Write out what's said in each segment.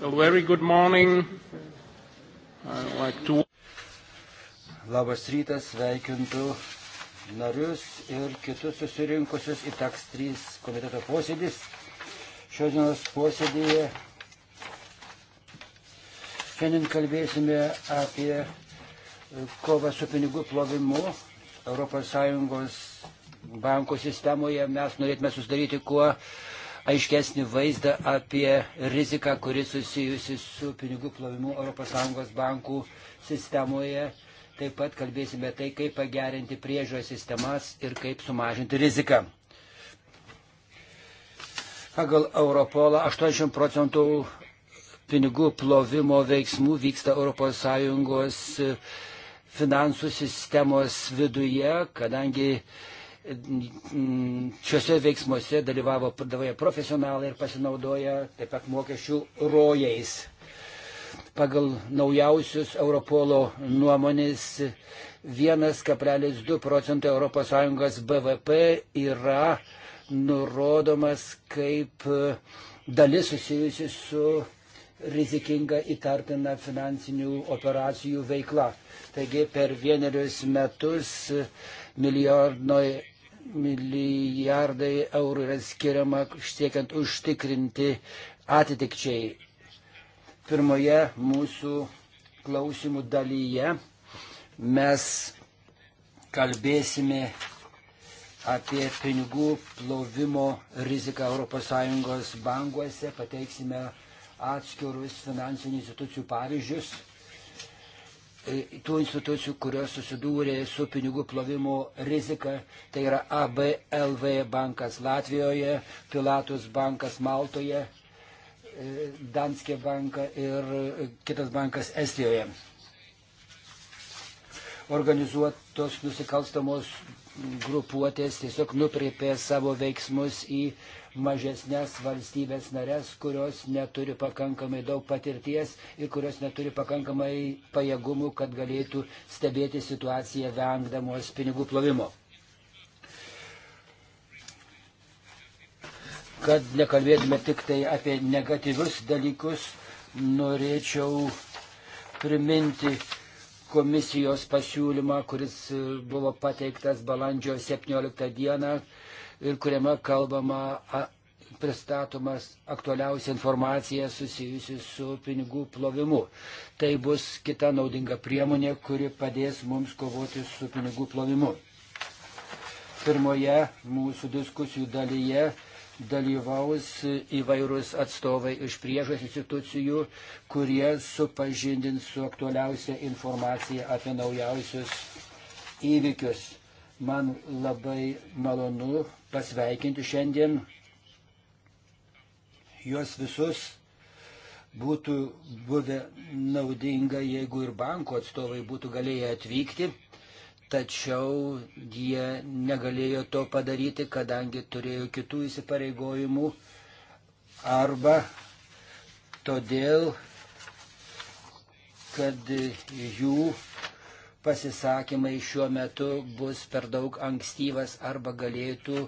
A very good morning. I like to... Labas rytas, sveikintų narius ir kitus susirinkusius į TAX 3 komiteto posėdis. Šios dienos posėdėje šiandien kalbėsime apie kovą su pinigų plovimu ES bankų sistemoje. Mes norėtume susidaryti kuo uh, aiškesnį vaizdą apie riziką, kuri susijusi su pinigų plovimu ES bankų sistemoje. Taip pat kalbėsime tai, kaip pagerinti priežiūros sistemas ir kaip sumažinti riziką. Pagal Europolą 80 procentų pinigų plovimo veiksmų vyksta ES finansų sistemos viduje, kadangi uh, šiuose veiksmuose dalyvavo pardavėja profesionalai ir pasinaudoja taip pat mokesčių rojais. Pagal naujausius Europolo nuomonės 1,2 procentai ES BVP yra nurodomas kaip e, dalis susijusi su rizikinga įtartina finansinių operacijų veikla. Taigi per vienerius metus milijonai milijardai eurų yra skiriama siekiant užtikrinti atitikčiai. Pirmoje mūsų klausimų dalyje mes kalbėsime apie pinigų plovimo riziką ES bankuose, pateiksime atskirus finansinių institucijų pavyzdžius E, tų institucijų, kurios susidūrė su pinigų plovimo rizika. Tai yra ABLV bankas Latvijoje, Pilatus bankas Maltoje, e, Danske banka ir kitas bankas Estijoje. Organizuotos nusikalstamos grupuotės tiesiog nukreipė savo veiksmus į mažesnės valstybės narės, kurios neturi pakankamai daug patirties ir kurios neturi pakankamai pajėgumų, kad galėtų stebėti situaciją vengdamos pinigų plovimo. Kad nekalbėtume tik tai apie negatyvius dalykus, norėčiau priminti komisijos pasiūlymą, kuris buvo pateiktas balandžio 17 dieną, ir kuriame kalbama pristatomas aktualiausia informacija susijusi su pinigų plovimu. Tai bus kita naudinga priemonė, kuri padės mums kovoti su pinigų plovimu. Pirmoje mūsų diskusijų dalyje dalyvaus įvairūs atstovai iš priežos institucijų, kurie supažindins su aktualiausia informacija apie naujausius įvykius. Man labai malonu pasveikinti šiandien juos visus. Būtų buvę naudinga, jeigu ir banko atstovai būtų galėję atvykti, tačiau jie negalėjo to padaryti, kadangi turėjo kitų įsipareigojimų arba todėl, kad jų pasisakymai šiuo metu bus per daug ankstyvas arba galėtų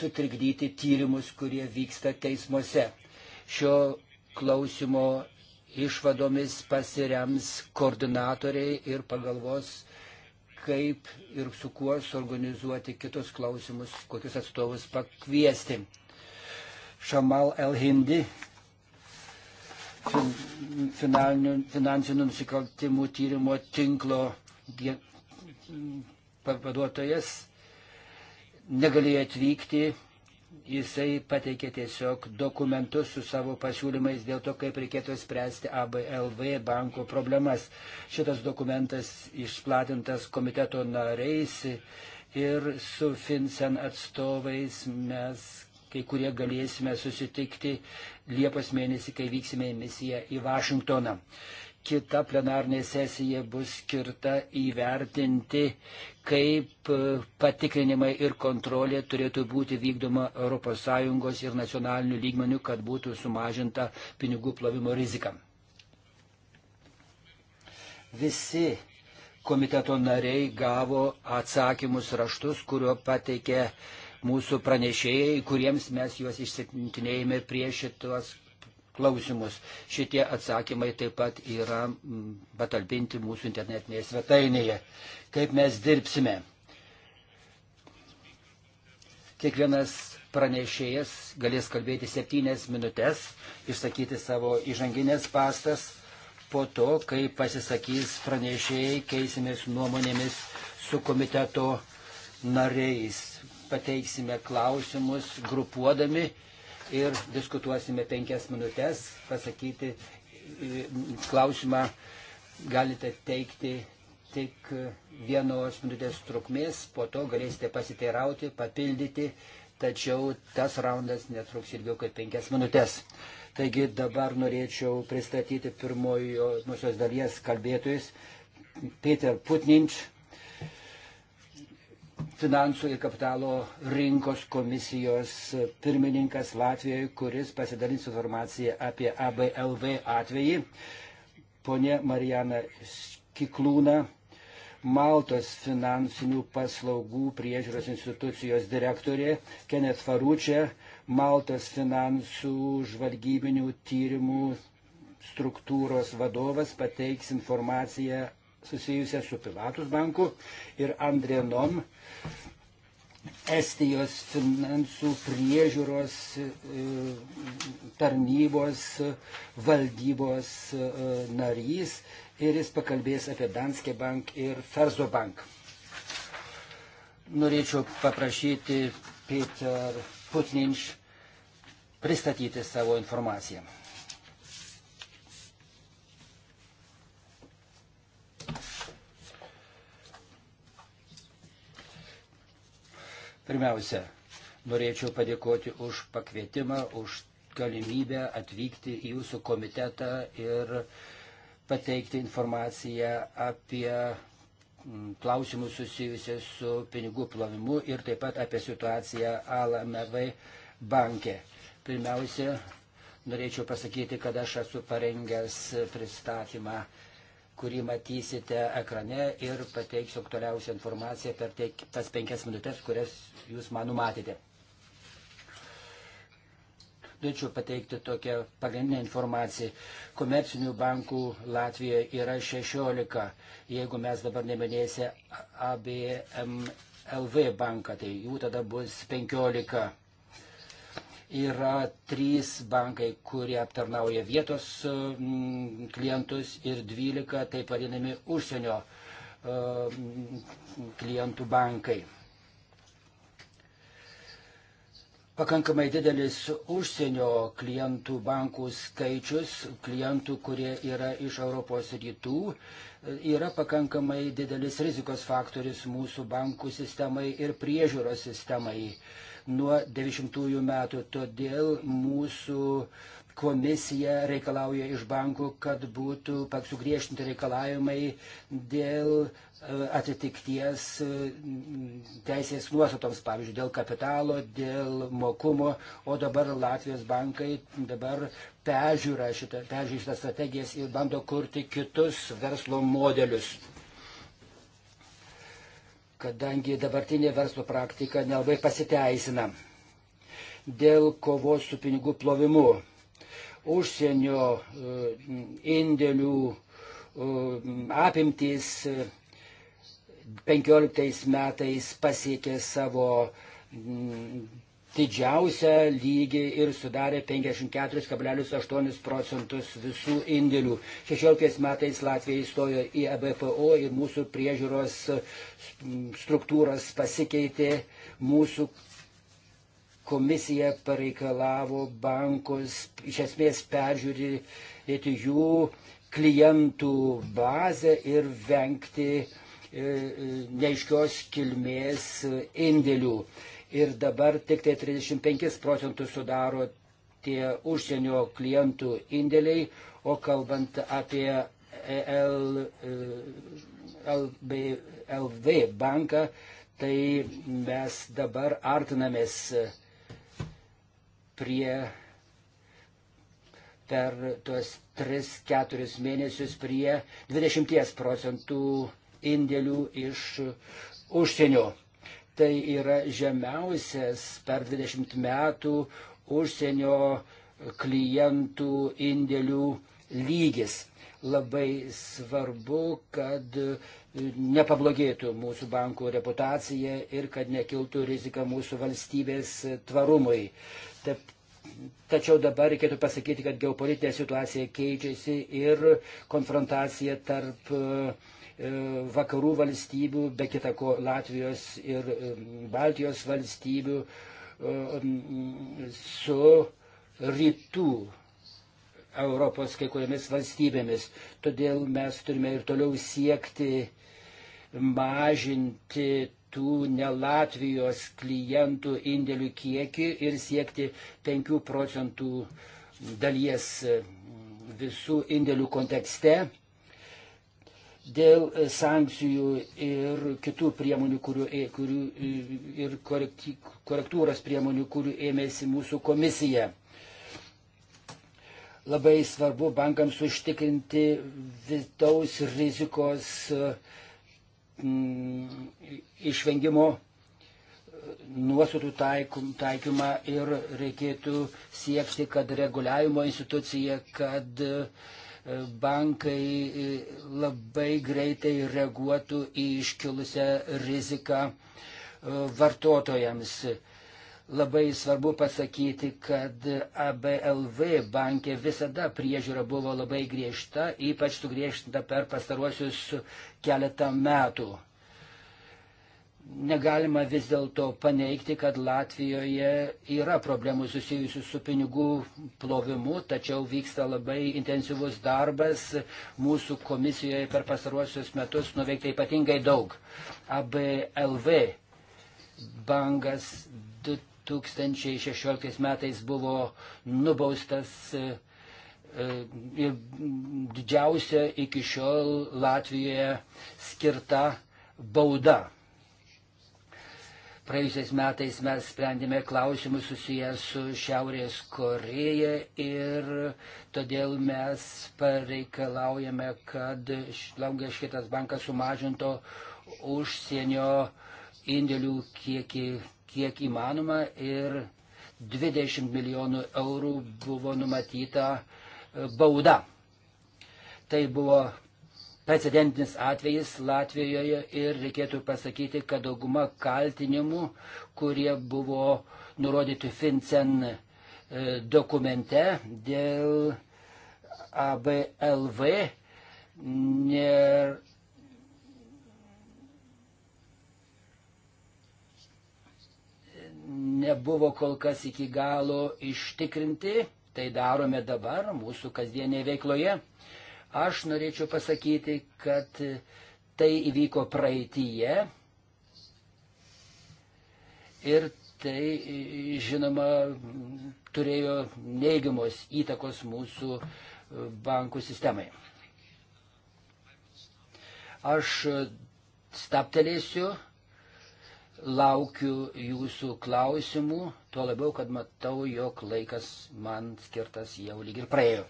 sutrikdyti tyrimus, kurie vyksta teismuose. Šio klausimo išvadomis pasirems koordinatoriai ir pagalvos, kaip ir su kuo suorganizuoti kitus klausimus, kokius atstovus pakviesti. Šamal El Hindi, fin, finansinių nusikaltimų tyrimo tinklo pavaduotojas negalėjo atvykti, jisai pateikė tiesiog dokumentus su savo pasiūlymais dėl to, kaip reikėtų spręsti ABLV banko problemas. Šitas dokumentas išplatintas komiteto nariais ir su FinCEN atstovais mes kai kurie galėsime susitikti Liepos mėnesį, kai vyksime į misiją į Vašingtoną kita plenarnė sesija bus skirta įvertinti, kaip e, patikrinimai ir kontrolė turėtų būti vykdoma ES ir nacionaliniu lygmeniu, kad būtų sumažinta pinigų plovimo rizika. Visi komiteto nariai gavo atsakymus raštus, kurio pateikė mūsų pranešėjai, kuriems mes juos išsitinėjame prieš šitos klausimus. Šitie atsakymai taip pat yra mm, patalpinti mūsų internetinėje svetainėje. Kaip mes dirbsime? Kiekvienas pranešėjas galės kalbėti septynės minutės, išsakyti savo įžanginės pastas. Po to, kai pasisakys pranešėjai, keisimės nuomonėmis su komiteto nariais. Pateiksime klausimus grupuodami ir diskutuosime penkias minutės. Pasakyti e, klausimą galite teikti tik vienos minutės trukmės, po to galėsite pasiteirauti, papildyti, tačiau tas raundas netruks ilgiau kaip penkias minutės. Taigi dabar norėčiau pristatyti pirmojo mūsų dalies kalbėtojus. Peter Putninč, finansų ir kapitalo rinkos komisijos pirmininkas Latvijoje, kuris pasidalins informaciją apie ABLV atvejį. Pone Marijana Kiklūna, Maltos finansinių paslaugų priežiūros institucijos direktorė, Kenneth Faručia, Maltos finansų žvalgybinių tyrimų struktūros vadovas pateiks informaciją susijusią su Pilatus banku ir Andrienom Estijos finansų priežiūros e, tarnybos valdybos e, narys ir jis pakalbės apie Danske Bank ir Ferzo Bank. Norėčiau paprašyti Peter Putninš pristatyti savo informaciją. Pirmiausia, norėčiau padėkoti už pakvietimą, už galimybę atvykti į jūsų komitetą ir pateikti informaciją apie mm, klausimus susijusius su pinigų plovimu ir taip pat apie situaciją ALMV banke. Pirmiausia, norėčiau pasakyti, kad aš esu parengęs pristatymą kurį matysite ekrane ir pateiksiu aktualiausią informaciją per teik, tas penkias minutės, kurias jūs man numatėte. Norėčiau pateikti tokią pagrindinę informaciją. Komercinių bankų Latvijoje yra 16. Jeigu mes dabar neminėsime ABMLV banką, tai jų tada bus 15 Yra trys bankai, kurie aptarnauja vietos mm, klientus ir dvylika taip vadinami užsienio mm, klientų bankai. pakankamai didelis užsienio klientų bankų skaičius, klientų, kurie yra iš Europos rytų, yra pakankamai didelis rizikos faktorius mūsų bankų sistemai ir priežiūros sistemai nuo 90-ųjų metų. Todėl mūsų komisija reikalauja iš bankų, kad būtų sugriešinti reikalavimai dėl e, atitikties e, teisės nuostatoms, pavyzdžiui, dėl kapitalo, dėl mokumo, o dabar Latvijos bankai dabar peržiūra šitą, peržiūra šitą strategijas ir bando kurti kitus verslo modelius kadangi dabartinė verslo praktika nelabai pasiteisina. Dėl kovos su pinigų plovimu, užsienio e, indėlių e, apimtys 15 e, metais pasiekė savo didžiausią lygį ir sudarė 54,8 procentus visų indėlių. 16 metais Latvija įstojo į EBPO ir mūsų priežiūros struktūros pasikeitė. Mūsų komisija pareikalavo bankus iš esmės peržiūrėti jų klientų bazę ir vengti e, e, neiškios kilmės e, indėlių ir dabar tik tai 35 procentus sudaro tie užsienio klientų indėliai, o kalbant apie L, LB, LV banką, tai mes dabar artinamės prie per tuos 3-4 mėnesius prie 20 procentų indėlių iš užsienio tai yra žemiausias per 20 metų užsienio klientų indėlių lygis. Labai svarbu, kad nepablogėtų mūsų bankų reputacija ir kad nekiltų rizika mūsų valstybės tvarumui. Taip, tačiau dabar reikėtų pasakyti, kad geopolitinė situacija keičiasi ir konfrontacija tarp uh, E, vakarų valstybių, be kitako Latvijos ir e, Baltijos valstybių, e, su rytų Europos kai kuriamis valstybėmis. Todėl mes turime ir toliau siekti mažinti tų nelatvijos klientų indėlių kiekį ir siekti 5 procentų dalies visų indėlių kontekste dėl e, sankcijų ir kitų priemonių, kurių, kurių, e, ir korektūros priemonių, kurių ėmėsi mūsų komisija. Labai svarbu bankams užtikrinti vidaus rizikos e, m, išvengimo nuostatų taikymą ir reikėtų siekti, kad reguliavimo institucija, kad uh, bankai labai greitai reaguotų į iškilusią riziką e, vartotojams. Labai svarbu pasakyti, kad ABLV bankė visada priežiūra buvo labai griežta, ypač sugriežtinta per pastaruosius keletą metų negalima vis dėlto paneigti, kad Latvijoje yra problemų susijusių su pinigų plovimu, tačiau vyksta labai intensyvus darbas. Mūsų komisijoje per pastaruosius metus nuveikta ypatingai daug. ABLV bankas 2016 metais buvo nubaustas e, e, ir didžiausia iki šiol Latvijoje skirta bauda Praėjusiais metais mes sprendėme klausimus susijęs su Šiaurės Koreja ir todėl mes pareikalaujame, kad Laungės šitas bankas sumažinto užsienio indėlių kiekį, kiek įmanoma ir 20 milijonų eurų buvo numatyta e, bauda. Tai buvo precedentinis atvejis Latvijoje ir reikėtų pasakyti, kad dauguma kaltinimų, kurie buvo nurodyti FinCEN e, dokumente dėl ABLV, nėra nebuvo kol kas iki galo ištikrinti, tai darome dabar mūsų kasdienėje veikloje. Aš norėčiau pasakyti, kad tai įvyko praeitie ir tai, žinoma, turėjo neigiamos įtakos mūsų bankų sistemai. Aš staptelėsiu, laukiu jūsų klausimų, tuo labiau, kad matau, jog laikas man skirtas jau lyg ir praėjo.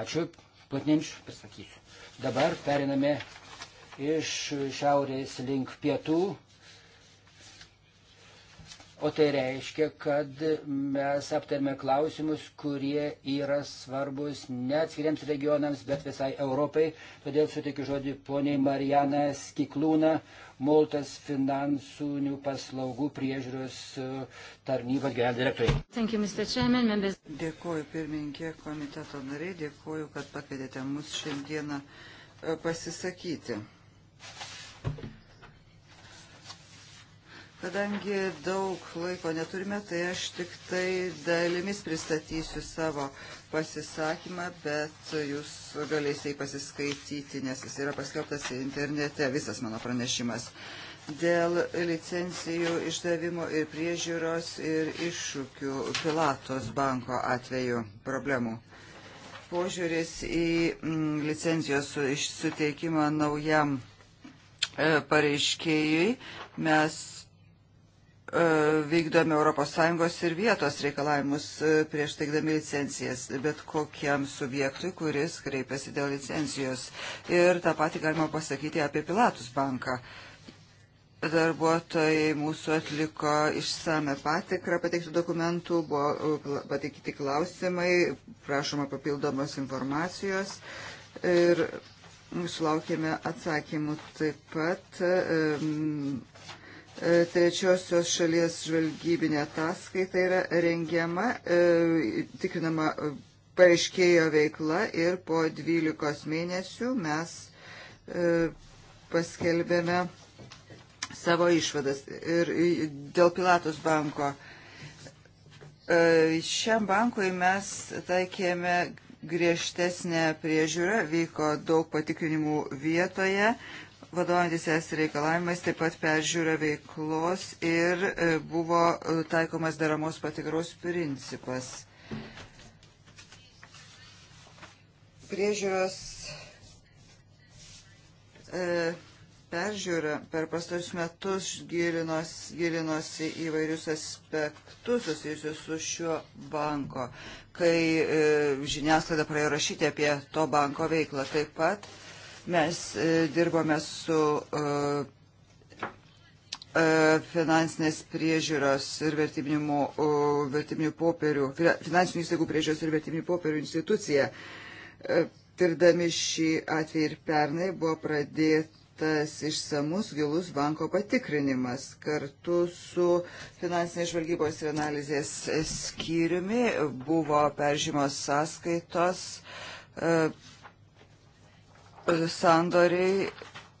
Ačiū, platnėms pasakysiu. Dabar periname iš šiaurės link pietų. O tai reiškia, kad mes aptarėme klausimus, kurie yra svarbus ne atskiriams regionams, bet visai Europai. Todėl sutikiu žodį poniai Marijana Skiklūna, Maltas finansinių paslaugų priežiūros tarnybos generalinė direktorė. Dėkuoju pirmininkė komiteto nariai, dėkuoju, kad pakvietėte mus šiandieną e, pasisakyti. Kadangi daug laiko neturime, tai aš tik tai dalimis pristatysiu savo uh, pasisakymą, bet jūs galėsite jį pasiskaityti, nes jis yra paskelbtas internete, visas mano pranešimas. Dėl licencijų išdavimo ir priežiūros ir iššūkių Pilatos banko atveju problemų požiūris į mm, licencijos suteikimą naujam e, pareiškėjui. Mes E, vykdome ES ir vietos reikalavimus e, prieš teikdami licencijas, bet kokiam subjektui, kuris kreipiasi dėl licencijos. Ir tą patį galima pasakyti apie Pilatus banką. Darbuotojai mūsų atliko išsame patikrą pateiktų dokumentų, buvo e, pateikti klausimai, prašoma papildomos informacijos ir sulaukėme atsakymų taip pat. Um, E, trečiosios šalies žvalgybinė ataskaita yra rengiama, e, tikrinama e, paaiškėjo veikla ir po 12 mėnesių mes paskelbėme savo išvadas ir dėl Pilatus banko. Šiam bankui mes taikėme griežtesnę priežiūrą, vyko daug patikrinimų vietoje, vadovantis es reikalavimais, taip pat peržiūra veiklos ir e, buvo e, taikomas deramos patikros principas. Priežiūros e, peržiūra per pastarus metus gilinos, gilinosi įvairius aspektus susijusius su šiuo banko, kai e, žiniasklaida praėjo rašyti apie to banko veiklą. Taip pat e, Mes e, dirbome su e, e, finansinės priežiūros ir vertybinių, vertybinių popierių, finansinių įstaigų priežiūros ir vertybinių popierių institucija. Tirdami šį atvejį ir pernai buvo pradėtas išsamus gilus banko patikrinimas kartu su finansinės žvalgybos ir analizės skyriumi buvo peržymos sąskaitos sandoriai,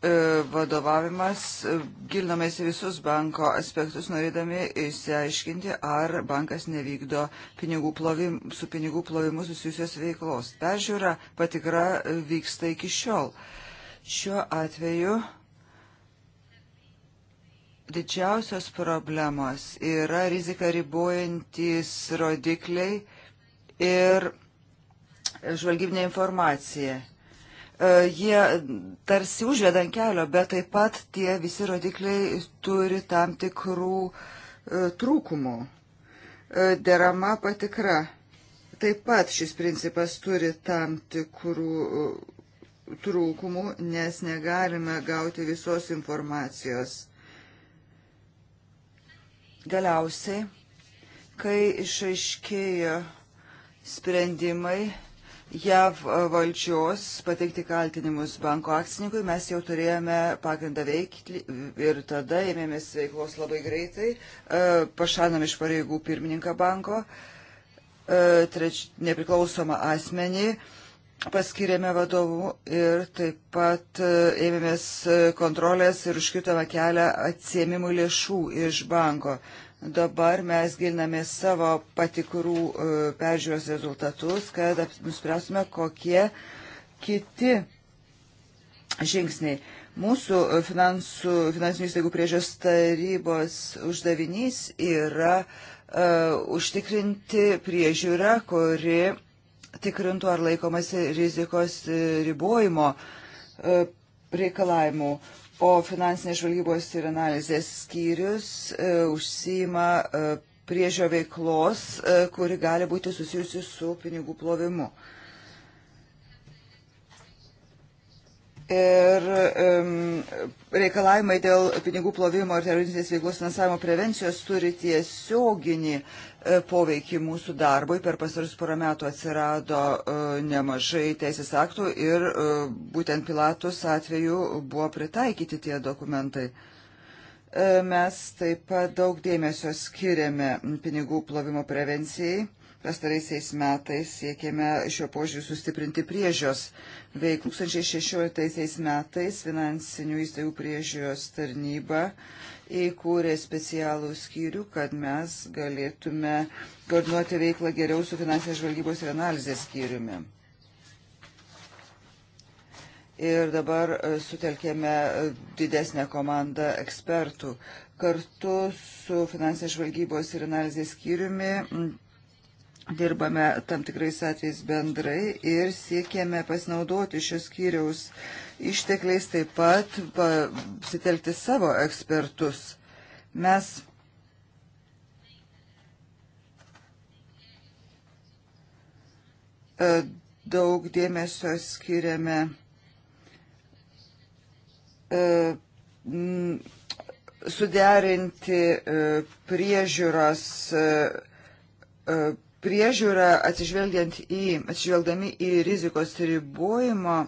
e, vadovavimas, e, gilinamės į visus banko aspektus, norėdami įsiaiškinti, ar bankas nevykdo pinigų plovim, su pinigų plovimu susijusios veiklos. Peržiūra patikra vyksta iki šiol. Šiuo atveju didžiausios problemos yra rizika ribojantis rodikliai ir žvalgybinė informacija E, jie tarsi užveda ant kelio, bet taip pat tie visi rodikliai turi tam tikrų e, trūkumų. E, derama patikra. Taip pat šis principas turi tam tikrų trūkumų, nes negalime gauti visos informacijos. Galiausiai, kai išaiškėjo sprendimai JAV valdžios pateikti kaltinimus banko akcininkui. Mes jau turėjome pagrindą veikti ir tada ėmėmės veiklos labai greitai. E, Pašanom iš pareigų pirmininką banko, e, treč, nepriklausomą asmenį paskiriame vadovų ir taip pat e, ėmėmės kontrolės ir užkirtome kelią atsiemimų lėšų iš banko. Dabar mes giliname savo patikrų e, peržiūros rezultatus, kad nuspręsime, kokie kiti žingsniai. Mūsų finansų, finansinių įstaigų priežios tarybos uždavinys yra uh, užtikrinti priežiūrą, kuri tikrintų ar laikomasi rizikos e, ribojimo uh, reikalavimų. O finansinės žvalgybos ir analizės skyrius e, užsima e, priežio veiklos, e, kuri gali būti susijusi su pinigų plovimu. ir um, reikalavimai dėl pinigų plovimo ir teroristinės veiklos finansavimo prevencijos turi tiesioginį e, poveikį mūsų darbui. Per pasarus porą metų atsirado uh, nemažai teisės aktų ir uh, būtent Pilatus atveju buvo pritaikyti tie dokumentai. Uh, mes taip pat daug dėmesio skiriame pinigų plovimo prevencijai Pastaraisiais metais siekėme šio požiūrį sustiprinti priežios. Veik 2016 metais finansinių įstaigų priežios tarnyba įkūrė specialų skyrių, kad mes galėtume koordinuoti veiklą geriau su finansinės žvalgybos ir analizės skyriumi. Ir dabar e, sutelkėme e, didesnę komandą ekspertų. Kartu su finansinės žvalgybos ir analizės skyriumi dirbame tam tikrais atvejais bendrai ir siekėme pasinaudoti šios skyriaus ištekliais taip pat pasitelkti savo ekspertus. Mes e, daug dėmesio skiriame e, suderinti e, priežiūros priežiūra atsižvelgiant į, atsižvelgdami į rizikos ribojimo e,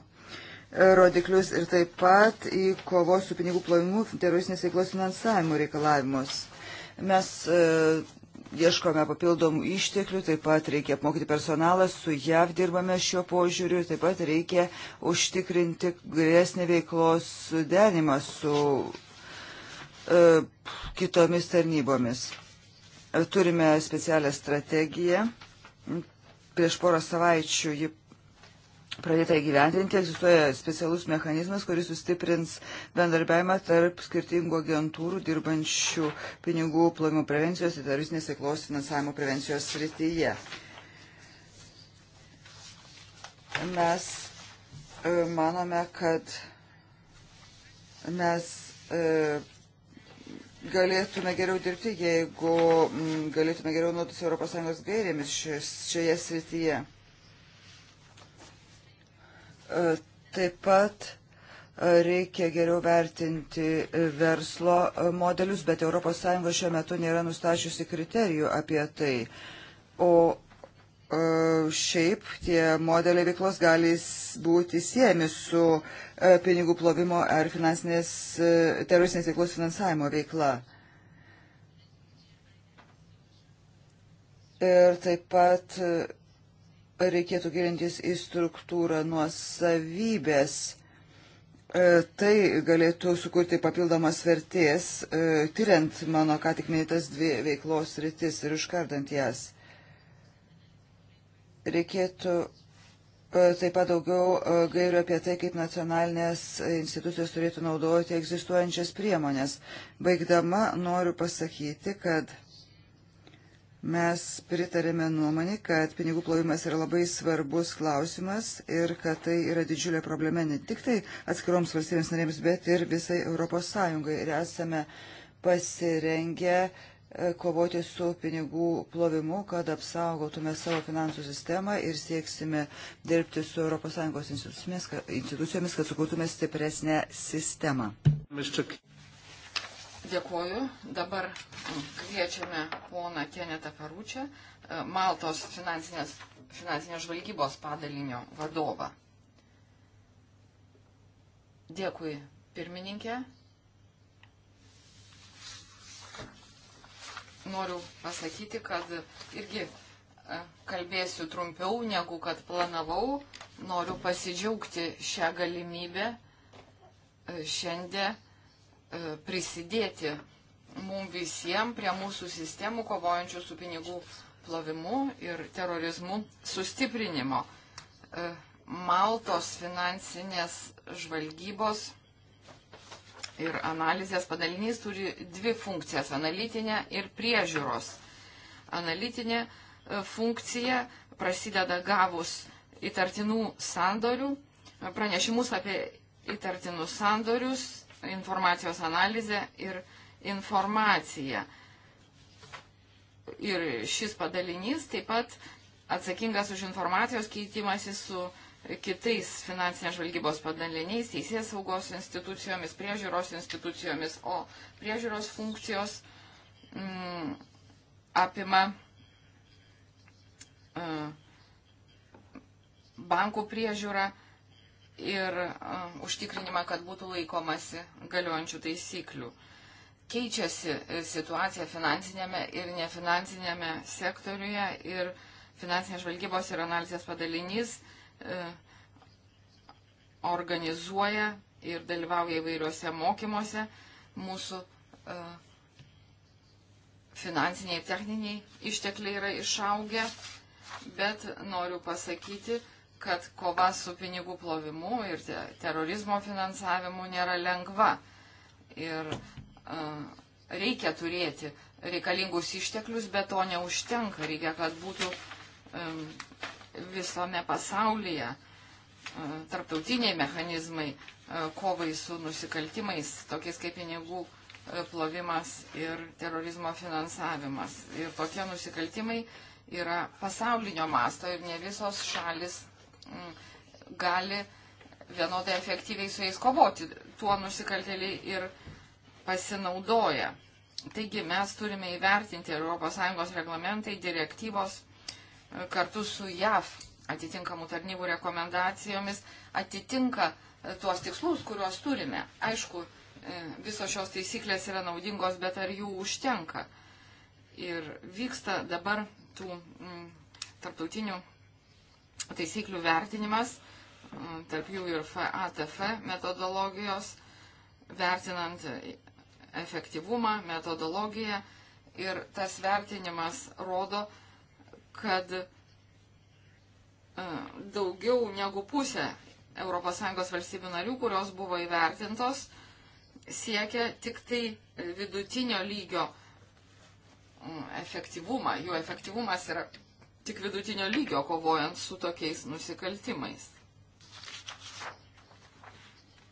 rodiklius ir taip pat į kovos su pinigų plovimu teroristinės veiklos finansavimo reikalavimus. Mes e, ieškome papildomų išteklių, taip pat reikia apmokyti personalą, su JAV dirbame šiuo požiūriu, taip pat reikia užtikrinti grėsnį veiklos suderinimą su e, kitomis tarnybomis. Turime specialią strategiją. Prieš porą savaičių ji pradėta įgyventinti, egzistuoja specialus mechanizmas, kuris sustiprins bendarbiavimą tarp skirtingų agentūrų dirbančių pinigų plovimo prevencijos ir teroristinės veiklos finansavimo prevencijos srityje. Mes e, manome, kad mes e, galėtume geriau dirbti, jeigu mm, galėtume geriau nuotis ES gairėmis šioje srityje. E, taip pat e, reikia geriau vertinti e, verslo modelius, bet ES šiuo metu nėra nustačiusi kriterijų apie tai. O šiaip tie modeliai veiklos gali būti siejami su e, pinigų plovimo ar finansinės, e, teroristinės veiklos finansavimo veikla. Ir taip pat e, reikėtų gilintis į struktūrą nuo savybės. Tai galėtų sukurti papildomas vertės, tyriant mano ką tik minėtas dvi veiklos rytis ir iškardant jas. Reikėtų e, taip pat daugiau e, gairių apie tai, kaip nacionalinės institucijos turėtų naudoti egzistuojančias priemonės. Baigdama noriu pasakyti, kad mes pritarėme nuomonį, kad pinigų plovimas yra labai svarbus klausimas ir kad tai yra didžiulė problema ne tik tai atskiroms valstybėms narėms, bet ir visai Europos Sąjungai. Ir esame pasirengę uh, kovoti su pinigų plovimu, kad apsaugotume savo finansų sistemą ir sieksime dirbti su ES institucijomis, kad sukurtume stipresnę sistemą. Dėkuoju. Dabar kviečiame poną Kenetą Karučią, e, Maltos finansinės, finansinės žvalgybos padalinio vadovą. Dėkui, pirmininkė. noriu pasakyti, kad irgi e, kalbėsiu trumpiau, negu kad planavau. Noriu pasidžiaugti šią galimybę e, šiandien e, prisidėti mums visiems prie mūsų sistemų kovojančių su pinigų plovimu ir terorizmu sustiprinimo. Maltos finansinės žvalgybos ir analizės padalinys turi dvi funkcijas - analitinę ir priežiūros. Analitinė e, funkcija prasideda gavus įtartinų sandorių, e, pranešimus apie įtartinus sandorius, informacijos analizę ir informaciją. Ir šis padalinys taip pat atsakingas už informacijos keitimąsi su kitais finansinės žvalgybos padaliniais, teisės saugos institucijomis, priežiūros institucijomis, o priežiūros funkcijos m, mm, apima a, e, bankų priežiūrą ir a, e, užtikrinimą, kad būtų laikomasi galiojančių taisyklių. Keičiasi e, situacija finansinėme ir nefinansinėme sektoriuje ir finansinės žvalgybos ir analizės padalinys E, organizuoja ir dalyvauja įvairiuose mokymuose. Mūsų e, finansiniai ir techniniai ištekliai yra išaugę, bet noriu pasakyti, kad kova su pinigų plovimu ir te, terorizmo finansavimu nėra lengva. Ir uh, reikia turėti reikalingus išteklius, bet to neužtenka. Reikia, kad būtų um, visame pasaulyje e, tarptautiniai mechanizmai e, kovai su nusikaltimais, tokiais kaip pinigų e, plovimas ir terorizmo finansavimas. Ir tokie nusikaltimai yra pasaulinio masto ir ne visos šalis gali vienodai efektyviai su jais kovoti. Tuo nusikaltėliai ir pasinaudoja. Taigi mes turime įvertinti ES reglamentai, direktyvos kartu su JAV atitinkamų tarnybų rekomendacijomis atitinka e, tuos tikslus, kuriuos turime. Aišku, e, visos šios taisyklės yra naudingos, bet ar jų užtenka? Ir vyksta dabar tų m, mm, tarptautinių taisyklių vertinimas, m, mm, tarp jų ir FATF metodologijos, vertinant efektyvumą, metodologiją. Ir tas vertinimas rodo, kad e, daugiau negu pusė ES valstybių narių, kurios buvo įvertintos, siekia tik tai vidutinio lygio mm, efektyvumą. Jų efektyvumas yra tik vidutinio lygio kovojant su tokiais nusikaltimais.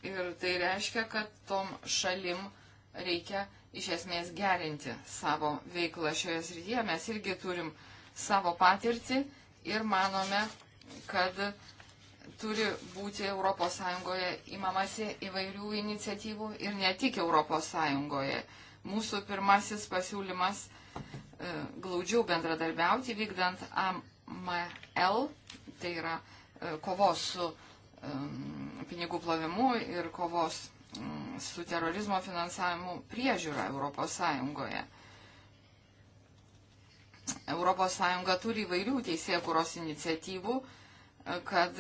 Ir tai reiškia, kad tom šalim reikia iš esmės gerinti savo veiklą šioje srityje. Mes irgi turim uh, savo patirtį ir manome, kad turi būti ES įmamasi įvairių iniciatyvų ir ne tik ES. Mūsų pirmasis pasiūlymas e, glaudžiau bendradarbiauti vykdant AML, tai yra e, kovos su e, pinigų plovimu ir kovos su terorizmo finansavimu priežiūra ES. ES turi įvairių teisėkuros iniciatyvų, e, kad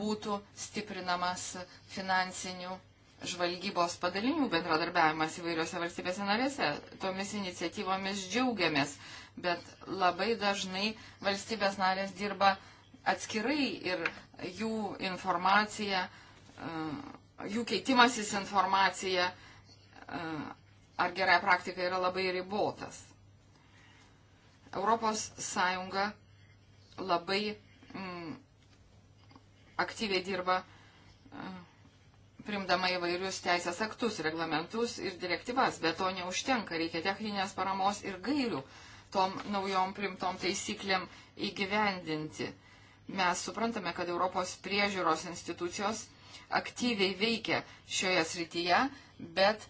būtų stiprinamas finansinių žvalgybos padalinių bendradarbiavimas įvairiose valstybėse narėse. Tomis iniciatyvomis džiaugiamės, bet labai dažnai valstybės narės dirba atskirai ir jų informacija, e, jų keitimasis informacija e, ar gerąją praktiką yra labai ribotas. Europos Sąjunga labai mm, aktyviai dirba e, primdama įvairius teisės aktus, reglamentus ir direktyvas, bet to neužtenka, reikia techninės paramos ir gairių tom naujom primtom taisyklėm įgyvendinti. Mes suprantame, kad Europos priežiūros institucijos aktyviai veikia šioje srityje, bet e,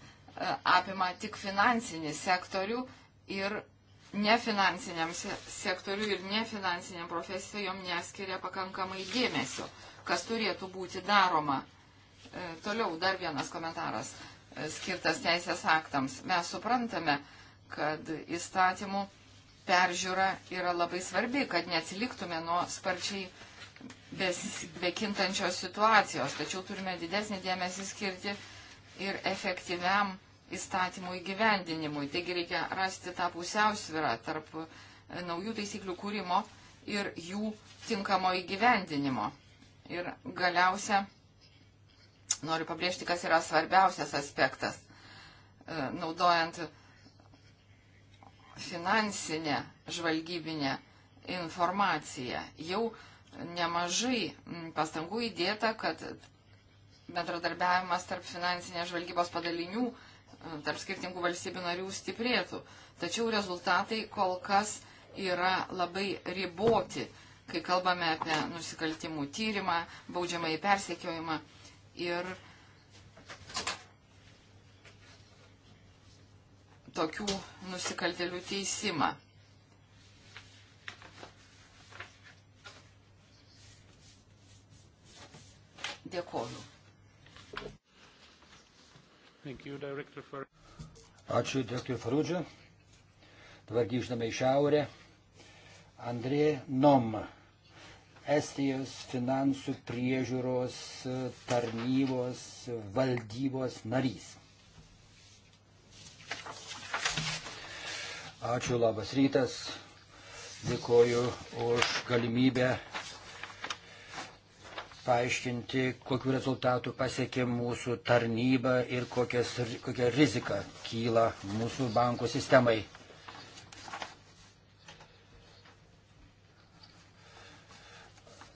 apima tik finansinį sektorių ir nefinansiniam sektoriui ir nefinansiniam profesijom neskiria pakankamai dėmesio, kas turėtų būti daroma. E, toliau dar vienas komentaras e, skirtas teisės aktams. Mes suprantame, kad įstatymų peržiūra yra labai svarbi, kad neatsiliktume nuo sparčiai bekintančios situacijos, tačiau turime didesnį dėmesį skirti ir efektyviam įstatymų įgyvendinimui. Taigi reikia rasti tą pusiausvyrą tarp e, naujų taisyklių kūrimo ir jų tinkamo įgyvendinimo. Ir galiausia, noriu pabrėžti, kas yra svarbiausias aspektas, e, naudojant finansinę žvalgybinę informaciją. Jau nemažai pastangų įdėta, kad bendradarbiavimas tarp finansinės žvalgybos padalinių uh, tarp skirtingų valstybių narių stiprėtų. Tačiau rezultatai kol kas yra labai riboti, kai kalbame apie nusikaltimų tyrimą, baudžiamą į persekiojimą. Ir tokių nusikaltelių teisimą. Dėkoju. Ačiū direktoriui Farūdžiu. Dabar grįžtame į šiaurę. Andrė Nom, Estijos finansų priežiūros e, tarnybos valdybos narys. Ačiū, labas rytas. Dėkoju už galimybę paaiškinti, kokiu rezultatu pasiekė mūsų tarnyba ir kokias, kokia rizika kyla mūsų bankų sistemai.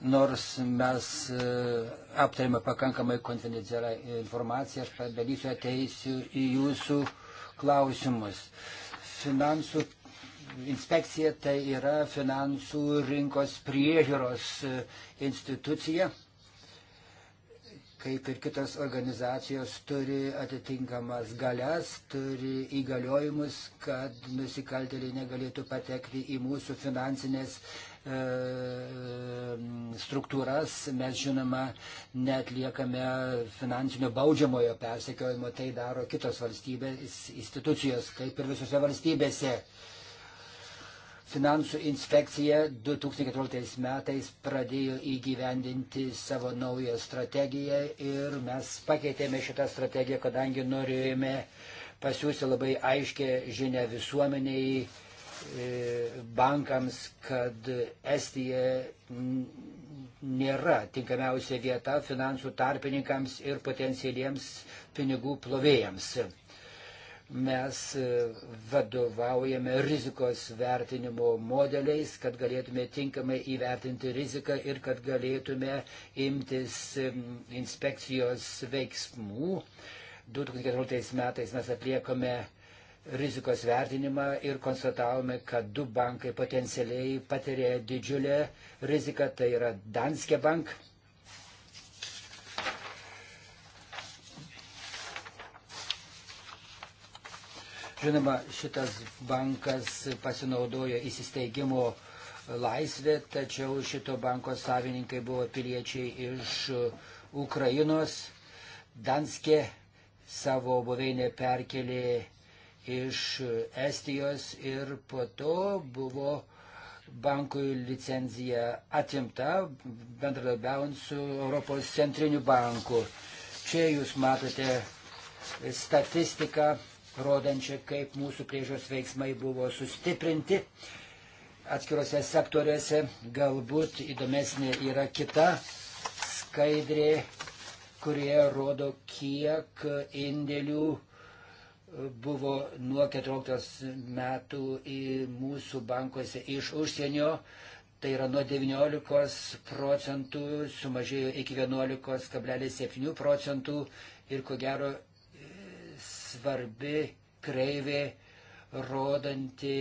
Nors mes e, aptarėme pakankamai konfidencialią informaciją, aš padarysiu ateisiu į jūsų klausimus. Finansų inspekcija tai yra finansų rinkos priežiūros e, institucija kaip ir kitos organizacijos, turi atitinkamas galias, turi įgaliojimus, kad nusikaltėliai negalėtų patekti į mūsų finansinės e, e, struktūras, mes žinoma netliekame finansinio baudžiamojo persekiojimo, tai daro kitos valstybės institucijos, kaip ir visose valstybėse. Finansų inspekcija 2014 metais pradėjo įgyvendinti savo naują strategiją ir mes pakeitėme šitą strategiją, kadangi norėjome pasiūsti labai aiškę žinę visuomeniai, e, bankams, kad Estija nėra tinkamiausia vieta finansų tarpininkams ir potencialiems pinigų plovėjams mes e, vadovaujame rizikos vertinimo modeliais, kad galėtume tinkamai įvertinti riziką ir kad galėtume imtis inspekcijos veiksmų. 2014 metais mes atliekame rizikos vertinimą ir konstatavome, kad du bankai potencialiai patiria didžiulę riziką, tai yra Danske Bank Žinoma, šitas bankas pasinaudojo įsisteigimo laisvė, tačiau šito banko savininkai buvo piliečiai iš Ukrainos. Danske savo buveinę perkelė iš Estijos ir po to buvo bankui licenzija atimta, bendradarbiaujant su Europos centriniu banku. Čia jūs matote statistiką rodančią, kaip mūsų priežos veiksmai buvo sustiprinti atskiruose sektoriuose. Galbūt įdomesnė yra kita skaidrė, kurie rodo, kiek indėlių buvo nuo 14 metų į mūsų bankuose iš užsienio. Tai yra nuo 19 procentų sumažėjo iki 11,7 procentų ir ko gero svarbi kreivė, rodanti,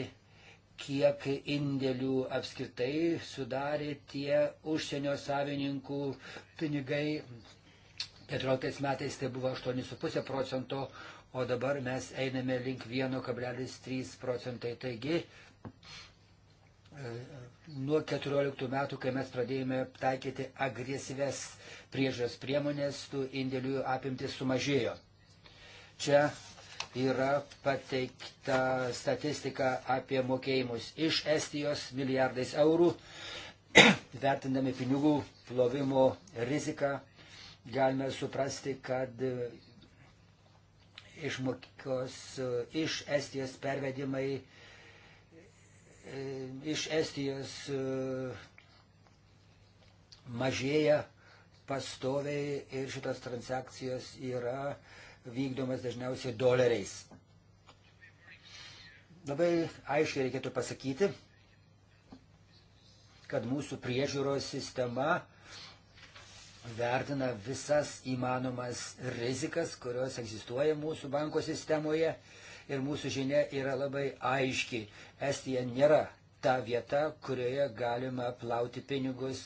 kiek indėlių apskritai sudarė tie užsienio savininkų pinigai. 14 metais tai buvo 8,5 procento, o dabar mes einame link 1,3 procentai. Taigi, nuo 14 metų, kai mes pradėjome taikyti agresyves priežas priemonės, tų indėlių apimtis sumažėjo. Čia yra pateikta statistika apie mokėjimus iš Estijos milijardais eurų. Vertindami pinigų plovimo riziką, galime suprasti, kad e, išmokos e, iš Estijos pervedimai e, iš Estijos mažėja pastoviai ir šitos transakcijos yra uh, vykdomas dažniausiai doleriais. Labai aiškiai reikėtų pasakyti, kad mūsų priežiūros sistema vertina visas įmanomas rizikas, kurios egzistuoja mūsų banko sistemoje ir mūsų žinia yra labai aiški. Estija nėra ta vieta, kurioje galima plauti pinigus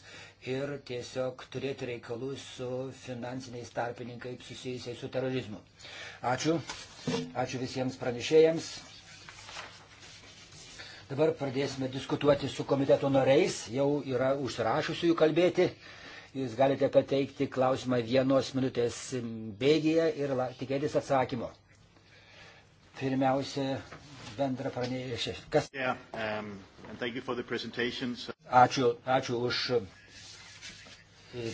ir tiesiog turėti reikalų su finansiniais tarpininkai susijusiais su terorizmu. Ačiū. Ačiū visiems pranešėjams. Dabar pradėsime diskutuoti su komiteto nariais. Jau yra užsirašusių jų kalbėti. Jūs galite pateikti klausimą vienos minutės bėgėje ir tikėtis atsakymo. Pirmiausia, bendra pranešė. Kas? Yeah, um... Ačiū, ačiū už e,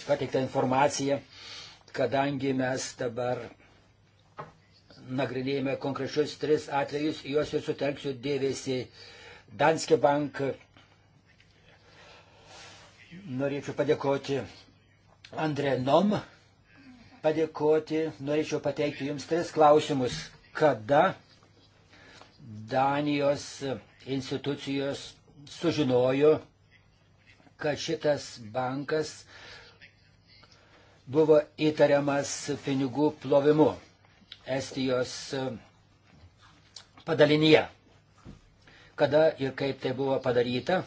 pateiktą informaciją, kadangi mes dabar nagrinėjame konkrečius tris atvejus, juos ir sutelksiu dėvėsi Danske Bank. Norėčiau padėkoti Andrė Nom, padėkoti, norėčiau pateikti Jums tris klausimus. Kada Danijos institucijos sužinojo, kad šitas bankas buvo įtariamas pinigų plovimu Estijos e, padalinyje. Kada ir kaip tai buvo padaryta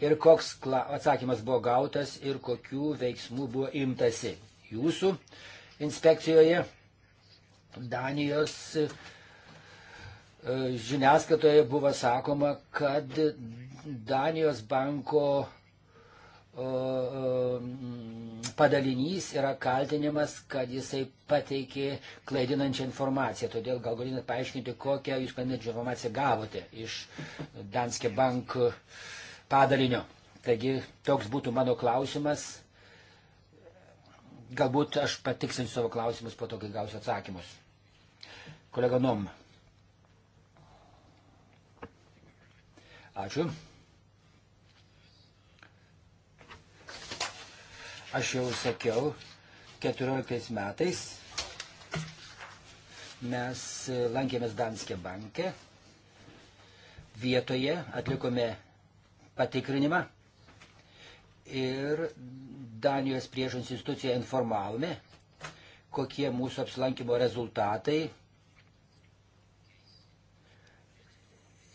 ir koks atsakymas buvo gautas ir kokių veiksmų buvo imtasi jūsų inspekcijoje Danijos E, žiniasklaidoje buvo sakoma, kad Danijos banko e, e, padalinys yra kaltinimas, kad jisai pateikė klaidinančią informaciją. Todėl gal galite paaiškinti, kokią jūs klaidinančią informaciją gavote iš Danske Bank padalinio. Taigi toks būtų mano klausimas. Galbūt aš patiksinsiu savo klausimus po to, kai gausiu atsakymus. Kolega Nom. Ačiū. Aš jau sakiau, 14 metais mes lankėmės Danske banke, vietoje atlikome patikrinimą ir Danijos prieš instituciją informavome, kokie mūsų apsilankimo rezultatai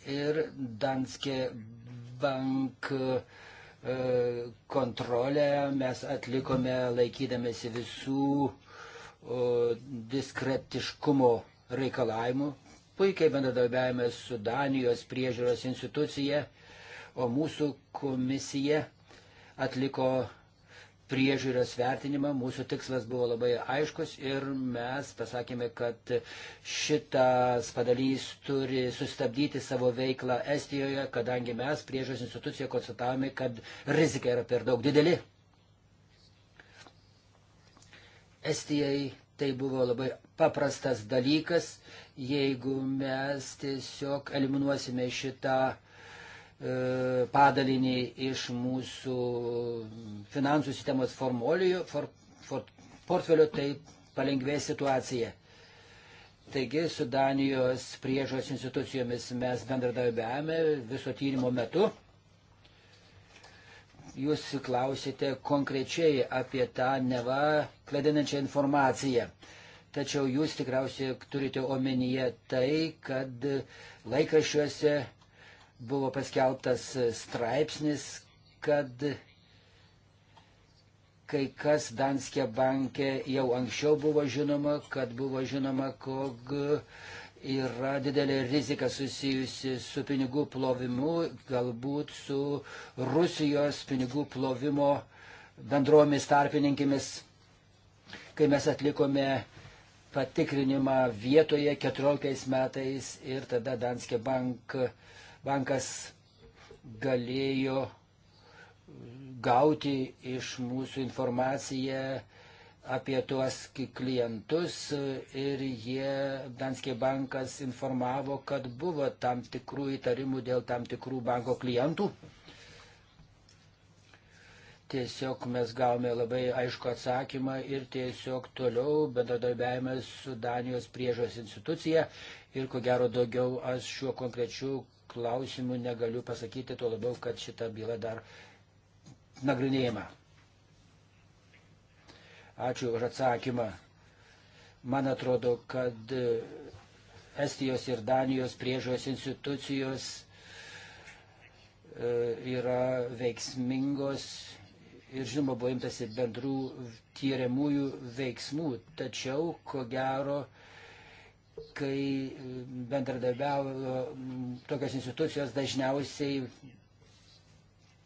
ir Danske Bank e, kontrolę mes atlikome laikydamėsi visų e, diskretiškumo reikalavimų. Puikiai bendradarbiavime su Danijos priežiūros institucija, o mūsų komisija atliko priežiūros vertinimą. Mūsų tikslas buvo labai aiškus ir mes pasakėme, kad šitas padalinys turi sustabdyti savo veiklą Estijoje, kadangi mes priežiūros institucijoje konstatavome, kad rizika yra per daug dideli. Estijai tai buvo labai paprastas dalykas, jeigu mes tiesiog eliminuosime šitą uh, E, padalinį iš mūsų finansų sistemos formolijų, for, for, portfelio, tai palengvės situacija. Taigi su Danijos priežos institucijomis mes bendradarbiavame viso tyrimo metu. Jūs klausite konkrečiai apie tą neva klaidinančią informaciją. Tačiau jūs tikriausiai turite omenyje tai, kad laikraščiuose buvo paskelbtas straipsnis, kad kai kas Danske banke jau anksčiau buvo žinoma, kad buvo žinoma, kog yra didelė rizika susijusi su pinigų plovimu, galbūt su Rusijos pinigų plovimo bendromis tarpininkimis. Kai mes atlikome patikrinimą vietoje 14 metais ir tada Danske bank uh, bankas galėjo gauti iš mūsų informaciją apie tuos klientus ir jie, Danskė bankas informavo, kad buvo tam tikrų įtarimų dėl tam tikrų banko klientų. Tiesiog mes gavome labai aišku atsakymą ir tiesiog toliau bendradarbiavimas su Danijos priežos institucija ir ko gero daugiau aš šiuo konkrečiu klausimų negaliu pasakyti, tuo labiau, kad šita byla dar nagrinėjama. Ačiū už atsakymą. Man atrodo, kad e, Estijos ir Danijos priežos institucijos e, yra veiksmingos ir žinoma buvo imtasi bendrų tyriamųjų veiksmų, tačiau ko gero kai e, bendradarbiavo e, tokios institucijos dažniausiai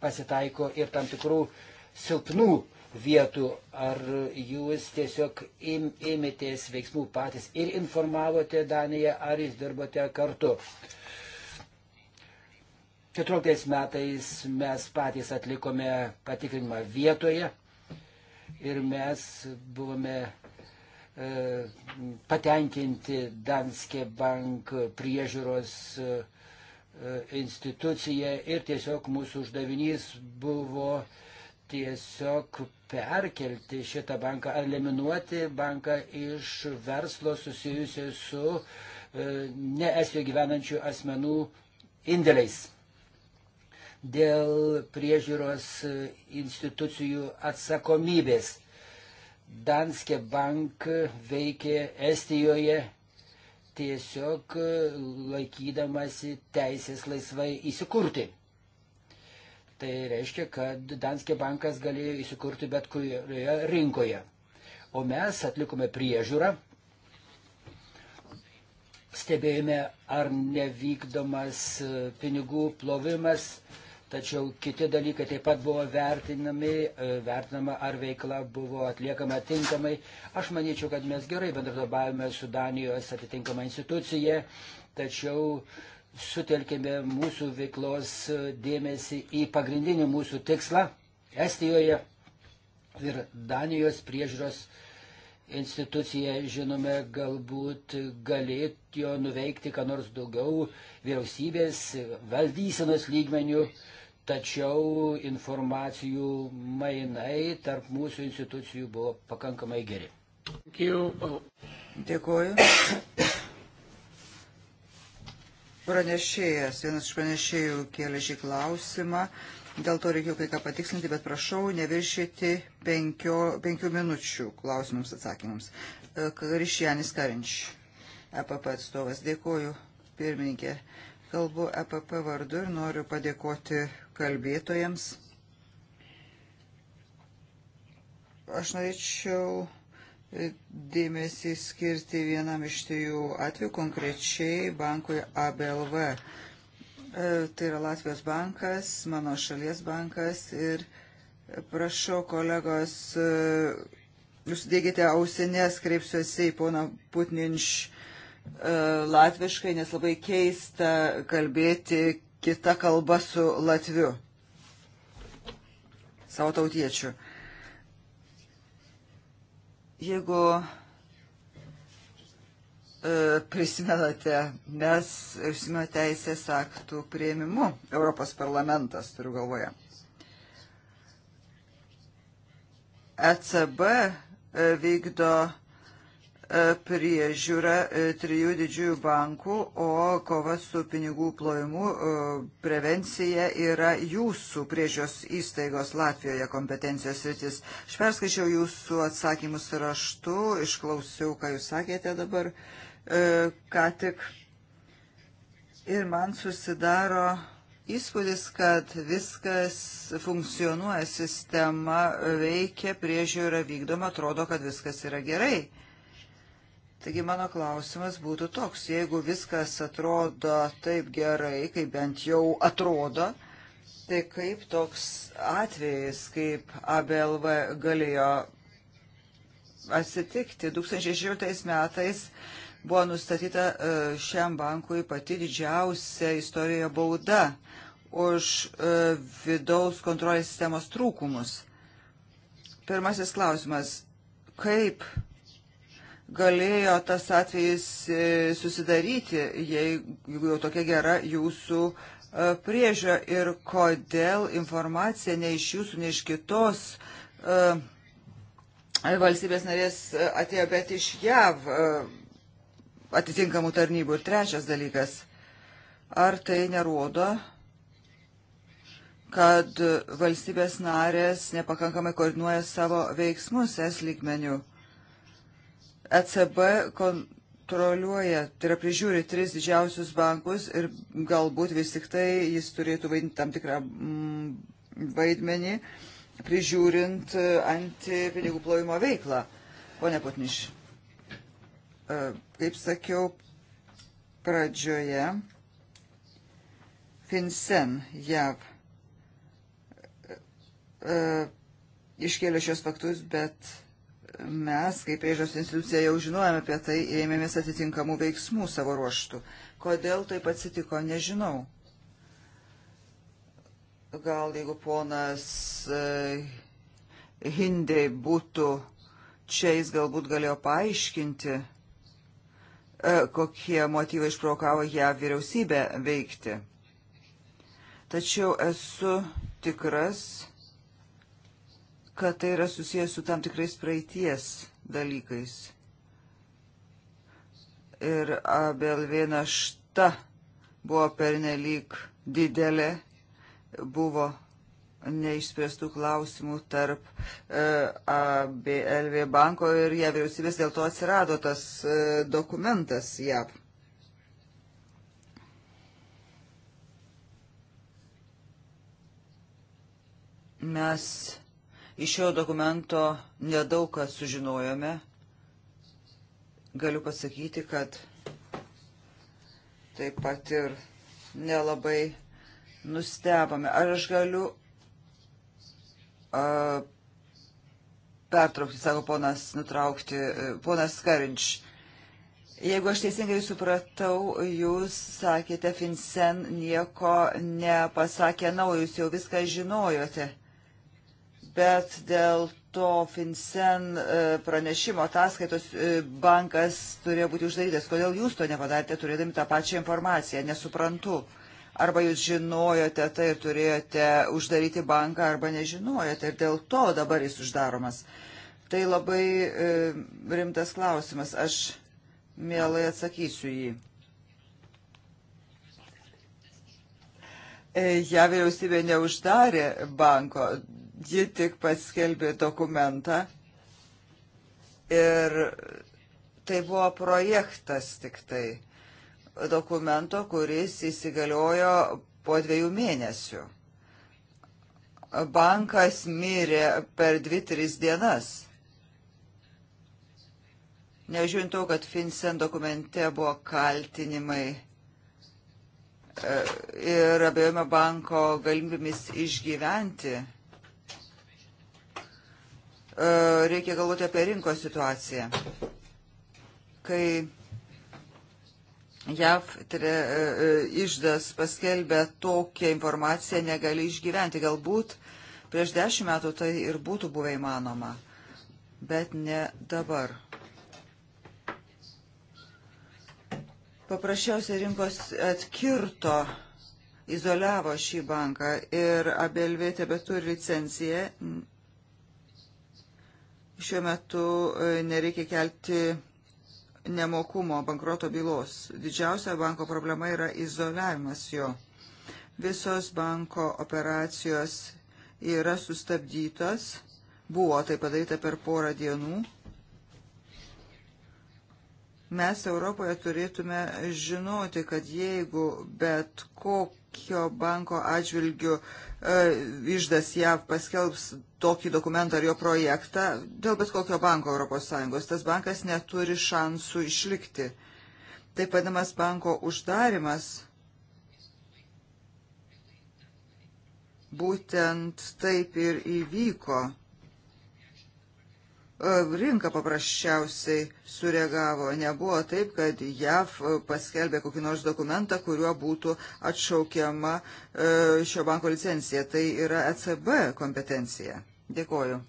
pasitaiko ir tam tikrų silpnų vietų. Ar jūs tiesiog im, ėmėtės veiksmų patys ir informavote Daniją, ar jūs dirbote kartu? 14 metais mes patys atlikome patikrinimą vietoje ir mes buvome E, patenkinti Danske Bank priežiūros e, instituciją ir tiesiog mūsų uždavinys buvo tiesiog perkelti šitą banką, eliminuoti banką iš verslo susijusio su e, ne Estijoje gyvenančių asmenų indėliais dėl priežiūros institucijų atsakomybės. Danske Bank veikė Estijoje tiesiog laikydamasi teisės laisvai įsikurti. Tai reiškia, kad Danske bankas galėjo įsikurti bet kurioje rinkoje. O mes atlikome priežiūrą, stebėjome, ar nevykdomas pinigų plovimas, Tačiau kiti dalykai taip pat buvo vertinami, e, vertinama ar veikla buvo atliekama tinkamai. Aš manyčiau, kad mes gerai bendradarbiavome su Danijos atitinkama institucija, tačiau sutelkėme mūsų veiklos e, dėmesį į pagrindinį mūsų tikslą Estijoje ir Danijos priežiūros institucija, žinome, galbūt galėtų nuveikti, ką nors daugiau vyriausybės valdysenos lygmenių. Uh, tačiau informacijų mainai tarp mūsų institucijų buvo pakankamai geri. Oh. Dėkuoju. Pranešėjas, vienas iš pranešėjų kėlė šį klausimą, dėl to reikėjo kai ką patikslinti, bet prašau neviršyti penkio, penkių minučių klausimams atsakymams. E, Ryšianis Karinč, EPP atstovas, dėkoju pirmininkė. Kalbu EPP vardu ir noriu padėkoti kalbėtojams. Aš norėčiau dėmesį skirti vienam iš trijų atvejų, konkrečiai bankui ABLV. E, tai yra Latvijos bankas, mano šalies bankas ir prašau kolegos, e, jūs dėgite ausinės, kreipsiuosi į poną Putninš e, latviškai, nes labai keista kalbėti kita kalba su Latviu, savo tautiečiu. Jeigu e, prisimenate, mes užsimė teisės aktų prieimimu, Europos parlamentas turiu galvoje. ECB e, vykdo E, priežiūra e, trijų didžiųjų bankų, o kova su pinigų plojimu e, prevencija yra jūsų priežios įstaigos Latvijoje kompetencijos rytis. Aš perskaičiau jūsų atsakymus raštu, išklausiau, ką jūs sakėte dabar, ką tik. Ir man susidaro įspūdis, kad viskas funkcionuoja, sistema veikia, priežiūra vykdoma, atrodo, kad viskas yra gerai. Taigi mano klausimas būtų toks, jeigu viskas atrodo taip gerai, kaip bent jau atrodo, tai kaip toks atvejis, kaip ABLV galėjo atsitikti. 2016 metais buvo nustatyta e, šiam bankui pati didžiausia istorijoje bauda už e, vidaus kontrolės sistemos trūkumus. Pirmasis klausimas. Kaip galėjo tas atvejis e, susidaryti, jeigu jau tokia gera jūsų e, priežio ir kodėl informacija ne iš jūsų, ne iš kitos e, valstybės narės atėjo, bet iš JAV atitinkamų tarnybų. Ir trečias dalykas, ar tai nerodo, kad valstybės narės nepakankamai koordinuoja savo veiksmus es lygmenių? ECB kontroliuoja, tai yra prižiūri tris didžiausius bankus ir galbūt vis tik tai jis turėtų vaidinti tam tikrą mm, vaidmenį, prižiūrint e, antipinigų plovimo veiklą. Pone Putniš, e, kaip sakiau pradžioje, FinCEN JAV e, iškėlė šios faktus, bet mes, kaip priežos institucija, jau žinojame apie tai ir ėmėmės atitinkamų veiksmų savo ruoštų. Kodėl taip atsitiko, nežinau. Gal jeigu ponas e, Hindei būtų čia, jis galbūt galėjo paaiškinti, e, kokie motyvai išprovokavo ją vyriausybę veikti. Tačiau esu tikras, kad tai yra susijęs su tam tikrais praeities dalykais. Ir Abelvė našta buvo pernelyg didelė, buvo neišspręstų klausimų tarp e, ABLV banko ir ją vyriausybės, dėl to atsirado tas e, dokumentas JAV. Mes Iš jo dokumento nedaug ką sužinojome. Galiu pasakyti, kad taip pat ir nelabai nustebame. Ar aš galiu a, pertraukti, sako ponas, nutraukti, e, ponas Karinč. Jeigu aš teisingai supratau, jūs sakėte, Finsen nieko nepasakė naujo, jūs jau viską žinojote bet dėl to FinCEN e, pranešimo ataskaitos e, bankas turėjo būti uždarytas. Kodėl jūs to nepadarėte, turėdami tą pačią informaciją? Nesuprantu. Arba jūs žinojote tai ir turėjote uždaryti banką, arba nežinojote ir dėl to dabar jis uždaromas. Tai labai e, rimtas klausimas. Aš mielai atsakysiu jį. ją e, ja, vyriausybė neuždarė banko, ji tik paskelbė dokumentą ir tai buvo projektas tik tai dokumento, kuris įsigaliojo po dviejų mėnesių. Bankas mirė per dvi, tris dienas. Nežiūrint to, kad Finsen dokumente buvo kaltinimai e, ir abejojama banko galimybėmis išgyventi E, reikia galvoti apie rinkos situaciją. Kai JAV tre, e, e, išdas paskelbė tokią informaciją, negali išgyventi. Galbūt prieš dešimt metų tai ir būtų buvę įmanoma, bet ne dabar. Paprasčiausiai rinkos atkirto izoliavo šį banką ir Abelvė tebe turi licenciją, šiuo metu e, nereikia kelti nemokumo bankroto bylos. Didžiausia banko problema yra izoliavimas jo. Visos banko operacijos yra sustabdytos. Buvo tai padaryta per porą dienų. Mes Europoje turėtume žinoti, kad jeigu bet kokio banko atžvilgių E, išdas JAV paskelbs tokį dokumentą ar jo projektą dėl bet kokio banko ES. Tas bankas neturi šansų išlikti. Taip vadinamas banko uždarimas būtent taip ir įvyko Rinka paprasčiausiai sureagavo. Nebuvo taip, kad JAV paskelbė kokį nors dokumentą, kuriuo būtų atšaukiama e, šio banko licencija. Tai yra ECB kompetencija. Dėkoju.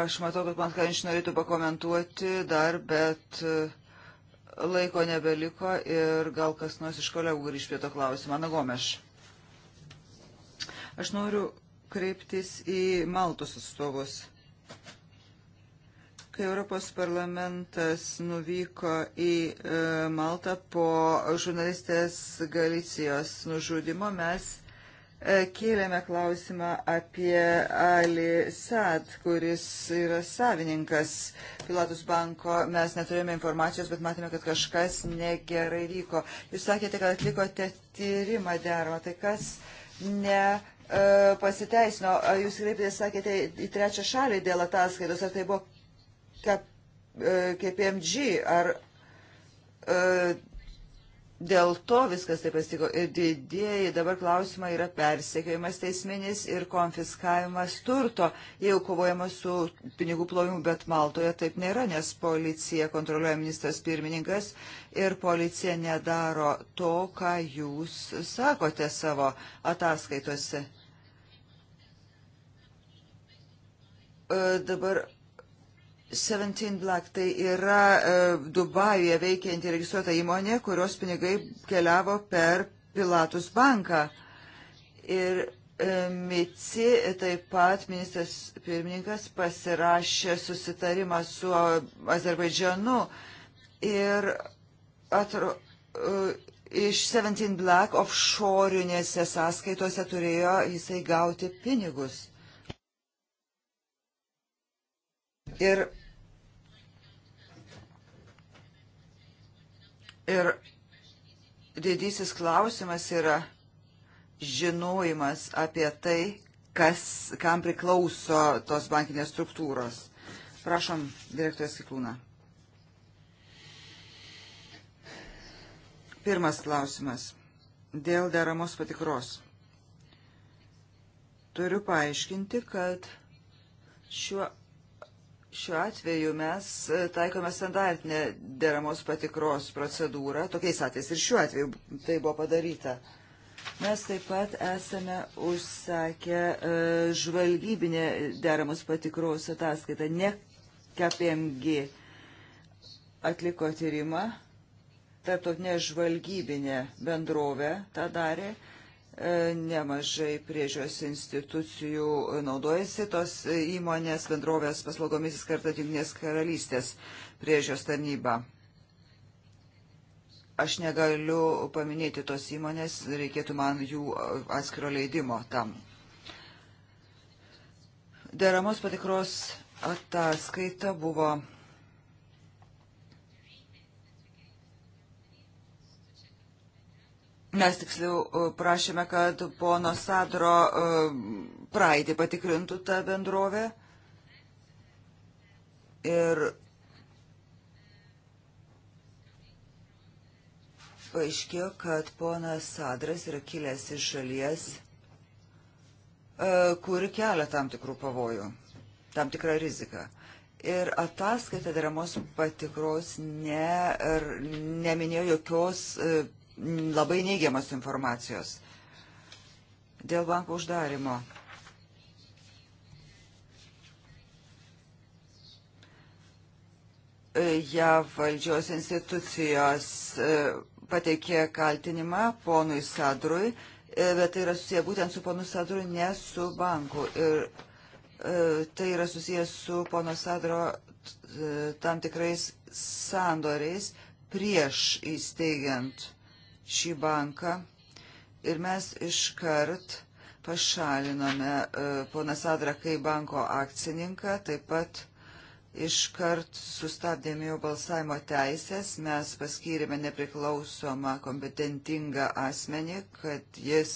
Aš matau, kad man ką iš norėtų pakomentuoti dar, bet e, laiko nebeliko ir gal kas nors iš kolegų grįž prie to klausimą. Ana Gomeš. Aš noriu kreiptis į Maltos atstovus. Kai Europos parlamentas nuvyko į e, Maltą po žurnalistės Galicijos nužudimo, mes e, kėlėme klausimą apie Ali Sad, kuris yra savininkas Pilatus banko. Mes neturėjome informacijos, bet matėme, kad kažkas negerai vyko. Jūs sakėte, kad atlikote tyrimą deramą. Tai kas ne E, pasiteisino. Jūs kreipėtės, sakėte, į trečią šalį dėl ataskaitos. Ar tai buvo KPMG, e, ar e, dėl to viskas taip pasitiko. Ir didėjai dabar klausimai yra persekiojimas teisminis ir konfiskavimas turto. Jau kovojama su pinigų plovimu, bet Maltoje taip nėra, nes policija kontroliuoja ministras pirmininkas ir policija nedaro to, ką jūs sakote savo ataskaitose. E, dabar 17 Black tai yra e, Dubajuje veikianti registruota įmonė, kurios pinigai keliavo per Pilatus banką. Ir e, Mici, taip pat ministras pirmininkas, pasirašė susitarimą su Azerbaidžianu ir atro, iš 17 Black offshore'inėse sąskaitose turėjo jisai gauti pinigus. Ir, ir didysis klausimas yra žinojimas apie tai, kas, kam priklauso tos bankinės struktūros. Prašom, direktorės Kiklūna. Pirmas klausimas. Dėl deramos patikros. Turiu paaiškinti, kad šiuo Šiuo atveju mes e, taikome standartinę deramos patikros procedūrą, tokiais atvejais ir šiuo atveju tai buvo padaryta. Mes taip pat esame užsakę e, žvalgybinę deramos patikros ataskaitą, ne KPMG atliko tyrimą, tarptautinė žvalgybinė bendrovė tą darė E, nemažai priežios institucijų naudojasi tos įmonės bendrovės paslaugomis įskarta Junktinės karalystės priežios tarnyba. Aš negaliu paminėti tos įmonės, reikėtų man jų atskiro leidimo tam. Deramos patikros ataskaita buvo Mes tiksliau e, prašėme, kad pono Sadro e, praeitį patikrintų tą bendrovę. Ir paaiškėjo, kad ponas Sadras yra kilęs iš šalies, e, kuri kelia tam tikrų pavojų, tam tikrą riziką. Ir ataskaita deramos patikros ne, er, neminėjo jokios labai neigiamas informacijos. Dėl banko uždarimo. JAV valdžios institucijos e, pateikė kaltinimą ponui Sadrui, e, bet tai yra susiję būtent su ponu Sadru, ne su banku. Ir e, tai yra susiję su pono Sadro tam tikrais sandoriais prieš įsteigiant šį banką ir mes iškart pašalinome e, poną Sadrą kaip banko akcininką, taip pat iškart sustabdėme jo balsavimo teisės, mes paskyrėme nepriklausomą kompetentingą asmenį, kad jis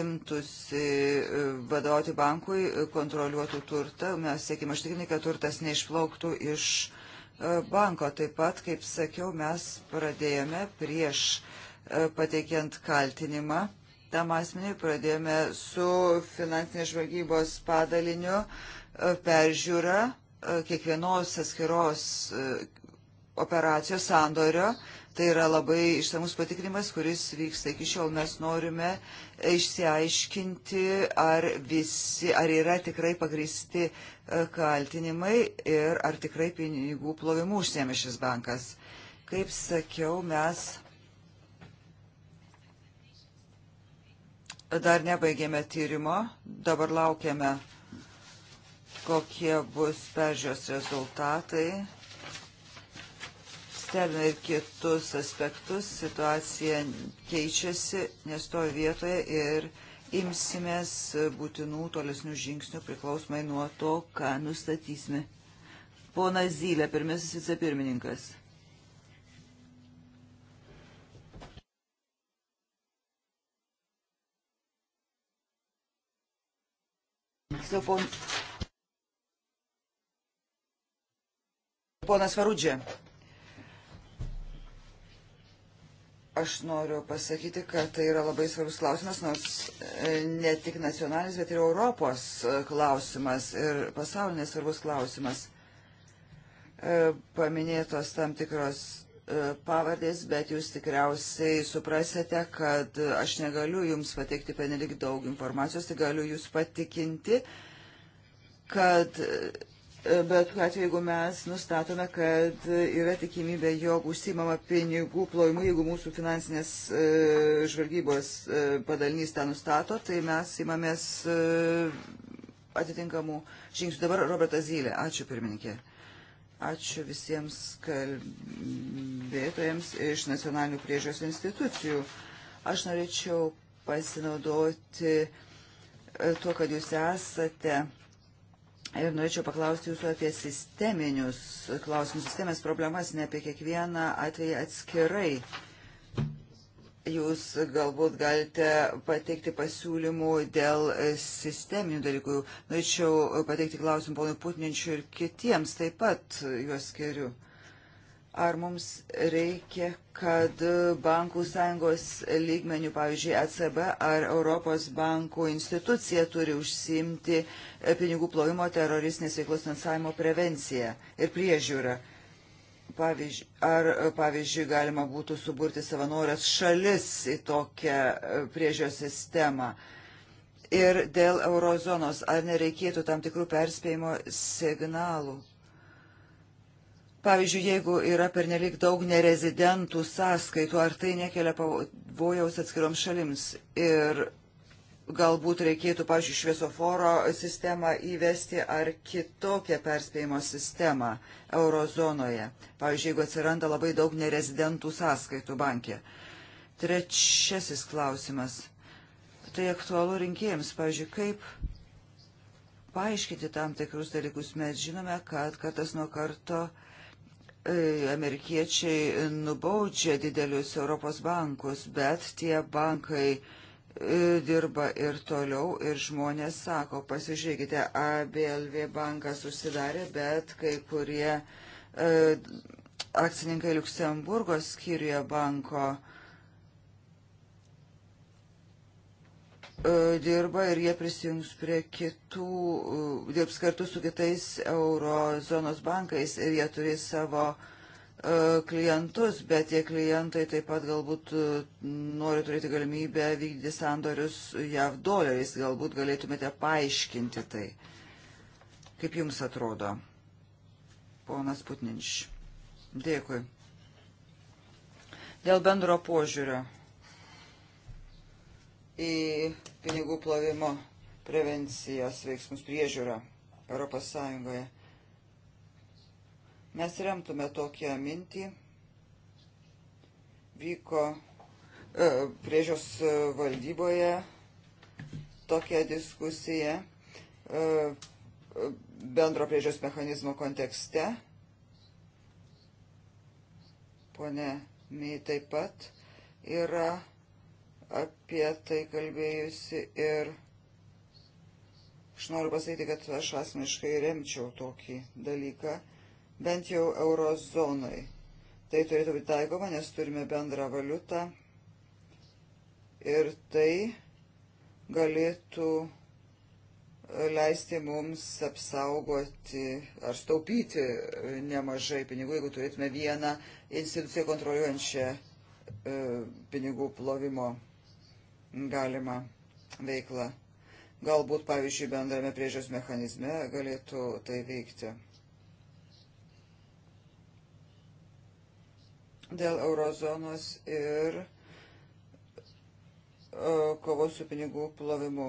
imtųsi e, vadovauti bankui, kontroliuotų turtą. Mes siekime užtikrinti, kad turtas neišplauktų iš e, banko. Taip pat, kaip sakiau, mes pradėjome prieš uh, E, pateikiant kaltinimą. Tam asmeniui pradėjome su finansinės žvalgybos padaliniu e, peržiūrą e, kiekvienos atskiros operacijos sandorio. Tai yra labai išsamus patikrinimas, kuris vyksta iki šiol. Mes norime išsiaiškinti, ar, visi, ar yra tikrai pagristi kaltinimai ir ar tikrai pinigų plovimų užsiemė šis bankas. Kaip sakiau, mes Dar nebaigėme tyrimo, dabar laukiame, kokie bus peržios rezultatai. Stebime ir kitus aspektus, situacija keičiasi, nestovi vietoje ir imsimės būtinų tolesnių žingsnių priklausomai nuo to, ką nustatysime. Pona Zylė, pirmasis vicepirmininkas. pon... ponas Varudžė. Aš noriu pasakyti, kad tai yra labai svarbus klausimas, nors e, ne tik nacionalinis, bet ir Europos e, klausimas ir pasaulinės svarbus klausimas. E, paminėtos tam tikros E, pavardės, bet jūs tikriausiai suprasite, kad aš negaliu jums pateikti penelik daug informacijos, tai galiu jūs patikinti, kad e, bet kuriuo atveju, jeigu mes nustatome, kad yra tikimybė, jog užsimama pinigų plojimu, jeigu mūsų finansinės e, žvalgybos e, padalinys tą nustato, tai mes imamės e, atitinkamų žingsnių. Dabar Robertas Zylė. Ačiū pirmininkė. Ačiū visiems kalbėtojams iš nacionalinių priežios institucijų. Aš norėčiau pasinaudoti e, tuo, kad jūs esate ir norėčiau paklausti jūsų apie sisteminius klausimus, sistemės problemas, ne apie kiekvieną atvejį atskirai jūs galbūt galite pateikti pasiūlymų dėl sisteminių dalykų. Norėčiau pateikti klausimą ponui Putninčiui ir kitiems taip pat juos skiriu. Ar mums reikia, kad bankų sąjungos lygmenių, pavyzdžiui, ECB ar Europos bankų institucija turi užsimti pinigų plovimo teroristinės veiklos finansavimo prevenciją ir priežiūrą? Pavyzdžiui, ar, pavyzdžiui, galima būtų suburti savanorės šalis į tokią e, priežios sistemą. Ir dėl eurozonos, ar nereikėtų tam tikrų perspėjimo signalų? Pavyzdžiui, jeigu yra pernelik daug nerezidentų sąskaitų, ar tai nekelia pavojaus atskiroms šalims? Ir galbūt reikėtų, pavyzdžiui, šviesoforo sistemą įvesti ar kitokią perspėjimo sistemą eurozonoje. Pavyzdžiui, jeigu atsiranda labai daug nerezidentų sąskaitų bankė. Trečiasis klausimas. Tai aktualu rinkėjams, pavyzdžiui, kaip paaiškinti tam tikrus dalykus. Mes žinome, kad kartas nuo karto e, amerikiečiai nubaudžia didelius Europos bankus, bet tie bankai dirba ir toliau ir žmonės sako, pasižiūrėkite, ABLV bankas užsidarė, bet kai kurie e, akcininkai Luksemburgo skyriuje banko e, dirba ir jie prisijungs prie kitų, e, dirbs kartu su kitais eurozonos bankais ir jie turės savo e, E, klientus, bet tie klientai taip pat galbūt e, nori turėti galimybę vykdyti sandorius JAV doleriais. Galbūt galėtumėte paaiškinti tai. Kaip jums atrodo, ponas Putninš? Dėkui. Dėl bendro požiūrio į pinigų plovimo prevencijos veiksmus priežiūrą Europos Sąjungoje Mes remtume tokią mintį. Vyko e, priežios valdyboje tokia diskusija e, bendro priežios mechanizmo kontekste. Pone Mei taip pat yra apie tai kalbėjusi ir aš noriu pasakyti, kad aš asmeniškai remčiau tokį dalyką bent jau eurozonui. Tai turėtų būti taikoma, nes turime bendrą valiutą ir tai galėtų leisti mums apsaugoti ar staupyti nemažai pinigų, jeigu turėtume vieną instituciją kontroliuojančią e, pinigų plovimo galima veikla. Galbūt, pavyzdžiui, bendrame priežios mechanizme galėtų tai veikti. dėl eurozonos ir e, kovos su pinigų plovimu.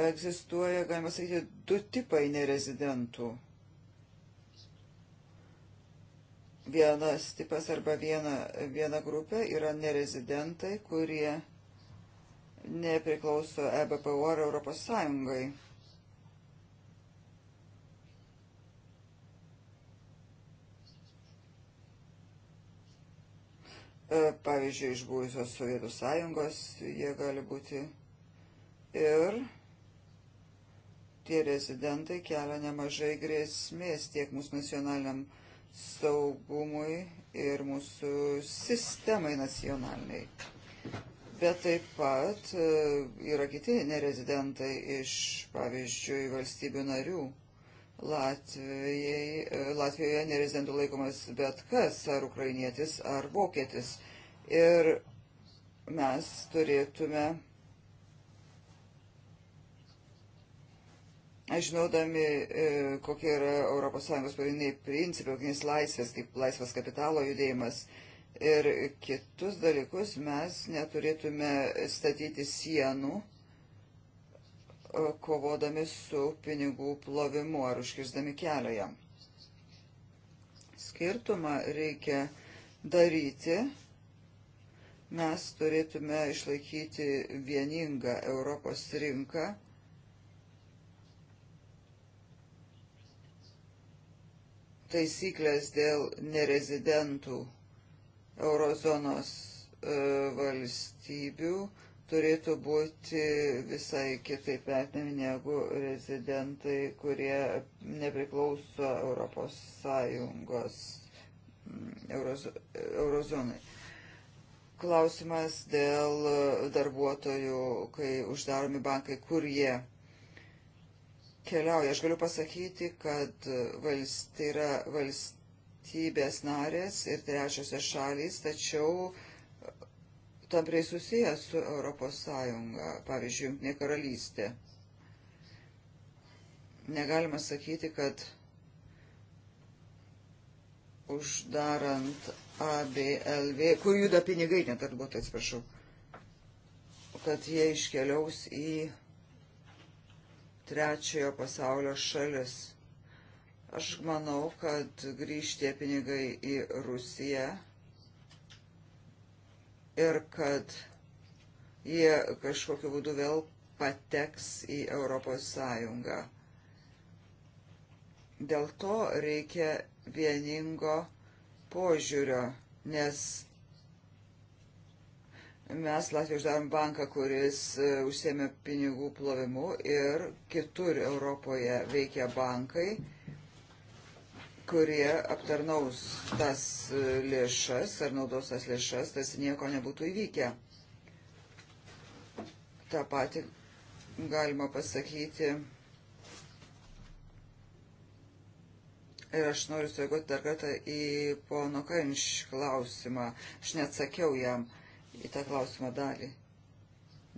Egzistuoja, galima sakyti, du tipai nerezidentų. Vienas tipas arba viena, viena grupė yra nerezidentai, kurie nepriklauso EBPO ar Europos Sąjungai. E, pavyzdžiui, iš buvusios Sovietų sąjungos jie gali būti ir tie rezidentai kelia nemažai grėsmės tiek mūsų nacionaliniam saugumui ir mūsų sistemai nacionaliniai. Bet taip pat e, yra kiti nerezidentai iš, pavyzdžiui, valstybių narių. Latvijai, e, Latvijoje nerezidentų laikomas bet kas, ar ukrainietis, ar vokietis. Ir mes turėtume, žinodami, e, kokie yra ES pagrindiniai principai, kokiais laisvės, kaip laisvas kapitalo judėjimas, ir kitus dalykus mes neturėtume statyti sienų kovodami su pinigų plovimu ar užkirzdami kelią jam. Skirtumą reikia daryti. Mes turėtume išlaikyti vieningą Europos rinką. Taisyklės dėl nerezidentų eurozonos e, valstybių turėtų būti visai kitaip vertinami negu rezidentai, kurie nepriklauso Europos Sąjungos mm, Euroz, eurozonai. Klausimas dėl darbuotojų, kai uždaromi bankai, kur jie keliauja. Aš galiu pasakyti, kad valst, tai yra valstybės narės ir trečiosios šalys, tačiau uh, tamprai susijęs su Europos Sąjunga, pavyzdžiui, Junktinė karalystė. Negalima sakyti, kad uždarant ABLV, kur juda pinigai, net darbuotojai, atsiprašau, kad jie iškeliaus į trečiojo pasaulio šalis. Aš manau, kad grįžtie pinigai į Rusiją ir kad jie kažkokiu būdu vėl pateks į Europos Sąjungą. Dėl to reikia vieningo požiūrio, nes mes Latvijos uždarom banką, kuris e, užsėmė pinigų plovimu ir kitur Europoje veikia bankai kurie aptarnaus tas lėšas ar naudos tas lėšas, tas nieko nebūtų įvykę. Ta pati galima pasakyti. Ir aš noriu sureaguoti dar kartą į pono Kanš klausimą. Aš neatsakiau jam į tą klausimą dalį.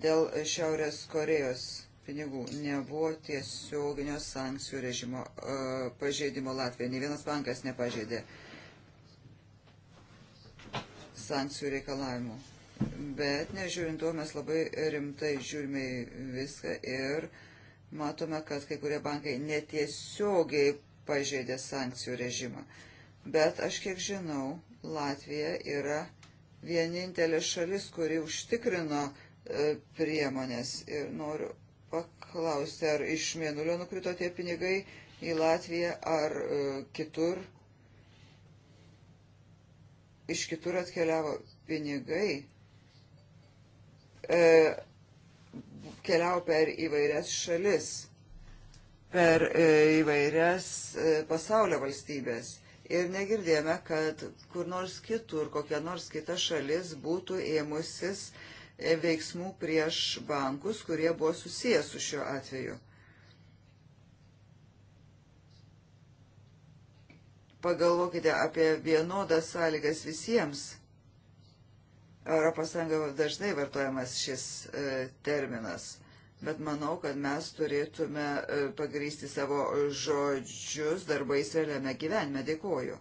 Dėl Šiaurės Korejos pinigų. Nebuvo tiesioginio sankcijų režimo e, pažeidimo Latvija. Ne vienas bankas nepažeidė sankcijų reikalavimų. Bet nežiūrint to, mes labai rimtai žiūrime į viską ir matome, kad kai kurie bankai netiesiogiai pažeidė sankcijų režimą. Bet aš kiek žinau, Latvija yra vienintelė šalis, kuri užtikrino e, priemonės ir noriu paklausti, ar iš mėnulio nukrito tie pinigai į Latviją ar e, kitur. Iš kitur atkeliavo pinigai. E, keliavo per įvairias šalis, per e, įvairias e, pasaulio valstybės. Ir negirdėjome, kad kur nors kitur, kokia nors kita šalis būtų ėmusis e, E, veiksmų prieš bankus, kurie buvo susijęs su šiuo atveju. Pagalvokite apie vienodas sąlygas visiems. ES dažnai vartojamas šis e, terminas bet manau, kad mes turėtume e, pagrysti savo žodžius darbais realiame gyvenime. Dėkuoju.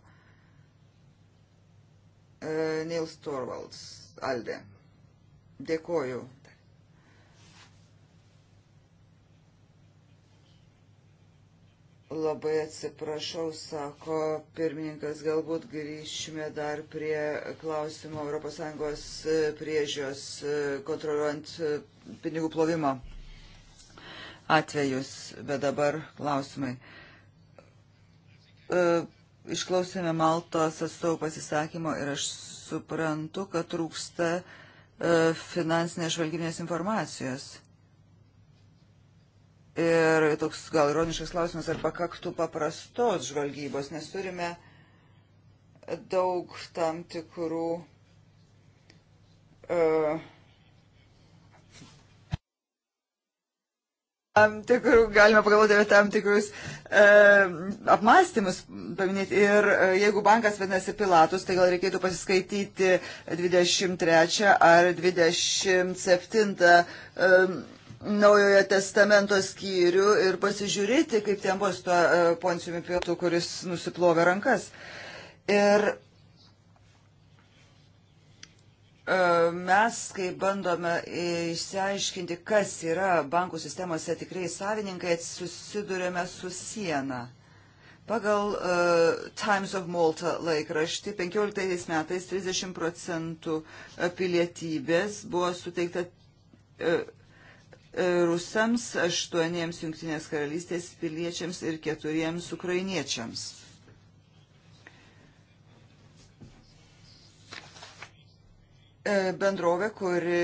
Nils Torvalds, Alde. Dėkoju. Labai atsiprašau, sako pirmininkas, galbūt grįšime dar prie klausimo ES priežios kontroliuojant pinigų plovimo atvejus, bet dabar klausimai. E, išklausėme Maltos atstovų pasisakymo ir aš suprantu, kad trūksta uh, E, finansinės žvalgybinės informacijos. Ir toks gal ironiškas klausimas, ar pakaktų paprastos žvalgybos, nes turime daug tam tikrų uh, tam tikrų, galime pagalvoti apie tam tikrus e, apmąstymus paminėti. Ir e, jeigu bankas vadinasi Pilatus, tai gal reikėtų pasiskaityti 23 ar 27 e, naujojo testamento skyrių ir pasižiūrėti, kaip ten bus tuo e, poncijumi Pilatu, kuris nusiplovė rankas. Ir E, mes, kai bandome išsiaiškinti, kas yra bankų sistemose tikrai savininkai, susidurėme su siena. Pagal uh, Times of Malta laikraštį 15 metais 30 procentų pilietybės buvo suteikta uh, rusams, aštuoniems jungtinės karalystės piliečiams ir keturiems ukrainiečiams. E, bendrovė, kuri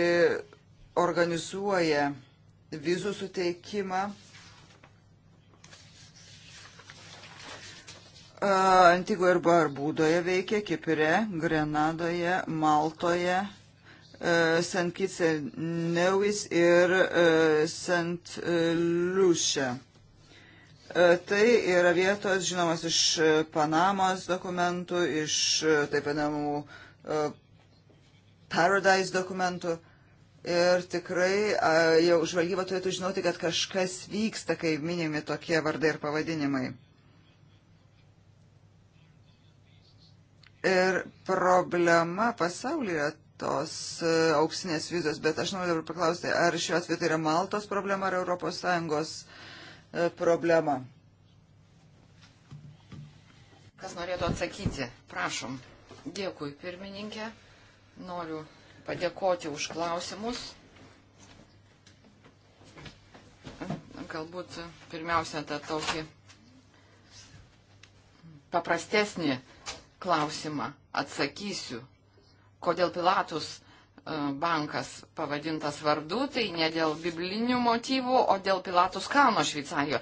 organizuoja vizų suteikimą e, Antigoje ir Barbudoje veikia, Kipire, Grenadoje, Maltoje, e, St. Kitts and Nevis ir St. Lucia. Tai yra vietos žinomas iš Panamos dokumentų, iš taip vadinamų Paradise dokumentų. Ir tikrai jau žvalgyba turėtų žinoti, kad kažkas vyksta, kai minimi tokie vardai ir pavadinimai. Ir problema pasaulyje tos e, auksinės vizos, bet aš noriu dabar paklausti, ar šiuo atveju tai yra Maltos problema ar ES e, problema? Kas norėtų atsakyti? Prašom. Dėkui, pirmininkė. Noriu padėkoti už klausimus. Galbūt pirmiausia, tą tokį paprastesnį klausimą atsakysiu. Kodėl Pilatus e, bankas pavadintas vardu, tai ne dėl biblinių motyvų, o dėl Pilatus kalno Šveicarijoje.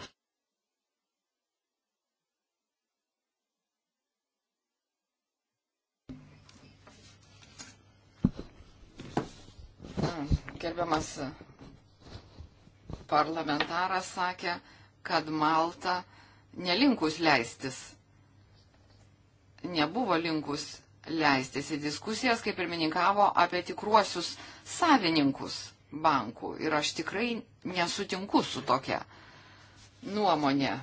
Gerbiamas parlamentaras sakė, kad Malta nelinkus leistis. Nebuvo linkus leistis į diskusijas, kaip pirmininkavo apie tikruosius savininkus bankų. Ir aš tikrai nesutinku su tokia nuomonė.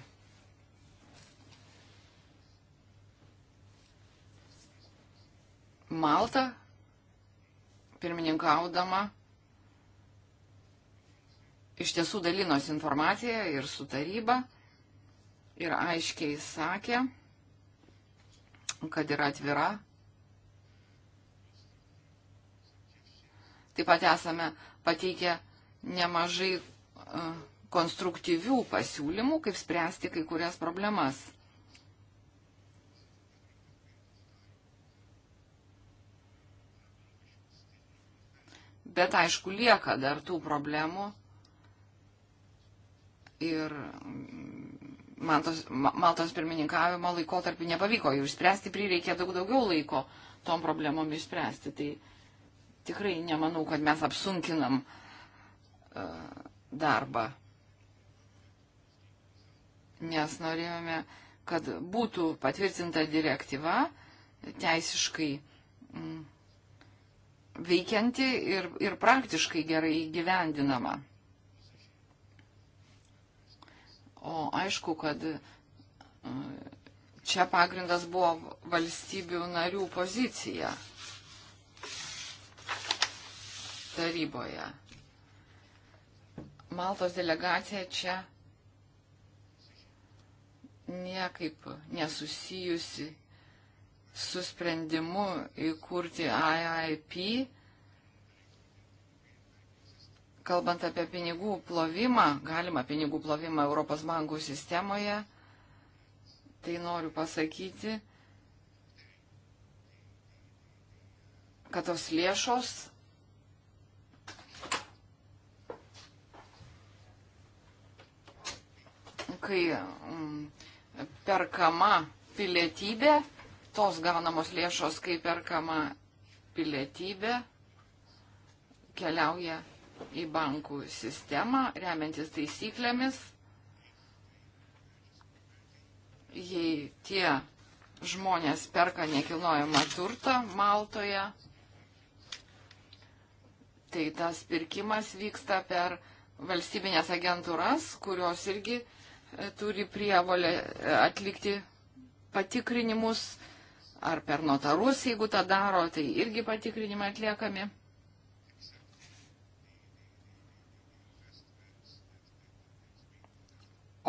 Malta pirmininkaudama iš tiesų dalinosi informaciją ir su taryba ir aiškiai sakė, kad yra atvira. Taip pat esame pateikę nemažai e, konstruktyvių pasiūlymų, kaip spręsti kai kurias problemas. Bet aišku, lieka dar tų problemų. Ir Maltos, Maltos pirmininkavimo laikotarpį nepavyko jų išspręsti, prireikė daug daugiau laiko tom problemom išspręsti. Tai tikrai nemanau, kad mes apsunkinam uh, darbą. Nes norėjome, kad būtų patvirtinta direktyva teisiškai. Mm, veikianti ir, ir praktiškai gerai įgyvendinama. O aišku, kad e, čia pagrindas buvo valstybių narių pozicija taryboje. Maltos delegacija čia niekaip nesusijusi su sprendimu įkurti IIP, kalbant apie pinigų plovimą, galima pinigų plovimą Europos bankų sistemoje, tai noriu pasakyti, kad tos lėšos kai mm, perkama pilietybė, tos gaunamos lėšos, kai perkama pilietybė, keliauja į bankų sistemą, remiantis taisyklėmis. Jei tie žmonės perka nekilnojamą turtą Maltoje, tai tas pirkimas vyksta per valstybinės agentūras, kurios irgi e, turi prievolę e, atlikti patikrinimus ar per notarus, jeigu tą daro, tai irgi patikrinimai atliekami.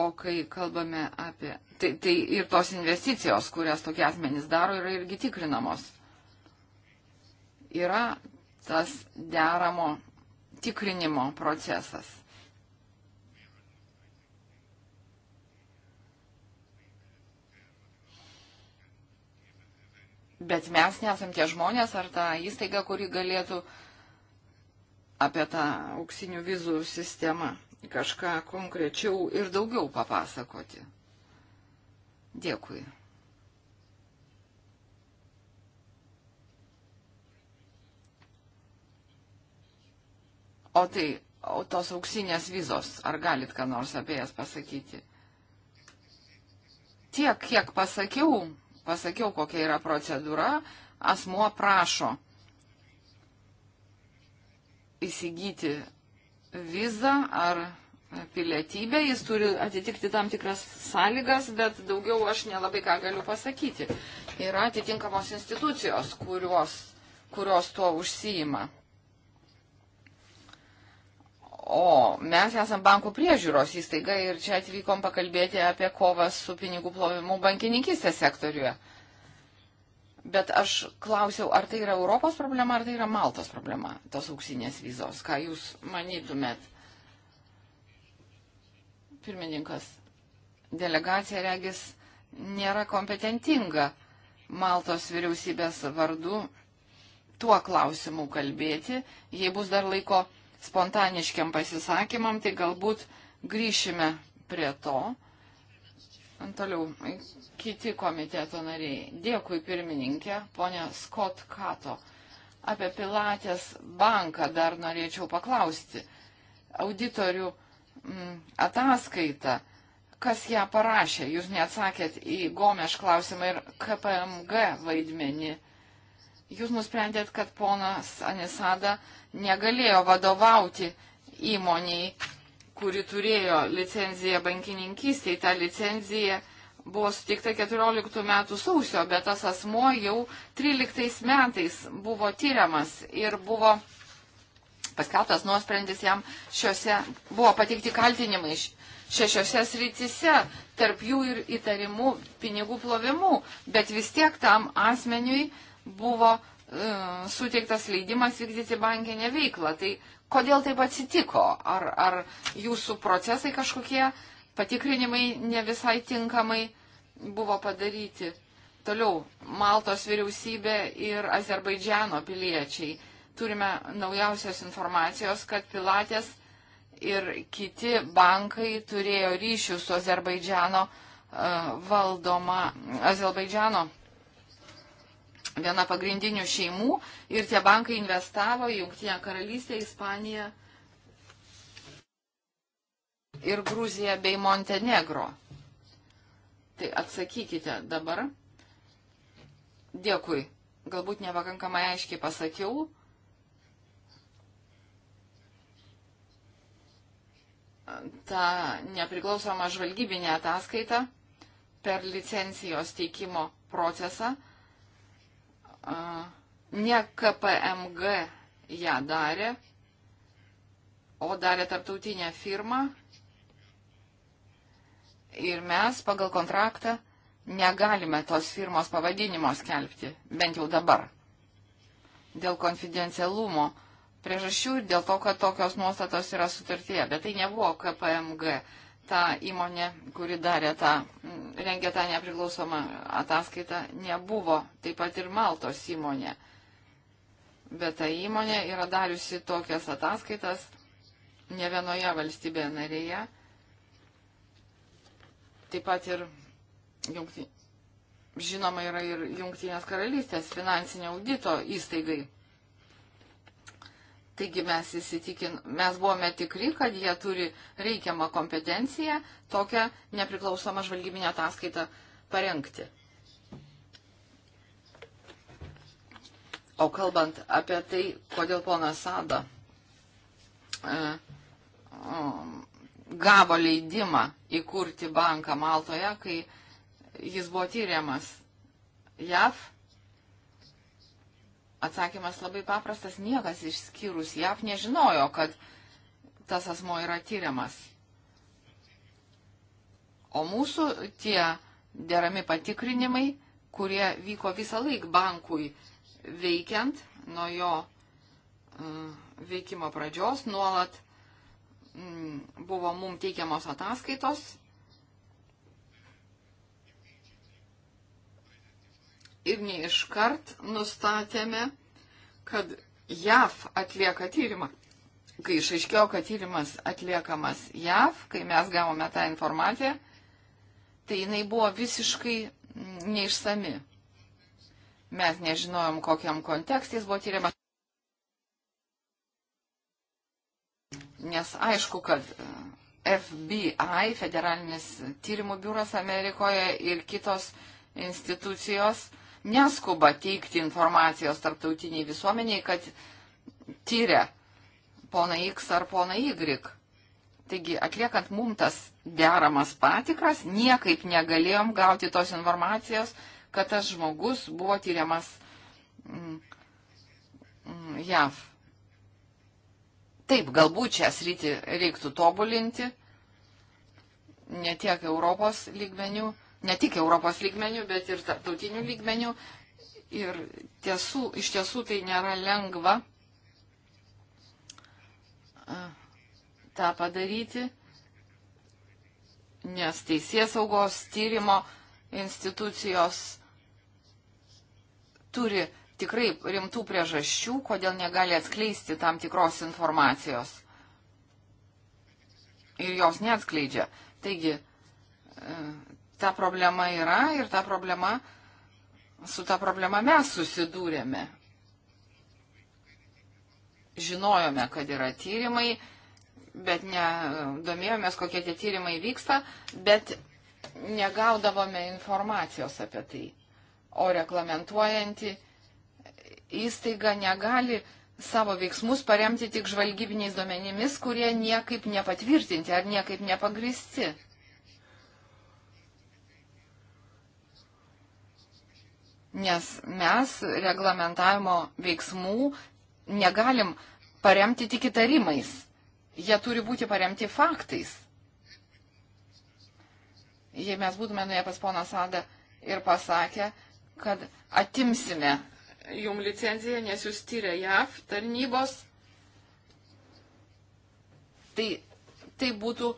O kai kalbame apie... Tai, tai ir tos investicijos, kurias tokie asmenys daro, yra irgi tikrinamos. Yra tas deramo tikrinimo procesas. Bet mes nesam tie žmonės ar ta įstaiga, kuri galėtų apie tą auksinių vizų sistemą kažką konkrečiau ir daugiau papasakoti. Dėkui. O tai, o tos auksinės vizos, ar galit ką nors apie jas pasakyti? Tiek, kiek pasakiau, pasakiau, kokia yra procedūra, asmuo prašo įsigyti vizą ar pilietybę, jis turi atitikti tam tikras sąlygas, bet daugiau aš nelabai ką galiu pasakyti. Yra atitinkamos institucijos, kurios, kurios tuo užsijima. O mes esam bankų priežiūros įstaiga ir čia atvykom pakalbėti apie kovą su pinigų plovimu bankininkistės sektoriuje. Bet aš klausiau, ar tai yra Europos problema, ar tai yra Maltos problema, tos auksinės vizos. Ką jūs manytumėt? Pirmininkas, delegacija regis nėra kompetentinga Maltos vyriausybės vardu tuo klausimu kalbėti, jei bus dar laiko spontaniškiam pasisakymam, tai galbūt grįšime prie to. Toliau, kiti komiteto nariai. Dėkui pirmininkė, ponia Scott Kato. Apie Pilatės banką dar norėčiau paklausti. Auditorių m, mm, ataskaita, kas ją parašė, jūs neatsakėt į Gomeš klausimą ir KPMG vaidmenį jūs nusprendėt, kad ponas Anisada negalėjo vadovauti įmoniai, kuri turėjo licenciją bankininkystėje. Ta licencija buvo suteikta 14 metų sausio, bet tas asmo jau 13 metais buvo tyriamas ir buvo paskeltas nuosprendis jam šiuose, buvo pateikti kaltinimai šešiose srityse, tarp jų ir įtarimų pinigų plovimų, bet vis tiek tam asmeniui uh, buvo e, suteiktas leidimas vykdyti bankinę veiklą. Tai kodėl taip atsitiko? Ar, ar jūsų procesai kažkokie patikrinimai ne visai tinkamai buvo padaryti? Toliau, Maltos vyriausybė ir Azerbaidžiano piliečiai. Turime naujausios informacijos, kad Pilatės ir kiti bankai turėjo ryšių su Azerbaidžiano e, valdoma, Azerbaidžiano viena pagrindinių šeimų ir tie bankai investavo į Junktinę karalystę, Ispaniją ir Gruziją bei Montenegro. Tai atsakykite dabar. Dėkui. Galbūt nepakankamai aiškiai pasakiau. Ta nepriklausoma žvalgybinė ataskaita per licencijos teikimo procesą ne KPMG ją darė, o darė tarptautinę firmą. Ir mes pagal kontraktą negalime tos firmos pavadinimo skelbti, bent jau dabar. Dėl konfidencialumo priežasčių ir dėl to, kad tokios nuostatos yra sutartyje, bet tai nebuvo KPMG ta įmonė, kuri darė tą, mm, rengė tą nepriklausomą ataskaitą, nebuvo. Taip pat ir Maltos įmonė. Bet ta įmonė yra dariusi tokias ataskaitas ne vienoje valstybėje narėje. Taip pat ir jungti, žinoma yra ir Jungtinės karalystės finansinio audito įstaigai. Taigi mes įsitikin, mes buvome tikri, kad jie turi reikiamą kompetenciją tokią nepriklausomą žvalgybinę ataskaitą parengti. O kalbant apie tai, kodėl ponas Sada e, gavo leidimą įkurti banką Maltoje, kai jis buvo tyriamas JAV, Atsakymas labai paprastas, niekas išskyrus JAV nežinojo, kad tas asmo yra tyriamas. O mūsų tie derami patikrinimai, kurie vyko visą laiką bankui veikiant nuo jo uh, veikimo pradžios, nuolat um, buvo mum teikiamos ataskaitos ir neiškart nustatėme, kad JAV atlieka tyrimą. Kai išaiškėjo, kad tyrimas atliekamas JAV, kai mes gavome tą informaciją, tai jinai buvo visiškai neišsami. Mes nežinojom, kokiam kontekstais buvo tyriamas. Nes aišku, kad e, FBI, Federalinis tyrimų biuras Amerikoje ir kitos institucijos neskuba teikti informacijos tarptautiniai visuomeniai, kad tyria pona X ar pona Y. Taigi, atliekant mum tas deramas patikras, niekaip negalėjom gauti tos informacijos, kad tas žmogus buvo tyriamas mm, mm, JAV. Taip, galbūt čia sritį reiktų tobulinti, ne tiek Europos lygmenių, ne tik Europos lygmenių, bet ir tarptautinių lygmenių. Ir tiesų, iš tiesų tai nėra lengva tą padaryti, nes teisės saugos tyrimo institucijos turi tikrai rimtų priežasčių, kodėl negali atskleisti tam tikros informacijos. Ir jos neatskleidžia. Taigi, ta problema yra ir ta problema, su ta problema mes susidūrėme. Žinojome, kad yra tyrimai, bet nedomėjomės, kokie tie tyrimai vyksta, bet negaudavome informacijos apie tai. O reglamentuojanti įstaiga negali savo veiksmus paremti tik žvalgybiniais duomenimis, kurie niekaip nepatvirtinti ar niekaip nepagristi. nes mes reglamentavimo veiksmų negalim paremti tik įtarimais. Jie turi būti paremti faktais. Jei mes būtume nuėję pas poną Sadą ir pasakę, kad atimsime jum licenciją, nes jūs tyria JAV tarnybos, tai, tai būtų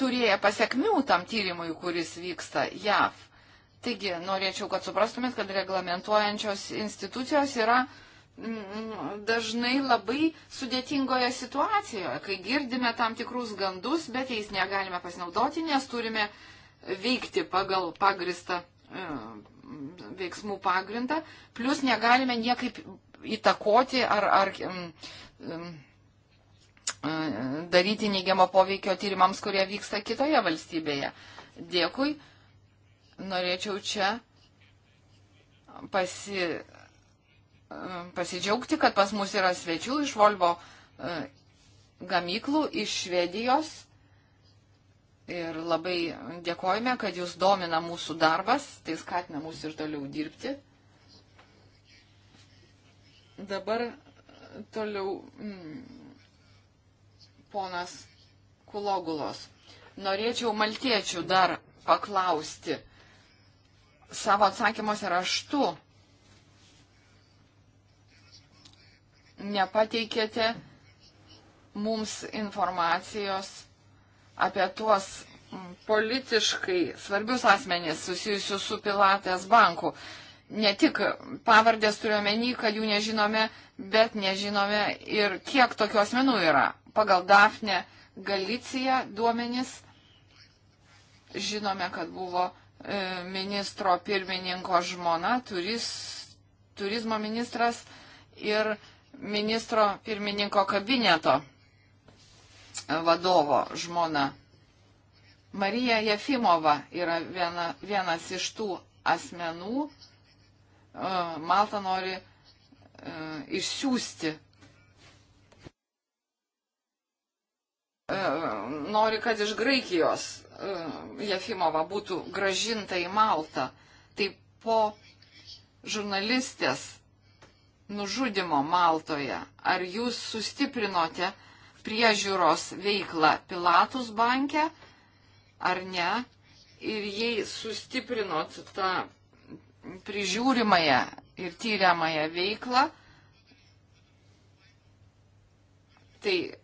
turėję pasiekmių tam tyrimui, kuris vyksta JAV. Taigi, norėčiau, kad suprastumėt, kad reglamentuojančios institucijos yra mm, mm, dažnai labai sudėtingoje situacijoje, kai girdime tam tikrus gandus, bet jais negalime pasinaudoti, nes turime veikti pagal pagristą e, veiksmų pagrindą, plus negalime niekaip įtakoti ar, ar mm, e, daryti neigiamo poveikio tyrimams, kurie vyksta kitoje valstybėje. Dėkui norėčiau čia pasi, pasidžiaugti, kad pas mus yra svečių iš Volvo e, gamyklų, iš Švedijos. Ir labai dėkojame, kad jūs domina mūsų darbas, tai skatina mūsų ir toliau dirbti. Dabar e, toliau mm, ponas Kulogulos. Norėčiau maltiečių dar paklausti savo atsakymuose raštu nepateikėte mums informacijos apie tuos politiškai svarbius asmenys susijusius su Pilatės banku. Ne tik pavardės turiuomenį, kad jų nežinome, bet nežinome ir kiek tokių asmenų yra. Pagal Dafne Galiciją duomenis žinome, kad buvo E, ministro pirmininko žmona, turis, turizmo ministras ir ministro pirmininko kabineto vadovo žmona. Marija Jefimova yra viena, vienas iš tų asmenų. E, Malta nori e, išsiųsti. Nori, kad iš Graikijos E, Jefimova būtų gražinta į Maltą. Tai po žurnalistės nužudimo Maltoje, ar jūs sustiprinote priežiūros veiklą Pilatus banke, ar ne? Ir jei sustiprinot tą prižiūrimąją ir tyriamąją veiklą, tai e,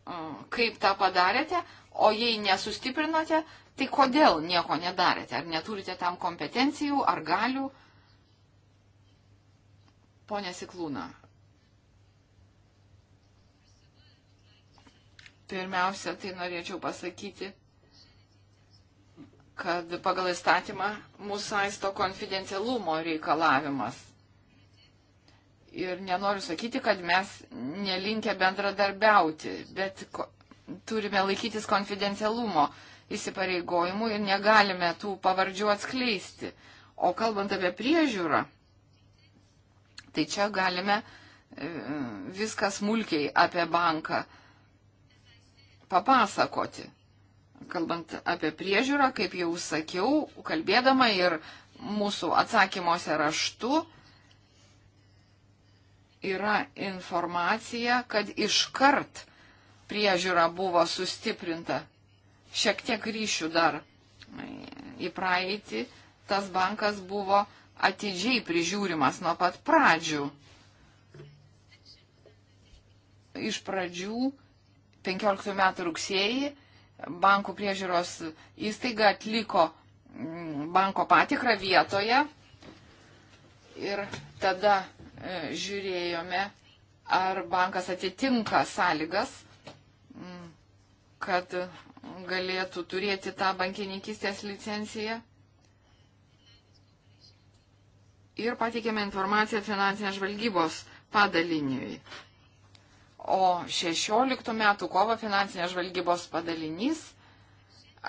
kaip tą padarėte, o jei nesustiprinote, Tai kodėl nieko nedarėte? Ar neturite tam kompetencijų, ar galių? Pone Siklūna. Pirmiausia, tai norėčiau pasakyti, kad pagal įstatymą mūsų saisto konfidencialumo reikalavimas. Ir nenoriu sakyti, kad mes nelinkę bendradarbiauti, bet turime laikytis konfidencialumo reikalavimo įsipareigojimų ir negalime tų pavardžių atskleisti. O kalbant apie priežiūrą, tai čia galime e, viską smulkiai apie banką papasakoti. Kalbant apie priežiūrą, kaip jau sakiau, kalbėdama ir mūsų atsakymuose raštu, yra informacija, kad iškart priežiūra buvo sustiprinta šiek tiek ryšių dar į praeitį. Tas bankas buvo atidžiai prižiūrimas nuo pat pradžių. Iš pradžių 15 metų rugsėjį bankų priežiūros įstaiga atliko mm, banko patikrą vietoje ir tada e, žiūrėjome, ar bankas atitinka sąlygas, mm, kad galėtų turėti tą bankininkistės licenciją. Ir pateikėme informaciją finansinės žvalgybos padaliniui. O 16 metų kovo finansinės žvalgybos padalinys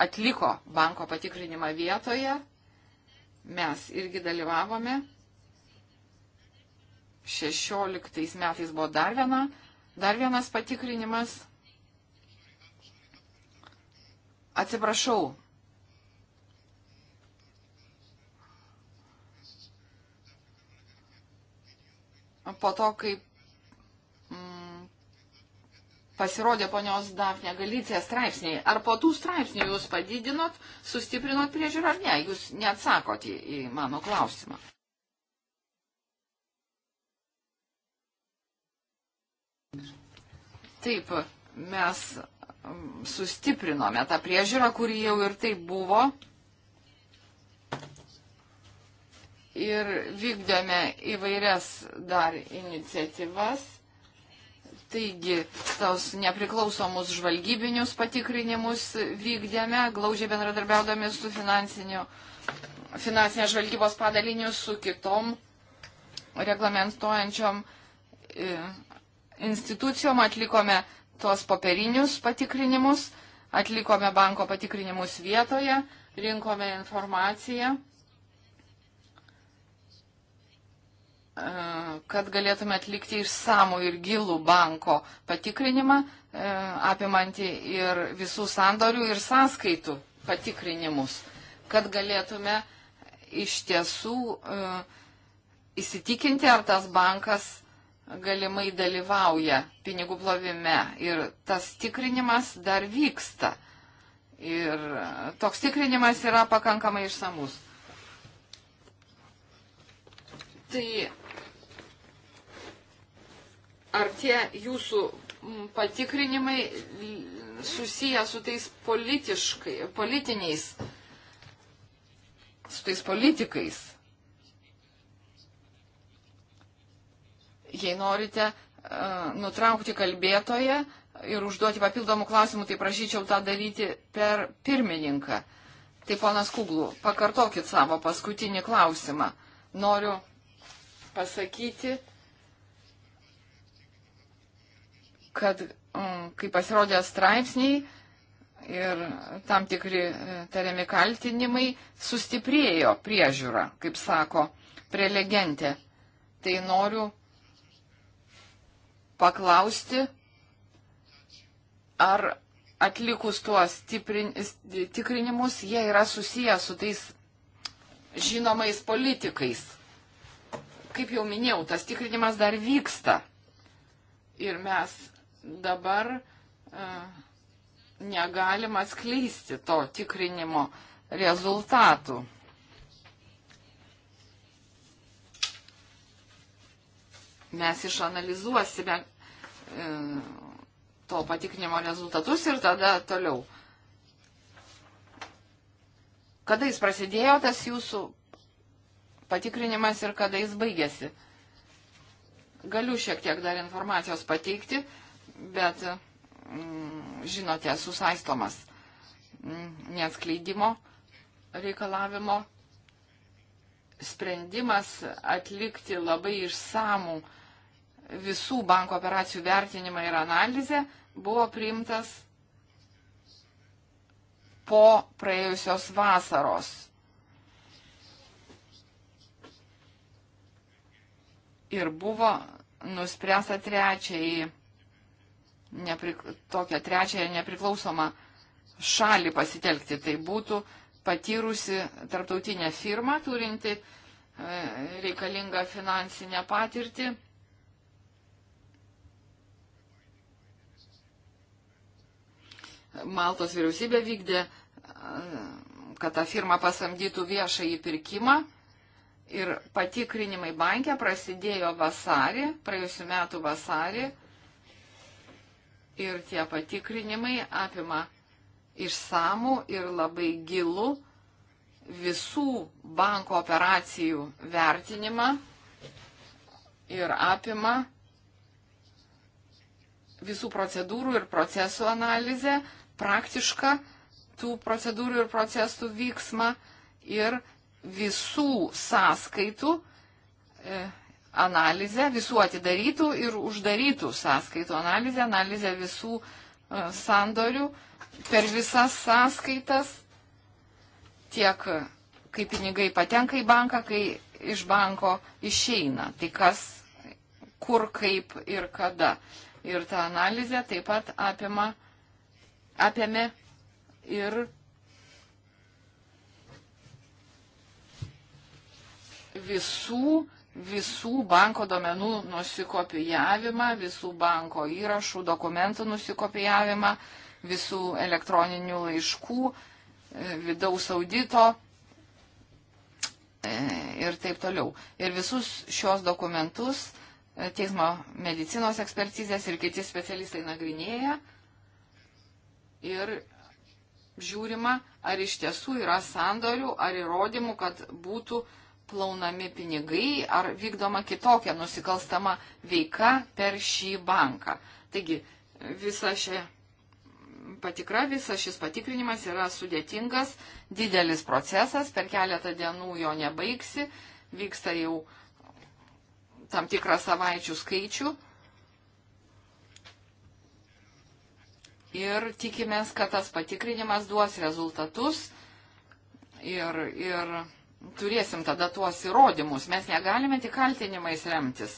atliko banko patikrinimą vietoje. Mes irgi dalyvavome. 16 metais buvo dar, viena, dar vienas patikrinimas. Atsiprašau. Po to, kaip mm, pasirodė ponios Dafne Galicija straipsniai, ar po tų straipsnių jūs padidinot, sustiprinot priežiūrą ar ne? Jūs neatsakot į, į mano klausimą. Taip, mes sustiprinome tą priežiūrą, kuri jau ir taip buvo. Ir vykdėme įvairias dar iniciatyvas. Taigi, tos nepriklausomus žvalgybinius patikrinimus vykdėme, glaudžiai bendradarbiaudami su finansinės žvalgybos padaliniu, su kitom reglamentuojančiom e, institucijom atlikome tuos popierinius patikrinimus, atlikome banko patikrinimus vietoje, rinkome informaciją, e, kad galėtume atlikti išsamų ir gilų banko patikrinimą, e, apimantį ir visų sandorių ir sąskaitų patikrinimus, kad galėtume iš tiesų e, įsitikinti, ar tas bankas galimai dalyvauja pinigų plovime ir tas tikrinimas dar vyksta. Ir toks tikrinimas yra pakankamai išsamus. Tai ar tie jūsų patikrinimai susiję su tais politiškai, politiniais, su tais politikais? Jei norite e, nutraukti kalbėtoje ir užduoti papildomų klausimų, tai prašyčiau tą daryti per pirmininką. Tai ponas Kuglų, pakartokit savo paskutinį klausimą. Noriu pasakyti, kad mm, kai pasirodė straipsniai ir tam tikri e, tariami kaltinimai, sustiprėjo priežiūra, kaip sako prelegentė. Tai noriu paklausti, ar atlikus tuos tiprin, tikrinimus jie yra susiję su tais žinomais politikais. Kaip jau minėjau, tas tikrinimas dar vyksta. Ir mes dabar uh, negalim atskleisti to tikrinimo rezultatų. Mes išanalizuosime E, to patikrinimo rezultatus ir tada toliau. Kada jis prasidėjo, tas jūsų patikrinimas ir kada jis baigėsi? Galiu šiek tiek dar informacijos pateikti, bet mm, žinote, susaistomas mm, neatskleidimo reikalavimo sprendimas atlikti labai išsamų visų banko operacijų vertinimą ir analizę buvo priimtas po praėjusios vasaros. Ir buvo nuspręsta trečiai, neprik, tokią trečiąją nepriklausomą šalį pasitelkti. Tai būtų patyrusi tarptautinė firma, turinti e, reikalinga finansinė patirtį Maltos vyriausybė vykdė, kad ta firma pasamdytų viešą įpirkimą. Ir patikrinimai bankė prasidėjo vasarį, praėjusiu metu vasarį. Ir tie patikrinimai apima išsamų ir labai gilų visų banko operacijų vertinimą ir apima visų procedūrų ir procesų analizę, praktišką tų procedūrų ir procesų vyksmą ir visų sąskaitų e, analizę, visų atidarytų ir uždarytų sąskaitų analizę, analizę visų e, sandorių per visas sąskaitas, tiek e, kai pinigai patenka į banką, kai iš banko išeina, tai kas, kur, kaip ir kada. Ir ta analizė taip pat apima apėmė ir visų, visų banko domenų nusikopijavimą, visų banko įrašų, dokumentų nusikopijavimą, visų elektroninių laiškų, e, vidaus audito e, ir taip toliau. Ir visus šios dokumentus e, teismo medicinos ekspertizės ir kiti specialistai nagrinėja ir žiūrima, ar iš tiesų yra sandorių, ar įrodymų, kad būtų plaunami pinigai, ar vykdoma kitokia nusikalstama veika per šį banką. Taigi, visa ši patikra, visas šis patikrinimas yra sudėtingas, didelis procesas, per keletą dienų jo nebaigsi, vyksta jau tam tikrą savaičių skaičių ir tikimės, kad tas patikrinimas duos rezultatus ir, ir turėsim tada tuos įrodymus. Mes negalime tik kaltinimais remtis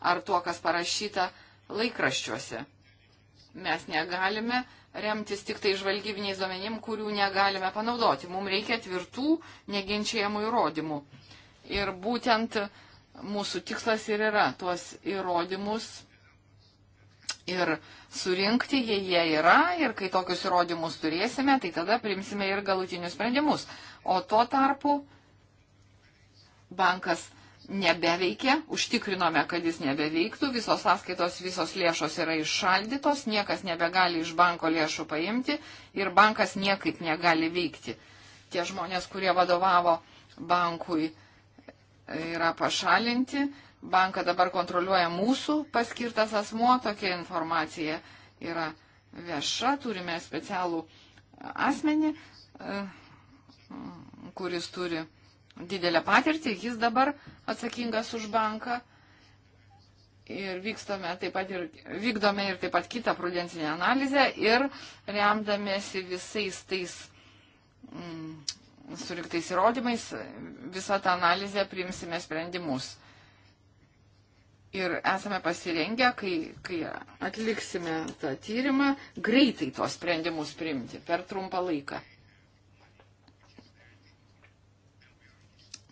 ar tuo, kas parašyta laikraščiuose. Mes negalime remtis tik tai žvalgybiniais duomenim, kurių negalime panaudoti. Mums reikia tvirtų, neginčiamų įrodymų. Ir būtent mūsų tikslas ir yra tuos įrodymus ir surinkti, jei jie yra, ir kai tokius įrodymus turėsime, tai tada primsime ir galutinius sprendimus. O tuo tarpu bankas nebeveikia, užtikrinome, kad jis nebeveiktų, visos sąskaitos, visos lėšos yra iššaldytos, niekas nebegali iš banko lėšų paimti ir bankas niekaip negali veikti. Tie žmonės, kurie vadovavo bankui, yra pašalinti, banką dabar kontroliuoja mūsų paskirtas asmuo, tokia informacija yra vieša, turime specialų asmenį, e, kuris turi didelę patirtį, jis dabar atsakingas už banką. Ir vykstome taip pat ir vykdome ir taip pat kitą prudencinę analizę ir remdamėsi visais tais mm, surinktais įrodymais, visą tą analizę priimsime sprendimus ir esame pasirengę, kai, kai atliksime tą tyrimą, greitai tuos sprendimus priimti per trumpą laiką.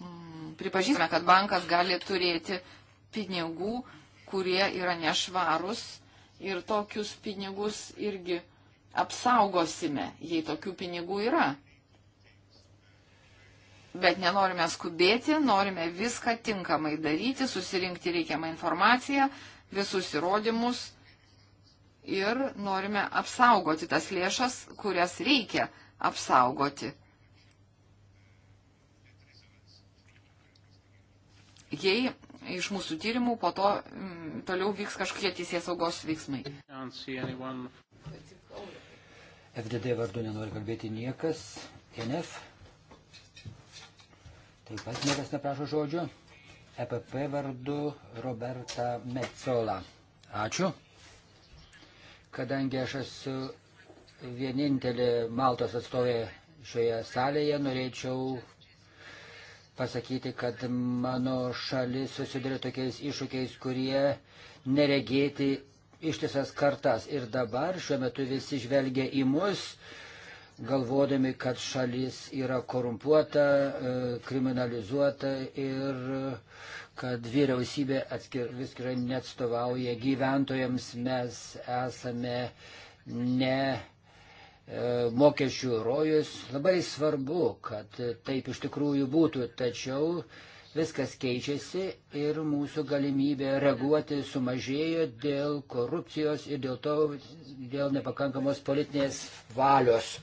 Mm, pripažįstame, kad bankas gali turėti pinigų, kurie yra nešvarus ir tokius pinigus irgi apsaugosime, jei tokių pinigų yra. Bet nenorime skubėti, norime viską tinkamai daryti, susirinkti reikiamą informaciją, visus įrodymus ir norime apsaugoti tas lėšas, kurias reikia apsaugoti. Jei iš mūsų tyrimų po to m, mm, toliau vyks kažkokie teisės saugos veiksmai. FDD vardu nenori kalbėti niekas. NF Taip pat niekas neprašo žodžio. EPP vardu Roberta Metzola. Ačiū. Kadangi aš esu vienintelė Maltos atstovė šioje salėje, norėčiau pasakyti, kad mano šalis susiduria tokiais iššūkiais, kurie neregėti ištisas kartas. Ir dabar šiuo metu visi žvelgia į mus galvodami, kad šalis yra korumpuota, e, kriminalizuota ir e, kad vyriausybė atskir, viskai neatstovauja gyventojams, mes esame ne e, mokesčių rojus. Labai svarbu, kad taip iš tikrųjų būtų, tačiau viskas keičiasi ir mūsų galimybė reaguoti sumažėjo dėl korupcijos ir dėl to, dėl nepakankamos politinės valios.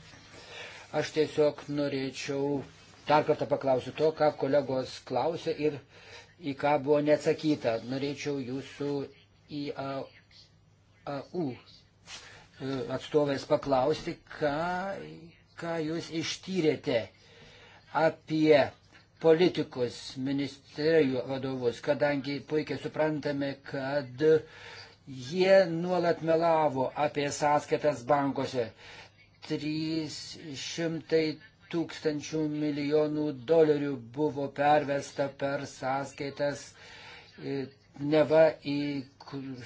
Aš tiesiog norėčiau dar kartą paklausiu to, ką kolegos klausė ir į ką buvo neatsakyta. Norėčiau jūsų IAU e, atstovės paklausti, ką, ką jūs ištyrėte apie politikus, ministerijų vadovus, kadangi puikiai suprantame, kad jie nuolat melavo apie sąskaitas bankuose. 300 tūkstančių milijonų dolerių buvo pervesta per sąskaitas e, neva į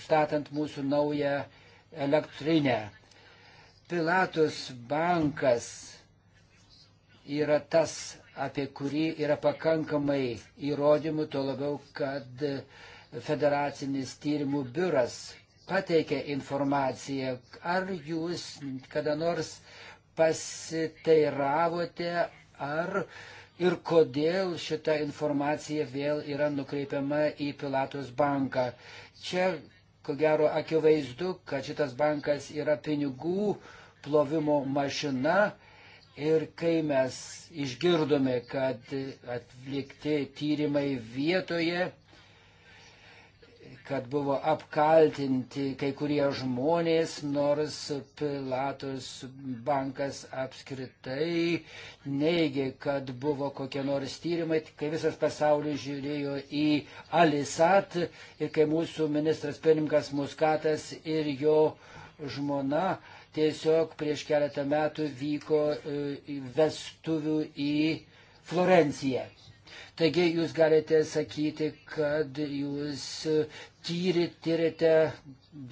statant mūsų naują elektrinę. Pilatus bankas yra tas, apie kurį yra pakankamai įrodymų, tuo labiau, kad federacinis tyrimų biuras pateikia informaciją. Ar jūs kada nors pasiteiravote, ar ir kodėl šita informacija vėl yra nukreipiama į Pilatos banką? Čia, ko gero, akivaizdu, kad šitas bankas yra pinigų plovimo mašina. Ir kai mes išgirdome, kad atlikti tyrimai vietoje, kad buvo apkaltinti kai kurie žmonės, nors Pilatus bankas apskritai neigė, kad buvo kokie nors tyrimai, kai visas pasaulis žiūrėjo į Alisat ir kai mūsų ministras pirmininkas Muskatas ir jo žmona tiesiog prieš keletą metų vyko e, vestuvių į Florenciją. Taigi jūs galite sakyti, kad jūs tyri, tyrite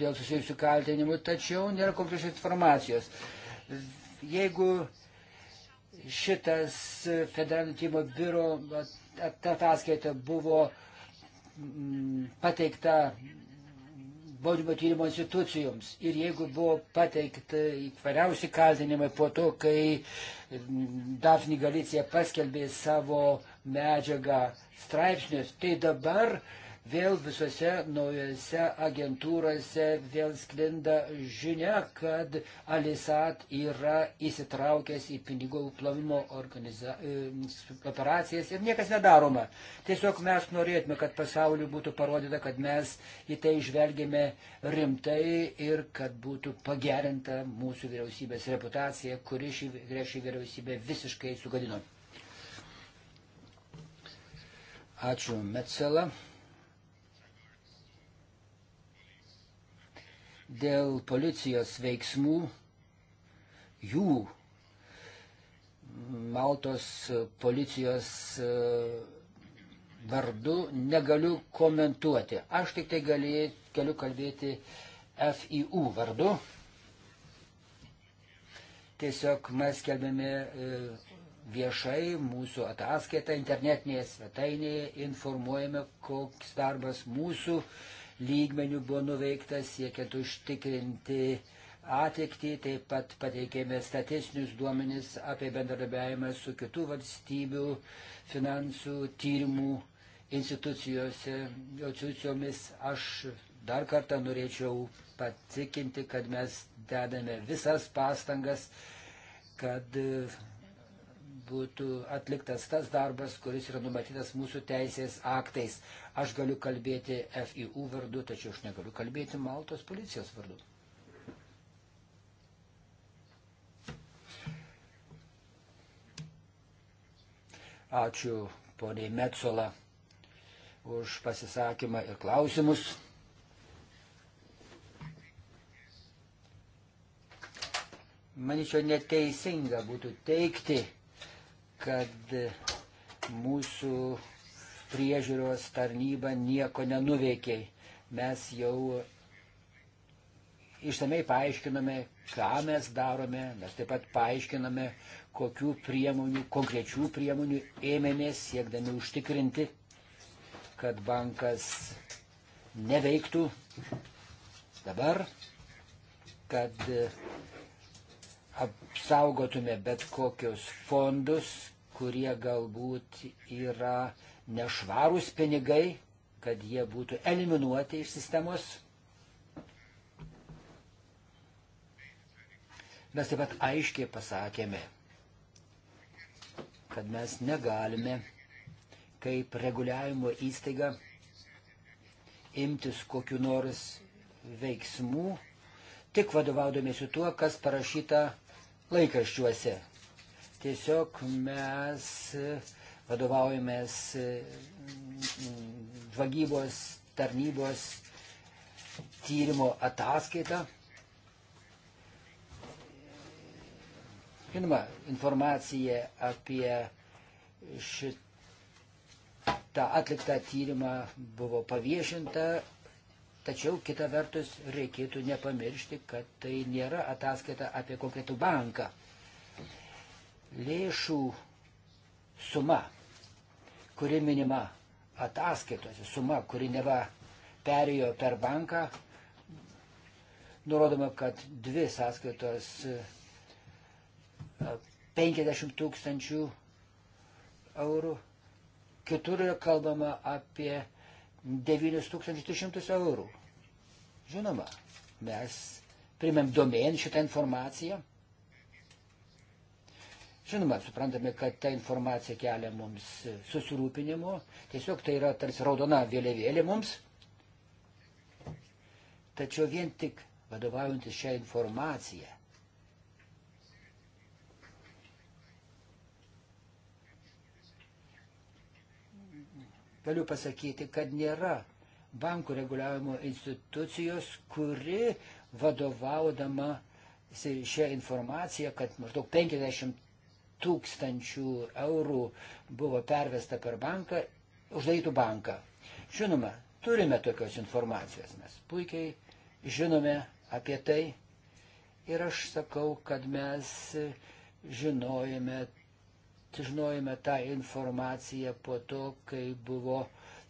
dėl susijusių kaltinimų, tačiau nėra konkrečios informacijos. Jeigu šitas federalinio tyrimo biuro ataskaita buvo mm, pateikta baudžiamo tyrimo institucijoms. Ir jeigu buvo pateikta įvariausi kaltinimai po to, kai mm, Dafni Galicija paskelbė savo medžiagą straipsnius, tai dabar vėl visose naujose agentūrose vėl sklinda žinia, kad Alisat yra įsitraukęs į pinigų plovimo organiza... E, operacijas ir niekas nedaroma. Tiesiog mes norėtume, kad pasauliu būtų parodyta, kad mes į tai žvelgėme rimtai ir kad būtų pagerinta mūsų vyriausybės reputacija, kuri šį, šį vyriausybę visiškai sugadino. Ačiū, Metsela. dėl policijos veiksmų, jų Maltos policijos e, vardu negaliu komentuoti. Aš tik tai galėt, galiu kalbėti FIU vardu. Tiesiog mes kelbėme e, viešai mūsų ataskaitą internetinėje svetainėje, informuojame, koks darbas mūsų uh, lygmenių buvo nuveiktas, siekiant užtikrinti atektį, taip pat pateikėme statistinius duomenis apie bendradarbiavimą su kitų valstybių finansų tyrimų institucijomis. Aš dar kartą norėčiau patikinti, kad mes dedame visas pastangas, kad būtų atliktas tas darbas, kuris yra numatytas mūsų teisės aktais. Aš galiu kalbėti FIU vardu, tačiau aš negaliu kalbėti Maltos policijos vardu. Ačiū poniai Metsola už pasisakymą ir klausimus. manyčiau, neteisinga būtų teikti, kad mūsų priežiūros tarnyba nieko nenuveikė. Mes jau išsamei paaiškinome, ką mes darome, mes taip pat paaiškinome, kokių priemonių, konkrečių priemonių ėmėmės siekdami užtikrinti, kad bankas neveiktų dabar, kad apsaugotume bet kokius fondus, kurie galbūt yra nešvarūs pinigai, kad jie būtų eliminuoti iš sistemos. Mes taip pat aiškiai pasakėme, kad mes negalime kaip reguliavimo įstaiga imtis kokiu nors veiksmų, tik vadovaudomėsi tuo, kas parašyta laikraščiuose. Tiesiog mes e, vadovaujamės e, žvagybos tarnybos tyrimo ataskaitą. Žinoma, informacija apie šitą atliktą tyrimą buvo paviešinta Tačiau kita vertus reikėtų nepamiršti, kad tai nėra ataskaita apie konkretų banką. Lėšų suma, kuri minima ataskaitose, suma, kuri neva perėjo per banką, nurodoma, kad dvi sąskaitos 50 tūkstančių eurų, kitur kalbama apie 9300 eurų. Žinoma, mes primėm domėn šitą informaciją. Žinoma, suprantame, kad ta informacija kelia mums susirūpinimo. Tiesiog tai yra tarsi raudona vėliavėlė mums. Tačiau vien tik vadovaujantis šią informaciją galiu pasakyti, kad nėra bankų reguliavimo institucijos, kuri vadovaudama šią informaciją, kad maždaug 50 tūkstančių eurų buvo pervesta per banką, uždarytų banką. Žinoma, turime tokios informacijos, mes puikiai žinome apie tai ir aš sakau, kad mes žinojame Sužinojome tą informaciją po to, kai buvo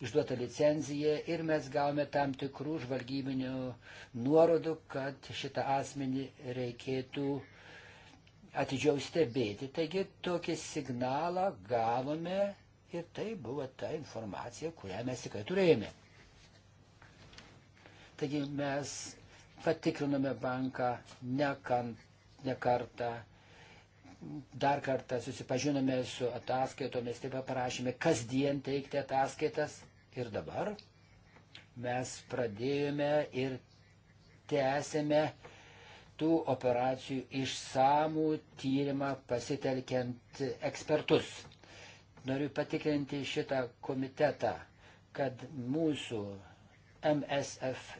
išduota licenzija ir mes gavome tam tikrų žvalgybinių nuorodų, kad šitą asmenį reikėtų atidžiau stebėti. Taigi tokį signalą gavome ir tai buvo ta informacija, kurią mes tikrai turėjome. Taigi mes patikrinome banką nekant, ne kartą, dar kartą susipažinome su ataskaitomis, taip pat parašėme kasdien teikti ataskaitas ir dabar mes pradėjome ir tęsėme tų operacijų išsamų tyrimą pasitelkiant ekspertus. Noriu patikrinti šitą komitetą, kad mūsų MSF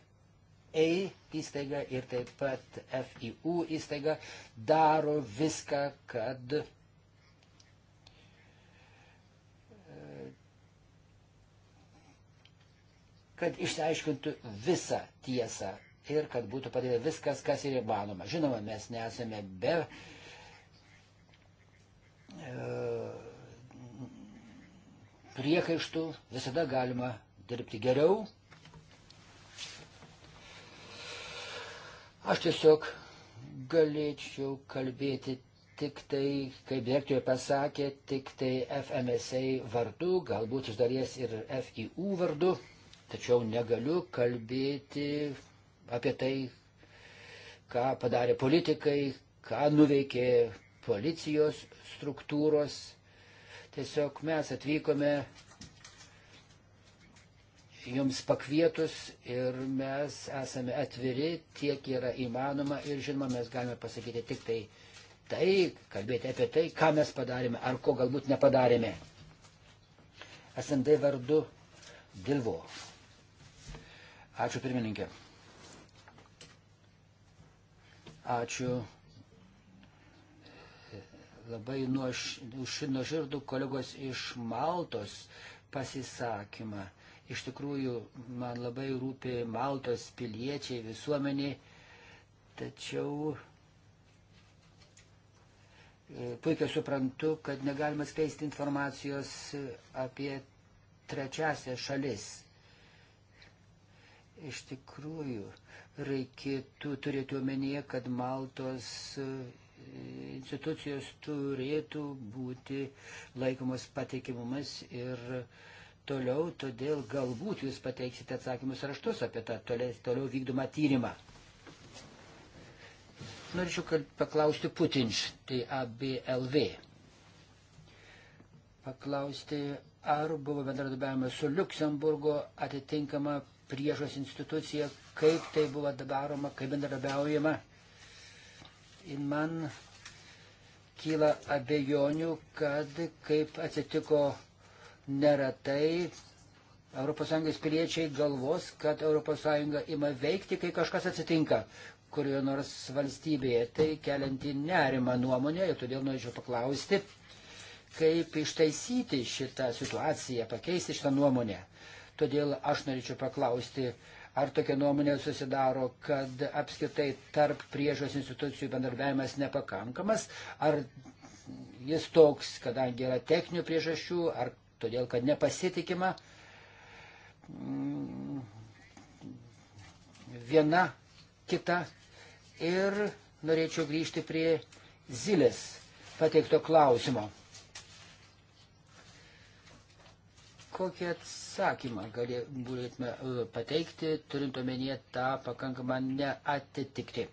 įstaiga ir taip pat FIU įstaiga daro viską, kad e, kad išsiaiškintų visą tiesą ir kad būtų padaryta viskas, kas yra įmanoma. Žinoma, mes nesame be e, priekaištų, visada galima dirbti geriau, Aš tiesiog galėčiau kalbėti tik tai, kaip direktorė pasakė, tik tai FMSA vardu, galbūt iš dalies ir FIU vardu, tačiau negaliu kalbėti apie tai, ką padarė politikai, ką nuveikė policijos struktūros. Tiesiog mes atvykome jums pakvietus ir mes esame atviri, tiek yra įmanoma ir žinoma, mes galime pasakyti tik tai tai, kalbėti apie tai, ką mes padarėme ar ko galbūt nepadarėme. SND vardu Dilvo. Ačiū pirmininkė. Ačiū labai nuoširdų kolegos iš Maltos pasisakymą Iš tikrųjų, man labai rūpi Maltos piliečiai, visuomenė, tačiau e, puikiai suprantu, kad negalima skleisti informacijos apie trečiasią šalis. Iš tikrųjų, reikėtų turėti omenyje, kad Maltos e, institucijos turėtų būti laikomas patikimumas ir uh, toliau, todėl galbūt jūs pateiksite atsakymus raštus apie tą toliau, toliau vykdomą tyrimą. Norėčiau paklausti Putinš, tai ABLV. Paklausti, ar buvo bendradarbiavimas su Luksemburgo atitinkama priežos institucija, kaip tai buvo daroma, kaip bendradarbiaujama. Ir man kyla abejonių, kad kaip atsitiko neretai ES piliečiai galvos, kad ES ima veikti, kai kažkas atsitinka kurioje nors valstybėje. Tai kelianti nerimą nuomonę ir todėl norėčiau paklausti, kaip ištaisyti šitą situaciją, pakeisti šitą nuomonę. Todėl aš norėčiau paklausti, ar tokia nuomonė susidaro, kad apskritai tarp priežos institucijų bendarbiavimas nepakankamas, ar jis toks, kadangi yra techninių priežasčių, ar todėl kad nepasitikima mm, viena kita. Ir norėčiau grįžti prie Zilės pateikto klausimo. Kokį atsakymą galėtume e, pateikti, turint omenyje tą pakankamą neatitikti?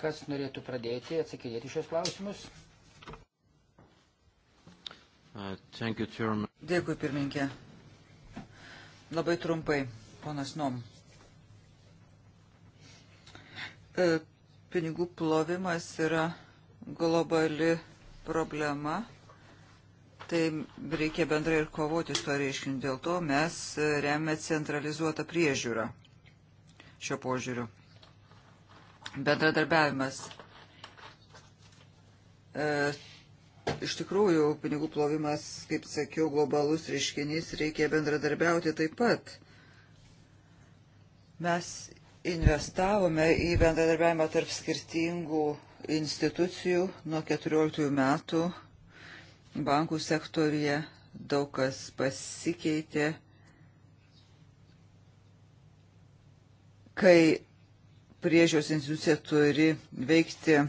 Kas norėtų pradėti atsakinėti šios klausimus? Uh, Dėkui, pirminkė. Labai trumpai, ponas Nom. E, pinigų plovimas yra globali problema. Tai reikia bendrai ir kovoti su to reiškiniu. Dėl to mes remia centralizuotą priežiūrą šio požiūriu. Bendradarbiavimas. E, Iš tikrųjų, pinigų plovimas, kaip sakiau, globalus reiškinys, reikia bendradarbiauti taip pat. Mes investavome į bendradarbiavimą tarp skirtingų institucijų nuo 14 metų bankų sektorija daug kas pasikeitė, kai priežios institucija turi veikti,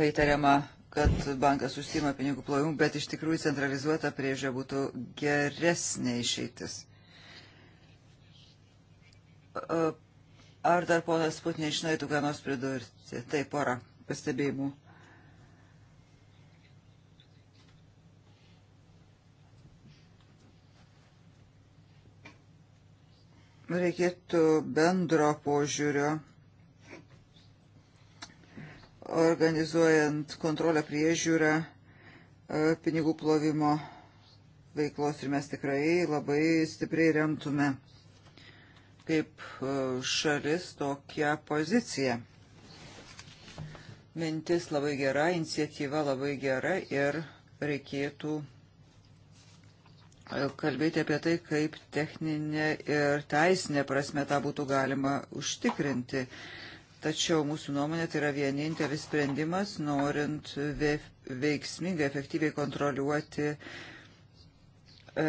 kai tariama kad bankas užsima pinigų plovimu, bet iš tikrųjų centralizuota priežė būtų geresnė išeitis. Ar dar ponas Putinė išnorėtų ką nors pridurti? Taip, pora pastebėjimų. Reikėtų bendro požiūrio organizuojant kontrolę priežiūrą e, pinigų plovimo veiklos ir mes tikrai labai stipriai remtume kaip e, šalis tokią poziciją. Mintis labai gera, iniciatyva labai gera ir reikėtų e, kalbėti apie tai, kaip techninė ir teisinė prasme tą būtų galima užtikrinti. Tačiau mūsų nuomonė tai yra vienintelis sprendimas, norint veiksmingai, efektyviai kontroliuoti e,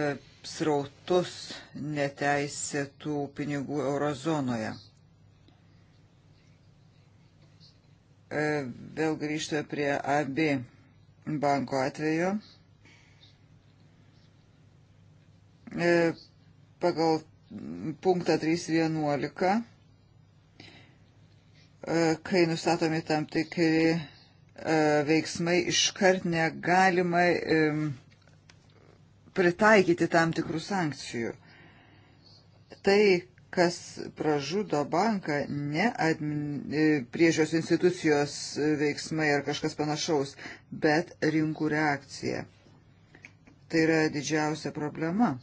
srautus neteisėtų pinigų eurozonoje. E, vėl grįžtume prie AB banko atveju. E, pagal punktą 311 E, kai nustatomi tam tikri e, veiksmai, iškart negalima e, pritaikyti tam tikrų sankcijų. Tai, kas pražudo banką, ne admin, priežios institucijos veiksmai ar kažkas panašaus, bet rinkų reakcija. Tai yra didžiausia problema.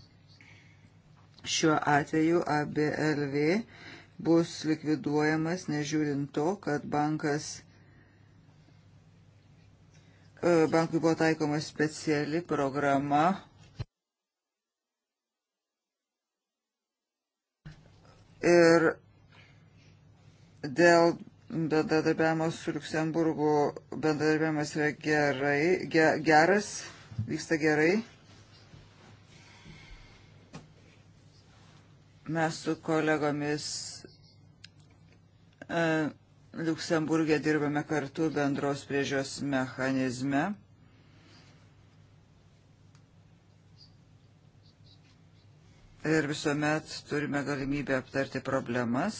Šiuo atveju ABLV bus likviduojamas, nežiūrint to, kad bankas, e, bankui buvo taikoma speciali programa. Ir dėl bendradarbiavimo su Luksemburgu bendradarbiavimas yra gerai, ge, geras, vyksta gerai. mes su kolegomis E, Luksemburgė dirbame kartu bendros priežios mechanizme. Ir visuomet turime galimybę aptarti problemas.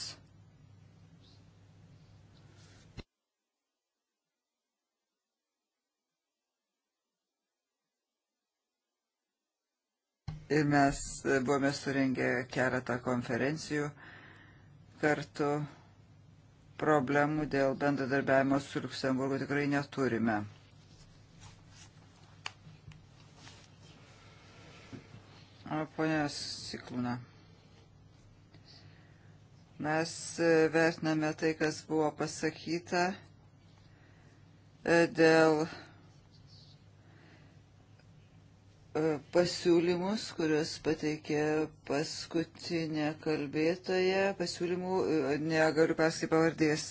Ir mes buvome surengę keletą konferencijų kartu problemų dėl bendradarbiavimo su Luksemburgu tikrai neturime. Pone Siklūna. Mes e, vertiname tai, kas buvo pasakyta e, dėl E, pasiūlymus, kuriuos pateikė paskutinė kalbėtoja, pasiūlymų e, negaliu pasakyti pavardės.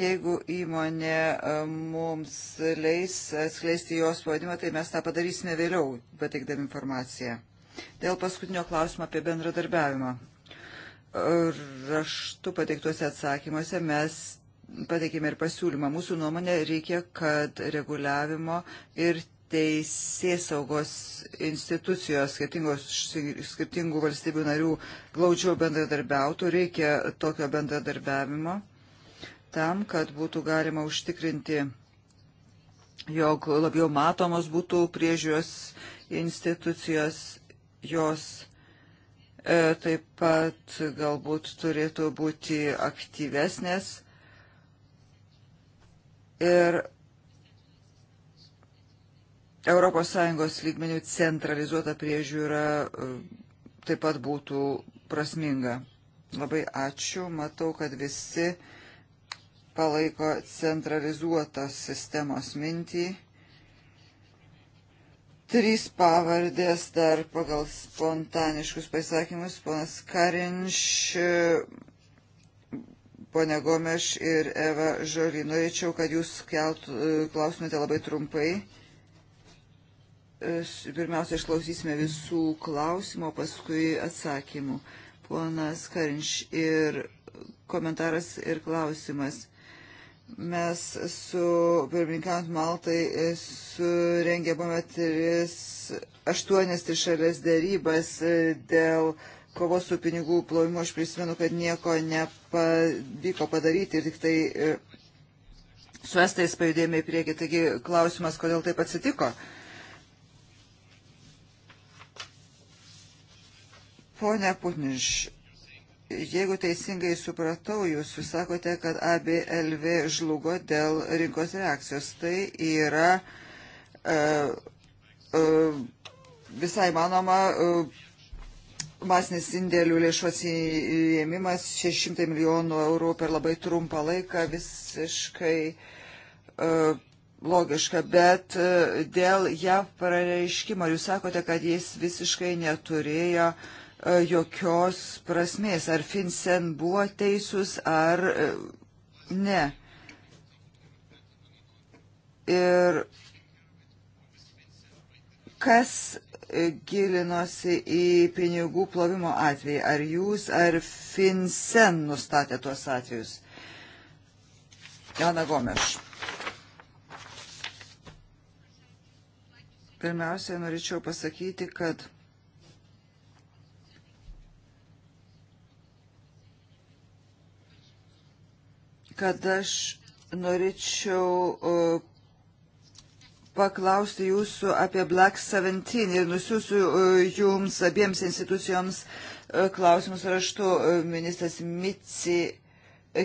Jeigu įmonė e, mums leis atskleisti jos pavadimą, tai mes tą padarysime vėliau, pateikdami informaciją. Dėl paskutinio klausimo apie bendradarbiavimą. Raštu pateiktuose atsakymuose mes pateikėme ir pasiūlymą. Mūsų nuomonė reikia, kad reguliavimo ir teisės saugos institucijos skirtingos, skirtingų valstybių narių glaudžiau bendradarbiautų, reikia tokio bendradarbiavimo tam, kad būtų galima užtikrinti, jog labiau matomos būtų priežiūros institucijos, jos e, taip pat galbūt turėtų būti aktyvesnės ir ES lygmenių centralizuota priežiūra e, taip pat būtų prasminga. Labai ačiū, matau, kad visi palaiko centralizuotos sistemos mintį. Trys pavardės dar pagal spontaniškus pasakymus, ponas Karinš, ponė Gomeš ir Eva Žolį. Norėčiau, kad jūs kelt, e, klausimėte labai trumpai. Pirmiausia, išklausysime visų klausimų, paskui atsakymų. Ponas Karinš ir komentaras ir klausimas. Mes su pirmininkant Maltai surengėme tris, aštuonias trišalės dėrybas dėl kovos su pinigų plovimu aš prisimenu, kad nieko nepavyko padaryti ir tik tai e, su estais pajudėjome į priekį. Taigi klausimas, kodėl taip atsitiko. Uh, Pone Putniš, jeigu teisingai supratau, jūs, jūs sakote, kad ABLV žlugo dėl rinkos reakcijos. Tai yra uh, uh, visai manoma. Uh, e, Masinis indėlių lėšų atsijėmimas 600 milijonų eurų per labai trumpą laiką visiškai uh, logiška, bet uh, dėl JAV pareiškimo jūs sakote, kad jis visiškai neturėjo uh, E, jokios prasmės, ar Finsen buvo teisus, ar e, ne. Ir kas e, gilinosi į pinigų plovimo atvejį, ar jūs, ar Finsen nustatė tuos atvejus? Jana Gomeš. Pirmiausia, norėčiau pasakyti, kad kad aš norėčiau e, paklausti jūsų apie Black 17 ir nusiųsiu e, jums abiems institucijoms e, klausimus raštu ministras Mitsi,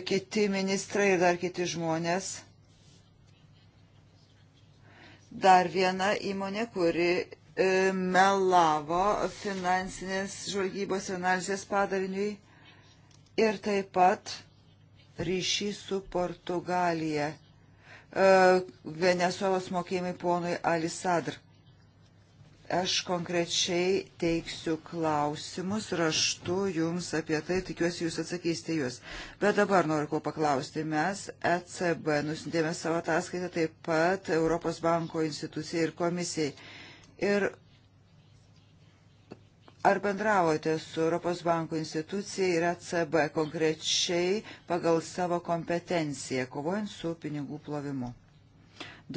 kiti ministrai ir dar kiti žmonės. Dar viena įmonė, kuri melavo finansinės žvalgybos ir analizės padariniui ir taip pat ryšį su Portugalija. E, Venezuelos mokėjimai ponui Alisadr. Aš konkrečiai teiksiu klausimus raštu jums apie tai, tikiuosi jūs atsakysite jūs. Bet dabar noriu ko paklausti. Mes ECB nusintėme savo ataskaitą taip pat Europos banko institucijai ir komisijai. Ir Ar bendravote su Europos banko institucija ir ECB konkrečiai pagal savo kompetenciją, kovojant su pinigų plovimu?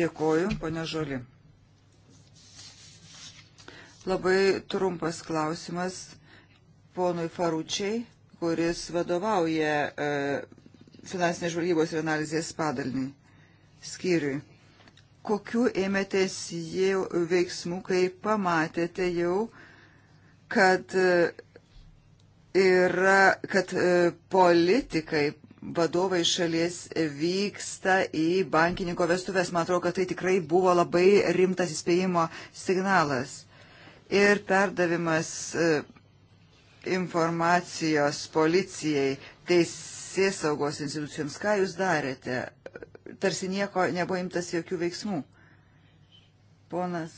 Dėkoju, ponia Žoli. Labai trumpas klausimas ponui Faručiai, kuris vadovauja e, finansinės žvalgybos ir analizės padaliniui skyriui. Kokiu ėmėtės veiksmų, kai pamatėte jau, kad e, yra, kad e, politikai, vadovai šalies vyksta į bankininko vestuvės. Man atrodo, kad tai tikrai buvo labai rimtas įspėjimo signalas. Ir perdavimas e, informacijos policijai, teisės saugos institucijoms, ką jūs darėte? Tarsi nieko nebuvo imtas jokių veiksmų. Ponas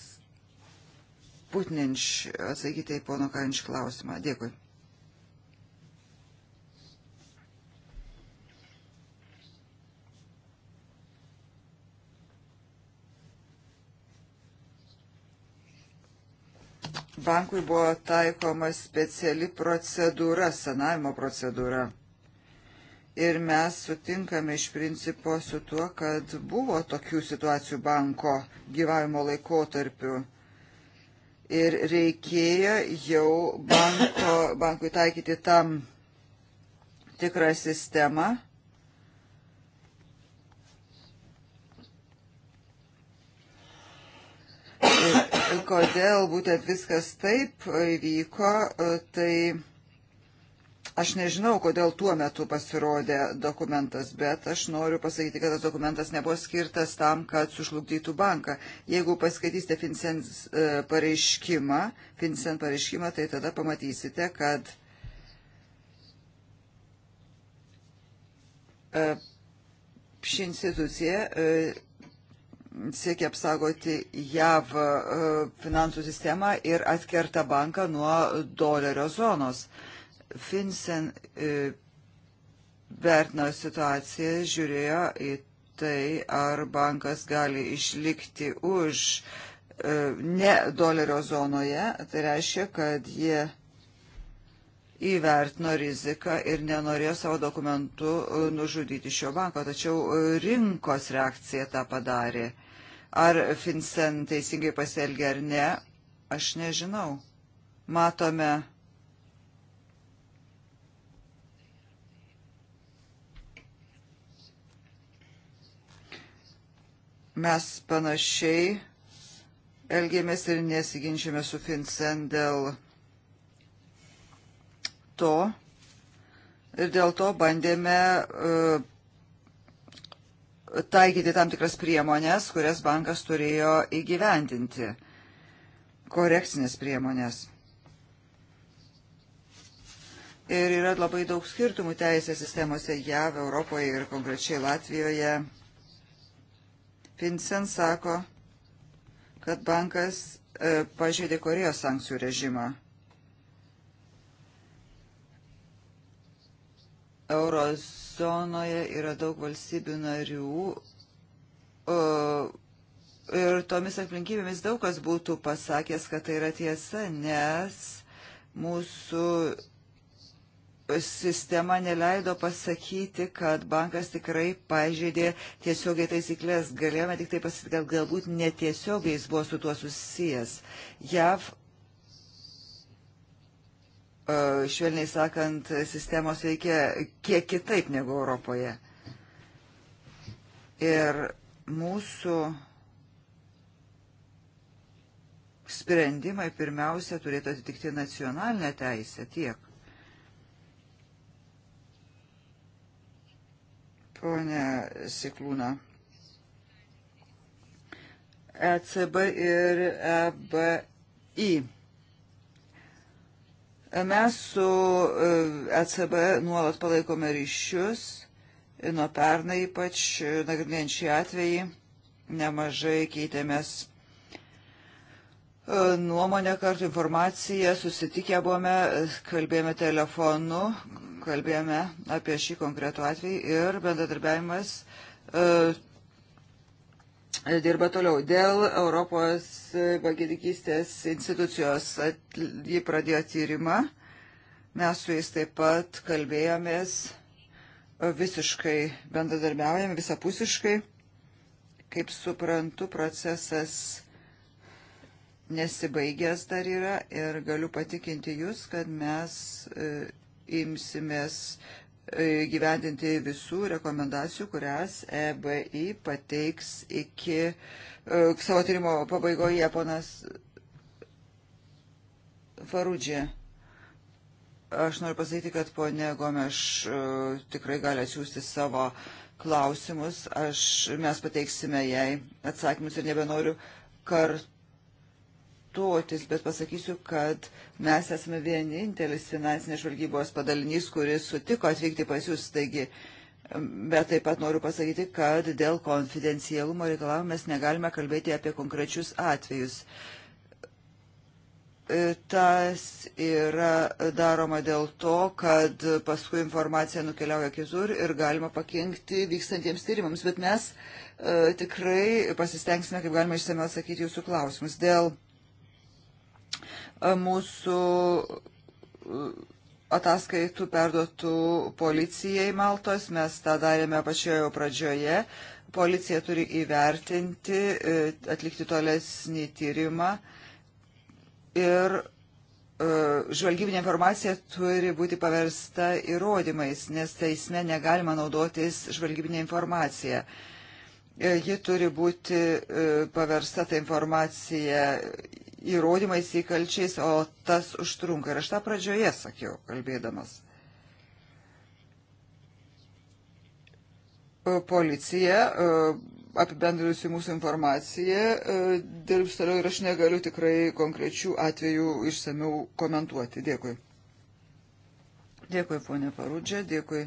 Putninč atsakyti į pono Karinč klausimą. Dėkui. Bankui buvo taikoma speciali procedūra, sanavimo procedūra. Ir mes sutinkame iš principo su tuo, kad buvo tokių situacijų banko gyvavimo laikotarpiu. tarpiu ir reikėjo jau banko, bankui taikyti tam tikrą sistemą. Ir kodėl būtent viskas taip vyko, tai Aš nežinau, kodėl tuo metu pasirodė dokumentas, bet aš noriu pasakyti, kad tas dokumentas nebuvo skirtas tam, kad sužlugdytų banką. Jeigu paskaitysite Fincent e, pareiškimą, Fincent pareiškimą, tai tada pamatysite, kad e, ši institucija e, siekia apsaugoti JAV finansų sistemą ir atkerta banką nuo dolerio zonos. Finsen e, vertino situaciją, žiūrėjo į tai, ar bankas gali išlikti už e, ne dolerio zonoje. Tai reiškia, kad jie įvertino riziką ir nenorėjo savo dokumentų e, nužudyti šio banko, tačiau rinkos reakcija tą padarė. Ar Finsen teisingai pasielgė ar ne, aš nežinau. Matome Mes panašiai elgėmės ir nesiginčiame su Fincen dėl to ir dėl to bandėme uh, taikyti tam tikras priemonės, kurias bankas turėjo įgyvendinti, korekcinės priemonės. Ir yra labai daug skirtumų teisės sistemose JAV, Europoje ir konkrečiai Latvijoje Pincen sako, kad bankas e, pažeidė Korejos sankcijų režimą. Eurozonoje yra daug valstybių narių e, ir tomis aplinkybėmis daug kas būtų pasakęs, kad tai yra tiesa, nes mūsų sistema neleido pasakyti, kad bankas tikrai pažeidė tiesiogiai taisyklės. Galėjome tik tai pasakyti, kad galbūt netiesiogiai jis buvo su tuo susijęs. JAV, e, švelniai sakant, sistemos veikia kiek kitaip negu Europoje. Ir mūsų sprendimai pirmiausia turėtų atitikti nacionalinę teisę tiek. Pone Siklūna. ECB ir EBI. Mes su ECB e nuolat palaikome ryšius, nuo pernai ypač e, nagrinėjant šį atvejį nemažai keitėmės e, nuomonę kartu informaciją, susitikę buvome, kalbėjome telefonu, kalbėjome apie šį konkretų atvejį ir bendradarbiavimas e, dirba toliau. Dėl Europos vagininkystės institucijos ji pradėjo tyrimą. Mes su jais taip pat kalbėjomės e, visiškai bendradarbiaujame, visapusiškai. Kaip suprantu, procesas nesibaigęs dar yra ir galiu patikinti Jūs, kad mes e, imsimės e, gyvendinti visų rekomendacijų, kurias EBI pateiks iki e, savo tyrimo pabaigoje, ponas Farudžė. Aš noriu pasakyti, kad ponė Gomeš e, tikrai gali atsiųsti savo klausimus. Aš, mes pateiksime jai atsakymus ir nebenoriu kart kartotis, bet pasakysiu, kad mes esame vienintelis finansinės žvalgybos padalinys, kuris sutiko atvykti pas jūs. Taigi, Bet taip pat noriu pasakyti, kad dėl konfidencialumo reikalavimo mes negalime kalbėti apie konkrečius atvejus. E, tas yra daroma dėl to, kad paskui informacija nukeliauja kizur ir galima pakenkti vykstantiems tyrimams. Bet mes e, tikrai pasistengsime, kaip galima išsameu atsakyti jūsų klausimus. Dėl mūsų e, ataskaitų perduotų policijai Maltos. Mes tą darėme pačioje jau pradžioje. Policija turi įvertinti, e, atlikti tolesnį tyrimą ir e, žvalgybinė informacija turi būti paversta įrodymais, nes teisme negalima naudotis žvalgybinė informacija. Ji turi būti paversta ta informacija įrodymais įkalčiais, o tas užtrunka. Ir aš tą pradžioje sakiau, kalbėdamas. E, policija e, apibendrinusi mūsų informaciją e, dirbs toliau ir aš negaliu tikrai konkrečių atvejų išsamiau komentuoti. Dėkui. Dėkui, ponė Parūdžia, dėkui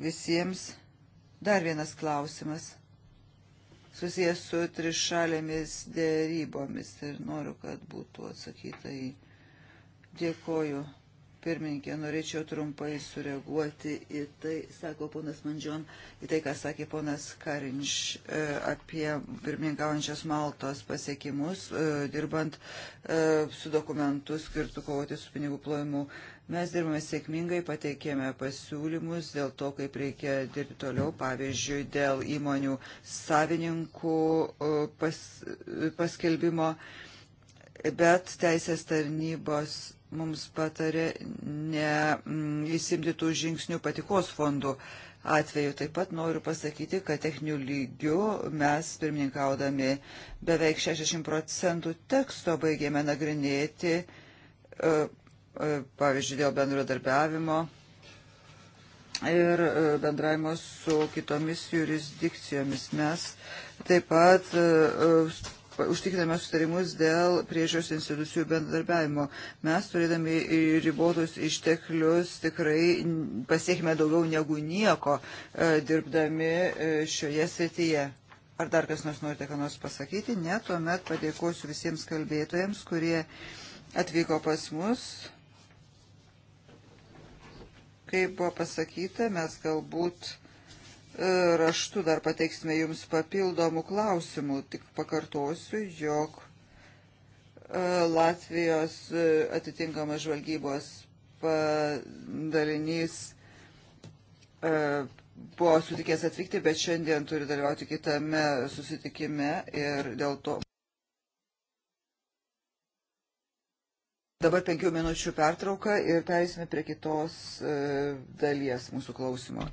visiems. Dar vienas klausimas susijęs su trišalėmis dėrybomis ir noriu, kad būtų atsakyta į dėkoju. Pirmininkė, norėčiau trumpai sureaguoti į tai, sako ponas Mandžion, į tai, ką sakė ponas Karinš e, apie pirmininkaujančios Maltos pasiekimus, e, dirbant e, su dokumentu skirtu kovoti su pinigų plojimu. Mes dirbame sėkmingai, pateikėme pasiūlymus dėl to, kaip reikia dirbti toliau, pavyzdžiui, dėl įmonių savininkų pas, paskelbimo, bet teisės tarnybos mums patarė neįsimti mm, tų žingsnių patikos fondų atveju. Taip pat noriu pasakyti, kad techninių lygių mes, pirmininkaudami, beveik 60 procentų teksto baigėme nagrinėti e, E, pavyzdžiui, dėl bendradarbiavimo ir e, bendravimo su kitomis jurisdikcijomis. Mes taip pat e, užtikriname sutarimus dėl priežiūros institucijų bendradarbiavimo. Mes turėdami ribotus išteklius tikrai pasiekime daugiau negu nieko dirbdami šioje srityje. Ar dar kas nors norite ką nors pasakyti? Ne, tuomet padėkosiu visiems kalbėtojams, kurie atvyko pas mus. Kaip buvo pasakyta, mes galbūt e, raštu dar pateiksime jums papildomų klausimų. Tik pakartosiu, jog e, Latvijos e, atitinkamas žvalgybos padalinys buvo sutikęs atvykti, bet šiandien turi dalyvauti kitame susitikime ir dėl to. Dabar penkių minučių pertrauka ir perėsime prie kitos e, dalies mūsų klausimo.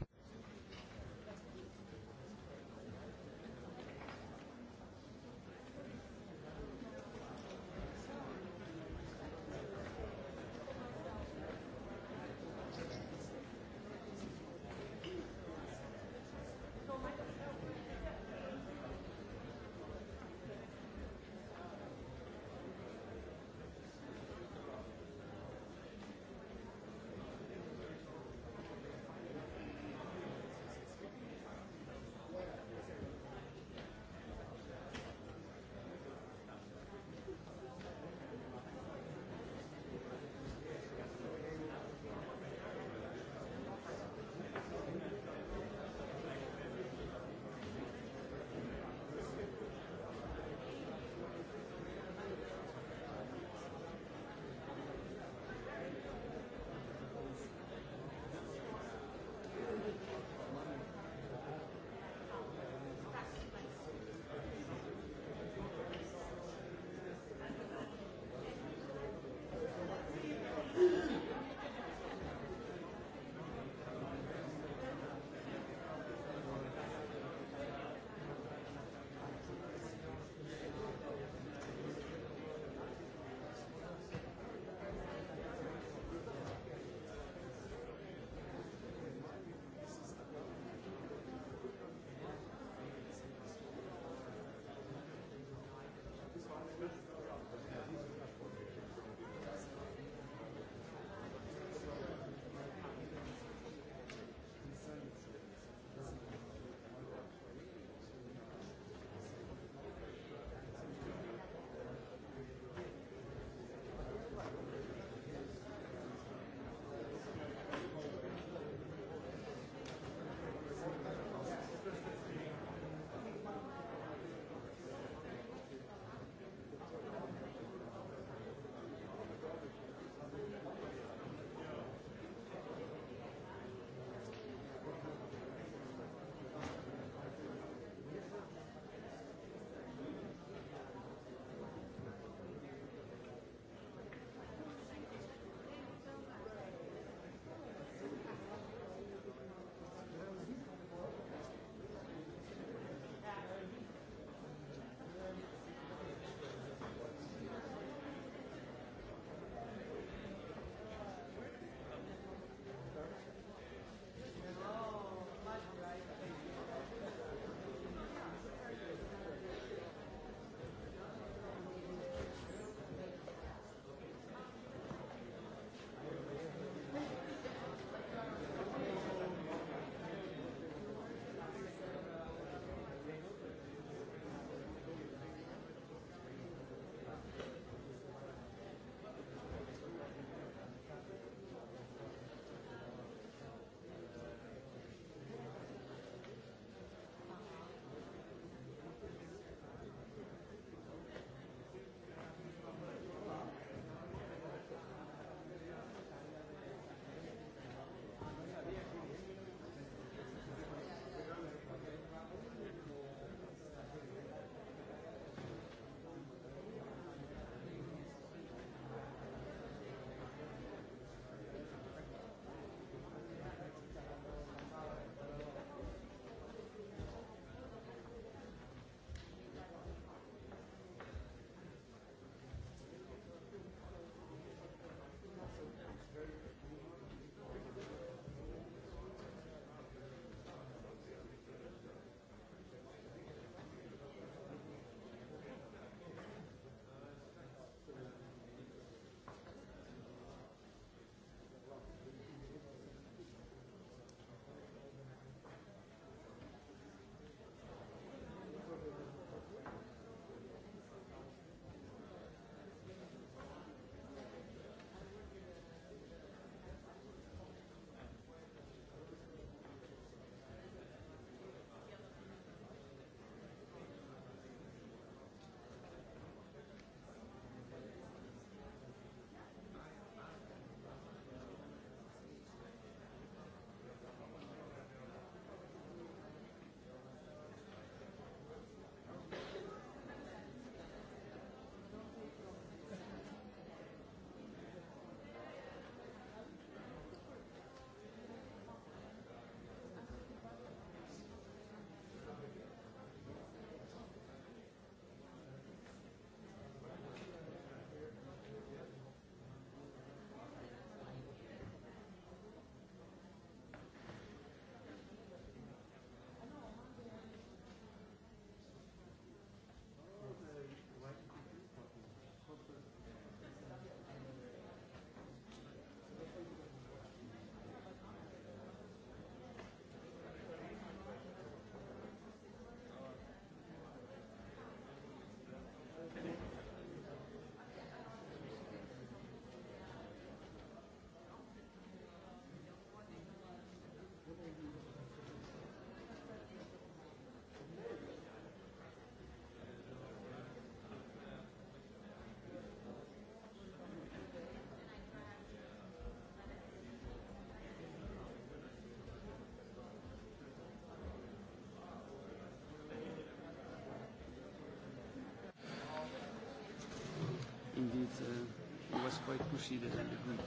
uh, he was quite pushy that I didn't.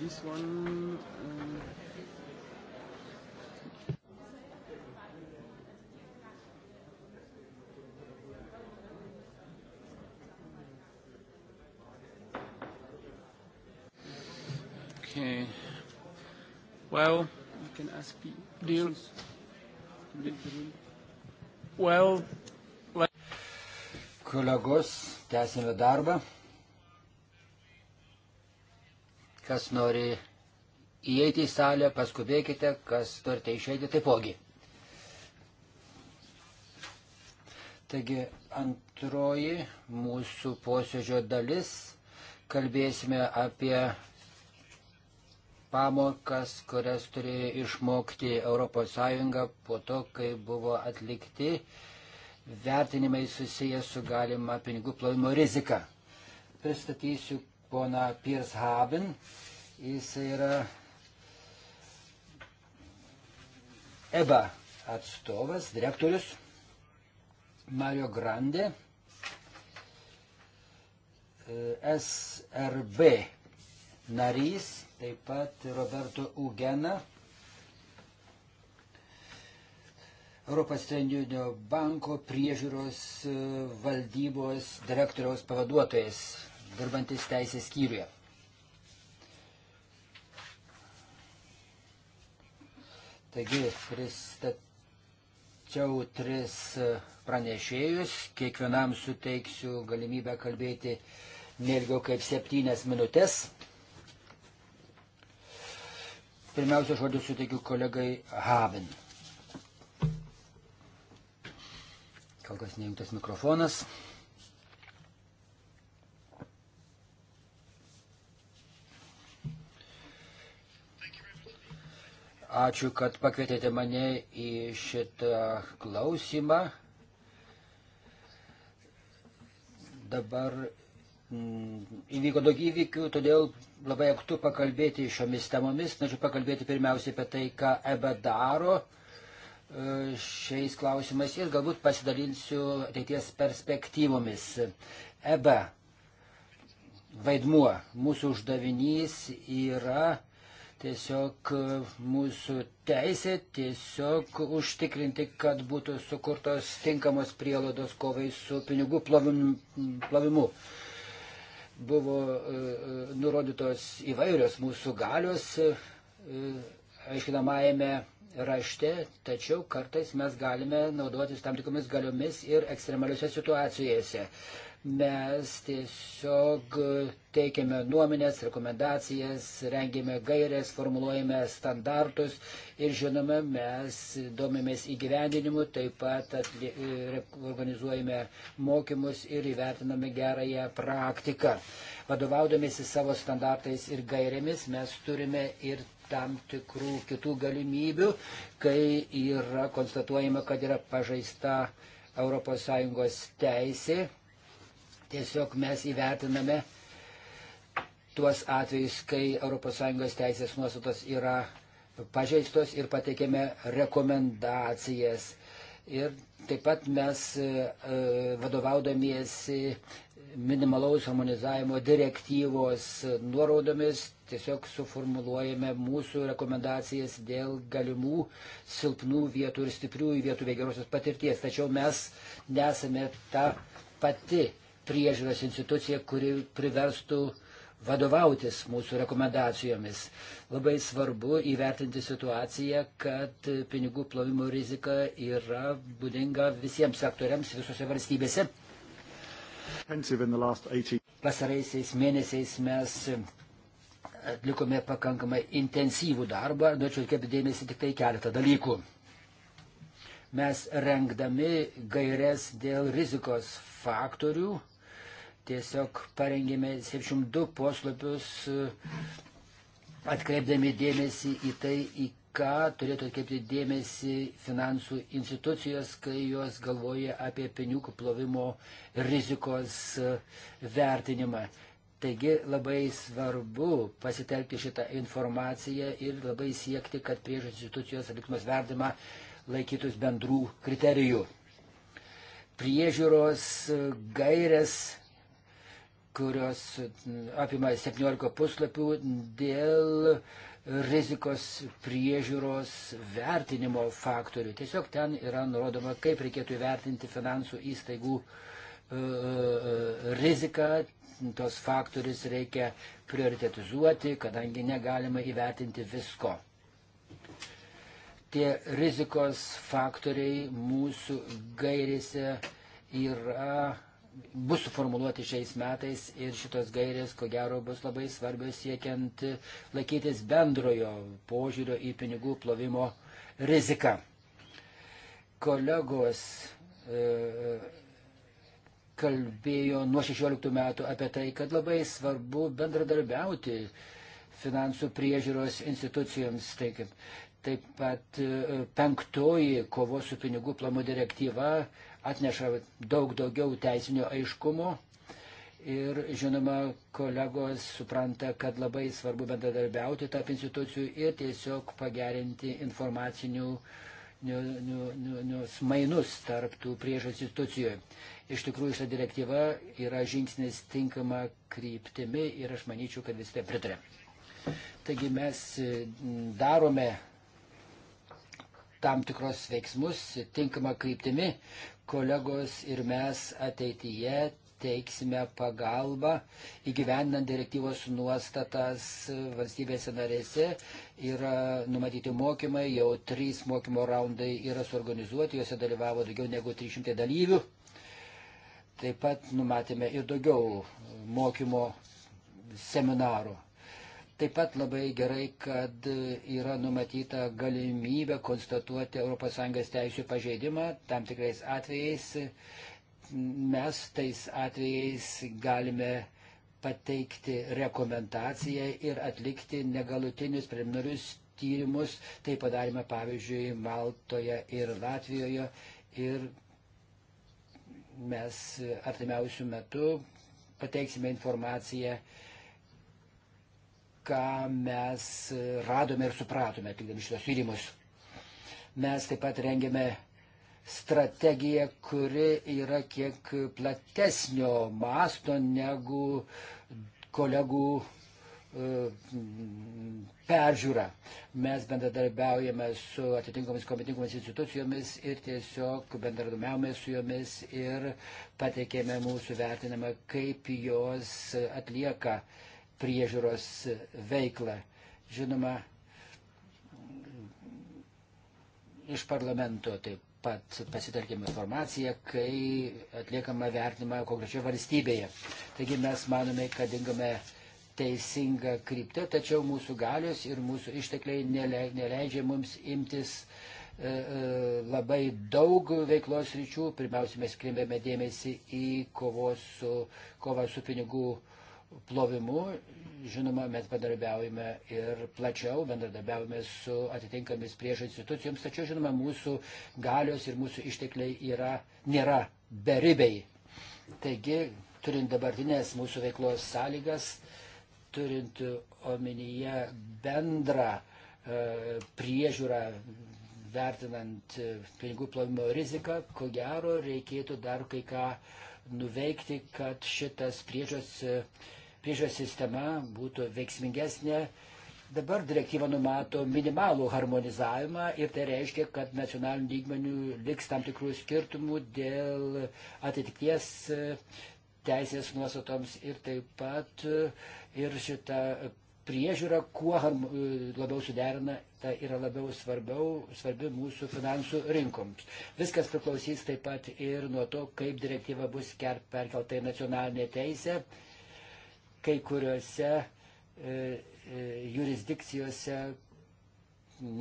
This one. Um, Okay. Well, you can ask do you leave the room? Well, let... Kolegos, tęsime darbą. Kas nori įeiti į salę, paskubėkite, kas turite išeiti taipogi. Taigi antroji mūsų posėdžio dalis. Kalbėsime apie pamokas, kurias turėjo išmokti ES po to, kai buvo atlikti vertinimai susijęs su galima pinigų plovimo rizika. Pristatysiu pona Piers Haben. Jis yra EBA atstovas, direktorius Mario Grande, e, SRB narys, taip pat Roberto Ugena, Europos Centrinio banko priežiūros e, valdybos direktoriaus pavaduotojas dirbantis teisės skyriuje. Taigi pristačiau tris pranešėjus, kiekvienam suteiksiu galimybę kalbėti nelgiau kaip septynias minutės. Pirmiausia, žodį suteikiu kolegai Habin. Kol kas neimtas mikrofonas. Ačiū, kad pakvietėte mane į šitą klausimą. Dabar mm, įvyko daug įvykių, todėl labai aktu pakalbėti šiomis temomis. Norėčiau pakalbėti pirmiausiai apie tai, ką EBA daro e, šiais klausimais ir galbūt pasidalinsiu ateities perspektyvomis. EBA vaidmuo, mūsų uždavinys yra tiesiog e, mūsų teisė tiesiog užtikrinti, kad būtų sukurtos tinkamos prielaidos kovai su pinigų plovimu. Buvo e, e, nurodytos įvairios mūsų galios aiškinamajame rašte, tačiau kartais mes galime naudotis tam tikromis galiomis ir ekstremaliuose situacijose. Mes tiesiog teikiame nuomonės, rekomendacijas, rengėme gairės, formuluojame standartus ir žinoma, mes domėmės įgyvendinimu, taip pat atlie, organizuojame mokymus ir įvertiname gerąją praktiką. Vadovaudomėsi savo standartais ir gairėmis mes turime ir tam tikrų kitų galimybių, kai yra konstatuojama, kad yra pažaista ES teisė. Tiesiog mes įvertiname tuos atvejus, kai ES teisės nuostatos yra pažeistos ir pateikėme rekomendacijas. Ir taip pat mes e, e, vadovaudamiesi minimalaus harmonizavimo direktyvos nuorodomis tiesiog suformuluojame mūsų rekomendacijas dėl galimų silpnų vietų ir stipriųjų vietų bei gerosios patirties. Tačiau mes nesame ta pati priežiūros institucija, kuri priverstų vadovautis mūsų rekomendacijomis. Labai svarbu įvertinti situaciją, kad pinigų plovimo rizika yra būdinga visiems sektoriams visose valstybėse. Pasaraisiais mėnesiais mes atlikome pakankamai intensyvų darbą, norėčiau atkreipti dėmesį tik tai keletą dalykų. Mes rengdami gairias dėl rizikos faktorių tiesiog parengėme 72 puslapius, e, atkreipdami dėmesį į tai, į ką turėtų atkreipti dėmesį finansų institucijos, kai jos galvoja apie pinigų plovimo rizikos e, vertinimą. Taigi labai svarbu pasitelkti šitą informaciją ir labai siekti, kad priežas institucijos atlikimas verdimą laikytus bendrų kriterijų. Priežiūros e, gairės kurios mm, apima 17 puslapių dėl rizikos priežiūros vertinimo faktorių. Tiesiog ten yra nurodoma, kaip reikėtų įvertinti finansų įstaigų e, e, riziką. Tos faktorius reikia prioritetizuoti, kadangi negalima įvertinti visko. Tie rizikos faktoriai mūsų gairėse yra bus suformuluoti šiais metais ir šitos gairės, ko gero, bus labai svarbios siekiant laikytis bendrojo požiūrio į pinigų plovimo riziką. Kolegos e, kalbėjo nuo 16 metų apie tai, kad labai svarbu bendradarbiauti finansų priežiūros institucijoms. Taip, tai taip pat e, penktoji kovos su pinigų plomo direktyva atneša daug daugiau teisinio aiškumo. Ir žinoma, kolegos supranta, kad labai svarbu bendradarbiauti tarp institucijų ir tiesiog pagerinti informacinių niu, niu, niu, mainus tarp tų prieš institucijų. Iš tikrųjų, šita direktyva yra žingsnis tinkama kryptimi ir aš manyčiau, kad visi tai pritarė. Taigi mes darome tam tikros veiksmus tinkama kryptimi, kolegos ir mes ateityje teiksime pagalbą įgyvendinant direktyvos nuostatas valstybėse narėse. Yra numatyti mokymai, jau trys mokymo raundai yra suorganizuoti, juose dalyvavo daugiau negu 300 dalyvių. Taip pat numatėme ir daugiau mokymo seminarų. Taip pat labai gerai, kad yra numatyta galimybė konstatuoti ES teisų pažeidimą tam tikrais atvejais. Mes tais atvejais galime pateikti rekomendaciją ir atlikti negalutinius preliminarius tyrimus. Tai padarėme pavyzdžiui Maltoje ir Latvijoje ir mes artimiausių metų pateiksime informaciją ką mes radome ir supratome atlikdami šitos tyrimus. Mes taip pat rengėme strategiją, kuri yra kiek platesnio masto negu kolegų e, peržiūra. Mes bendradarbiaujame su atitinkomis kompetingomis institucijomis ir tiesiog bendradarbiaujame su jomis ir pateikėme mūsų vertinimą, kaip jos atlieka uh, priežiūros veiklą. Žinoma, iš parlamento taip pat pasitarkim informaciją, kai atliekama vertinimą konkrečioje valstybėje. Taigi mes manome, kad dingame teisinga kryptė, tačiau mūsų galios ir mūsų ištekliai neleidžia mums imtis e, e, labai daug veiklos ryčių. Pirmiausia, mes krimėme dėmesį į kovos su, kovą su pinigų uh, plovimu. Žinoma, mes bendradarbiaujame ir plačiau, bendradarbiaujame su atitinkamis prieš institucijoms, tačiau, žinoma, mūsų galios ir mūsų ištekliai yra, nėra beribiai. Taigi, turint dabartinės mūsų veiklos sąlygas, turint omenyje bendrą e, priežiūrą vertinant e, pinigų plovimo riziką, ko gero reikėtų dar kai ką nuveikti, kad šitas priežios e, priežiūros sistema būtų veiksmingesnė. Dabar direktyva numato minimalų harmonizavimą ir tai reiškia, kad nacionalinių lygmenių liks tam tikrų skirtumų dėl atitikties e, teisės nuostatoms ir taip pat e, ir šita priežiūra, kuo e, labiau suderina, ta yra labiau svarbiau, svarbi mūsų finansų rinkoms. Viskas priklausys taip pat ir nuo to, kaip direktyva bus perkelta į nacionalinę teisę kai kuriuose e, e, jurisdikcijose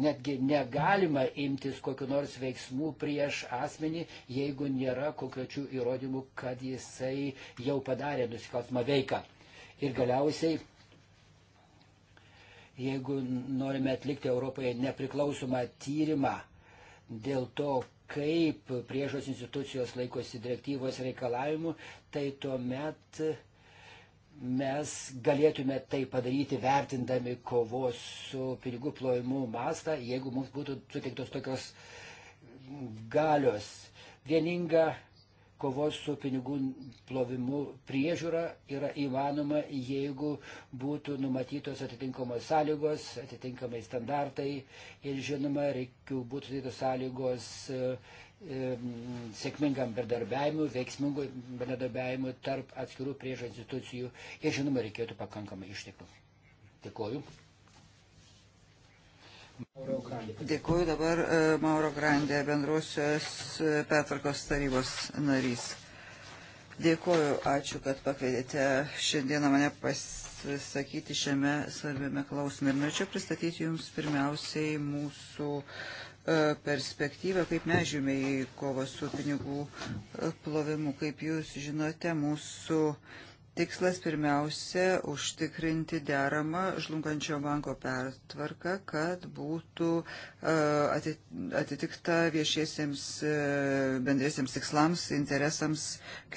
netgi negalima imtis kokiu nors veiksmų prieš asmenį, jeigu nėra konkrečių įrodymų, kad jisai jau padarė nusikalstamą veiką. Ir galiausiai, jeigu norime atlikti Europoje nepriklausomą tyrimą dėl to, kaip priežos institucijos laikosi direktyvos reikalavimų, tai tuomet met mes galėtume tai padaryti vertindami kovos su pinigų plovimu mastą, jeigu mums būtų suteiktos tokios galios. Vieninga kovos su pinigų plovimu priežiūra yra įmanoma, jeigu būtų numatytos atitinkamos sąlygos, atitinkamai standartai ir žinoma, reikia būtų tai sąlygos sėkmingam bendarbiavimui, veiksmingui bendarbiavimui tarp atskirų prieš institucijų ir žinoma reikėtų pakankamai išteklių. Dėkuoju. Dėkuoju dabar e, Mauro Grandė, bendrosios e, pertvarkos tarybos narys. Dėkuoju, ačiū, kad pakvietėte šiandieną mane pasisakyti šiame svarbiame klausime. Ir norėčiau pristatyti Jums pirmiausiai mūsų uh, E, perspektyvą, kaip mes žymė į kovą su pinigų e, plovimu. Kaip jūs žinote, mūsų tikslas pirmiausia užtikrinti deramą žlungančio banko pertvarką, kad būtų e, atitikta viešiesiems bendriesiems tikslams, interesams,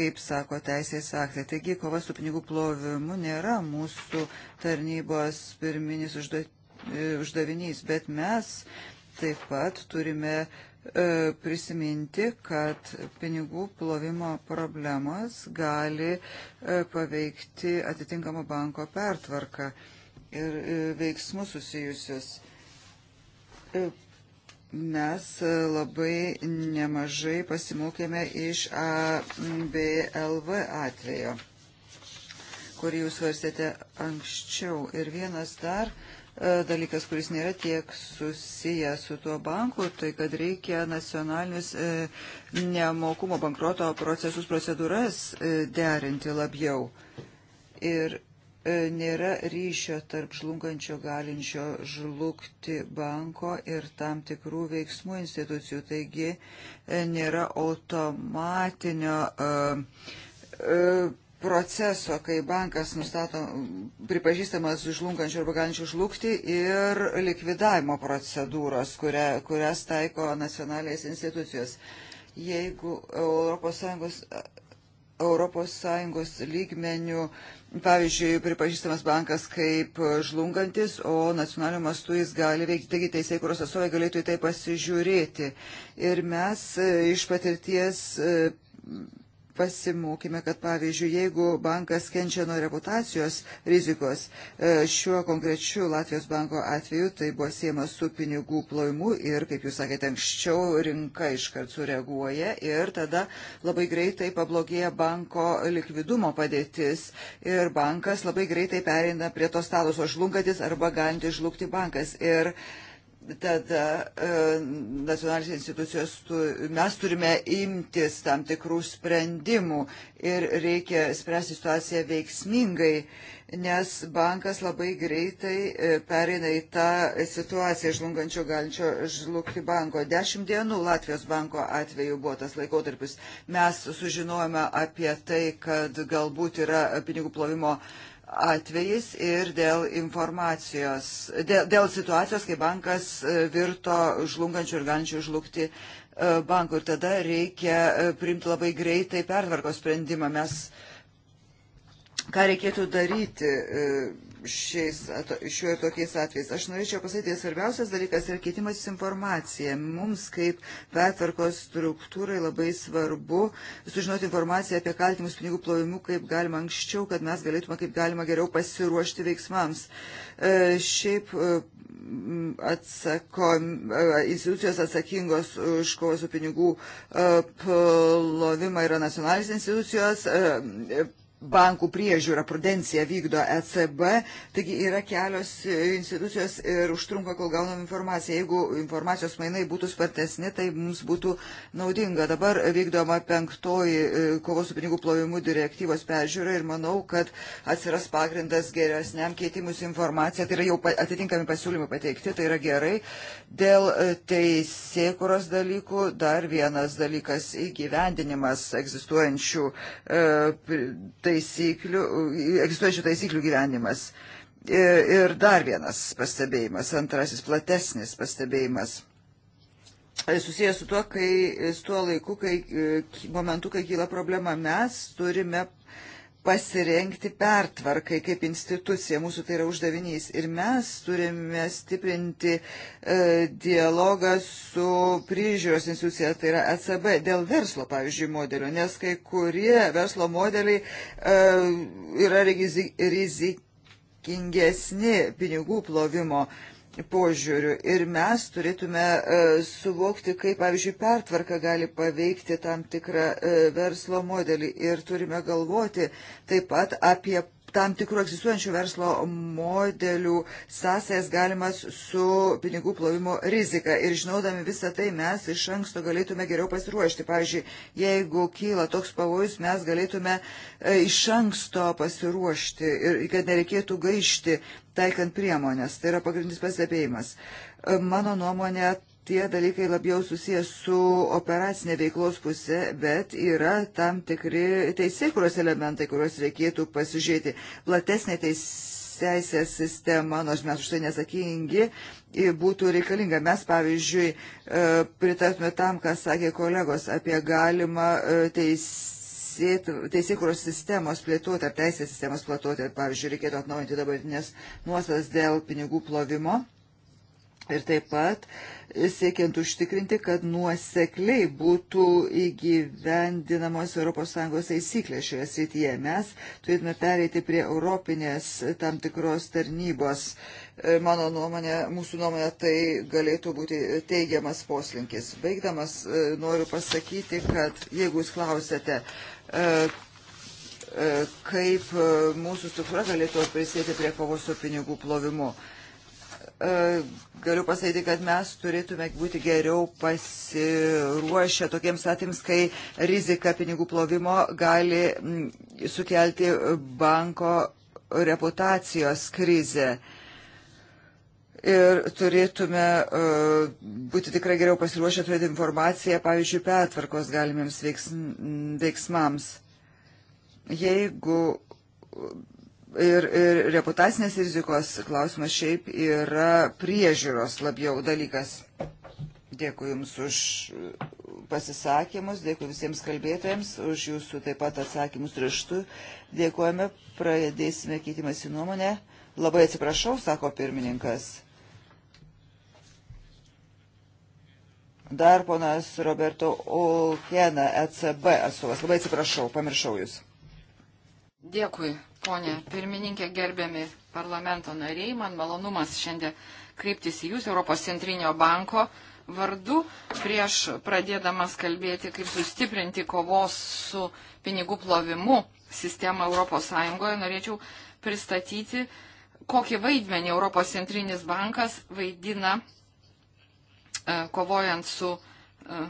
kaip sako teisės aktai. Taigi, kova su pinigų plovimu nėra mūsų tarnybos pirminis užduotis uždavinys, bet mes Taip pat turime e, prisiminti, kad pinigų plovimo problemos gali e, paveikti atitinkamo banko pertvarką ir e, veiksmus susijusius. Mes labai nemažai pasimokėme iš ABLV atvejo, kurį jūs svarstėte anksčiau. Ir vienas dar E, dalykas, kuris nėra tiek susijęs su tuo banku, tai kad reikia nacionalinius e, nemokumo bankroto procesus, procedūras e, derinti labiau. Ir nėra ryšio tarp žlungančio galinčio žlugti banko ir tam tikrų veiksmų institucijų. Taigi nėra automatinio. Uh, uh, proceso, kai bankas nustato, pripažįstamas žlungančių arba galinčių žlugti ir likvidavimo procedūros, kuria, kurias taiko nacionalinės institucijos. Jeigu ES Europos Sąjungos lygmenių, pavyzdžiui, pripažįstamas bankas kaip žlungantis, o nacionaliniu mastu jis gali veikti, taigi teisėjai, kurios atstovai galėtų į tai pasižiūrėti. Ir mes e, iš patirties e, pasimokime, kad pavyzdžiui, jeigu bankas kenčia nuo reputacijos rizikos, e, šiuo konkrečiu Latvijos banko atveju tai buvo siema su pinigų plojimu ir, kaip jūs sakėte anksčiau, rinka iškart sureaguoja ir tada labai greitai pablogėja banko likvidumo padėtis ir bankas labai greitai pereina prie to stalo žlungantis arba galinti žlugti bankas. Ir, uh, tada e, nacionalinės institucijos, tu, mes turime imtis tam tikrų sprendimų ir reikia spręsti situaciją veiksmingai, nes bankas labai greitai e, pereina į tą situaciją žlungančio galinčio žlugti banko. Dešimt dienų Latvijos banko atveju buvo tas laikotarpis. Mes sužinojame apie tai, kad galbūt yra pinigų plovimo uh, atvejais ir dėl informacijos, dėl, dėl situacijos, kai bankas e, virto žlungančių ir galinčių žlugti e, bankų. Ir tada reikia e, priimti labai greitai pertvarkos sprendimą. Mes ką reikėtų daryti šiais, šiuo ir tokiais atvejais. Aš norėčiau pasakyti, svarbiausias dalykas yra keitimas informacija. Mums kaip pertvarkos struktūrai labai svarbu sužinoti informaciją apie kaltimus pinigų plovimu, kaip galima anksčiau, kad mes galėtume kaip galima geriau pasiruošti veiksmams. E, šiaip e, atsako, e, institucijos atsakingos už kovą su pinigų e, plovimą yra nacionalinės institucijos, e, bankų priežiūrą, prudenciją vykdo ECB, taigi yra kelios e, institucijos ir užtrunka, kol gaunam informaciją. Jeigu informacijos mainai būtų spartesni, tai mums būtų naudinga. Dabar vykdoma penktoji e, kovos su pinigų plovimu direktyvos peržiūra ir manau, kad atsiras pagrindas geresniam keitimus informaciją. Tai yra jau atitinkami pasiūlymai pateikti, tai yra gerai. Dėl e, teisėkuros dalykų dar vienas dalykas įgyvendinimas egzistuojančių. E, taisyklių, egzistuojančių taisyklių gyvenimas. Ir, e, ir dar vienas pastebėjimas, antrasis platesnis pastebėjimas e, susijęs su tuo, kai, su tuo laiku, kai e, momentu, kai kyla problema, mes turime pasirengti pertvarkai kaip institucija. Mūsų tai yra uždavinys. Ir mes turime stiprinti e, dialogą su priežiūros institucija, tai yra ECB, dėl verslo, pavyzdžiui, modelio, nes kai kurie verslo modeliai e, yra rizikingesni pinigų plovimo. E, požiūrių. Ir mes turėtume e, suvokti, kaip, pavyzdžiui, pertvarka gali paveikti tam tikrą e, verslo modelį. Ir turime galvoti taip pat apie tam tikrų egzistuojančių verslo modelių sąsajas galimas su pinigų plovimo rizika. Ir žinodami visą tai mes iš anksto galėtume geriau pasiruošti. Pavyzdžiui, jeigu kyla toks pavojus, mes galėtume e, iš anksto pasiruošti ir kad nereikėtų gaišti taikant priemonės. Tai yra pagrindinis pastebėjimas. E, mano nuomonė, tie dalykai labiau susijęs su operacinė veiklos pusė, bet yra tam tikri teisėkuros elementai, kuriuos reikėtų pasižiūrėti. Platesnė teisės sistema, nors mes už tai nesakingi, būtų reikalinga. Mes, pavyzdžiui, e, pritartume tam, ką sakė kolegos apie galimą e, teisę teisėkuros sistemos plėtoti ar teisės sistemos plėtoti, pavyzdžiui, reikėtų atnaujinti dabartinės nuostatas dėl pinigų plovimo ir taip pat uh, siekiant užtikrinti, kad nuosekliai būtų įgyvendinamos ES taisyklės šioje srityje. Mes turėtume pereiti prie Europinės tam tikros tarnybos. E, mano nuomonė, mūsų nuomonė, tai galėtų būti teigiamas poslinkis. Baigdamas e, noriu pasakyti, kad jeigu jūs klausėte, e, kaip mūsų struktūra galėtų prisėti prie kovos su pinigų plovimu. E, galiu pasakyti, kad mes turėtume būti geriau pasiruošę tokiems atims, kai rizika pinigų plovimo gali mm, sukelti banko reputacijos krizę. Ir turėtume uh, būti tikrai geriau pasiruošę turėti informaciją, pavyzdžiui, petvarkos galimiems veiksmams. Jeigu Ir, ir reputacinės rizikos klausimas šiaip yra priežiūros labiau dalykas. Dėkui Jums už pasisakymus, dėkui visiems kalbėtojams, už Jūsų taip pat atsakymus raštu. Dėkojame, pradėsime keitimąsi nuomonę. Labai atsiprašau, sako pirmininkas. Dar ponas Roberto Olkena, ECB atstovas. Labai atsiprašau, pamiršau Jūs. Dėkui, ponė pirmininkė, gerbiami parlamento nariai. Man malonumas šiandien kreiptis į Jūs, Europos centrinio banko vardu, prieš pradėdamas kalbėti, kaip sustiprinti kovos su pinigų plovimu sistemą Europos Sąjungoje, norėčiau pristatyti, kokį vaidmenį Europos centrinis bankas vaidina e, kovojant su e,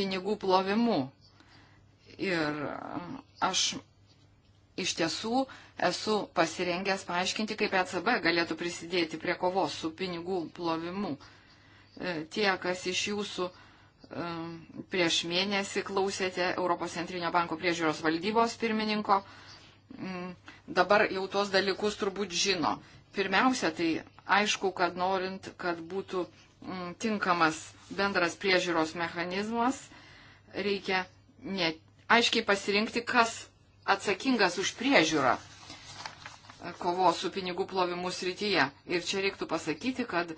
pinigų plovimu. Ir e, aš iš tiesų esu pasirengęs paaiškinti, kaip ECB galėtų prisidėti prie kovos su pinigų plovimu. E, tie, kas iš jūsų e, prieš mėnesį klausėte Europos centrinio banko priežiūros valdybos pirmininko, dabar jau tuos dalykus turbūt žino. Pirmiausia, tai aišku, kad norint, kad būtų tinkamas bendras priežiūros mechanizmas, reikia ne, aiškiai pasirinkti, kas atsakingas už priežiūrą kovos su pinigų plovimu srityje. Ir čia reiktų pasakyti, kad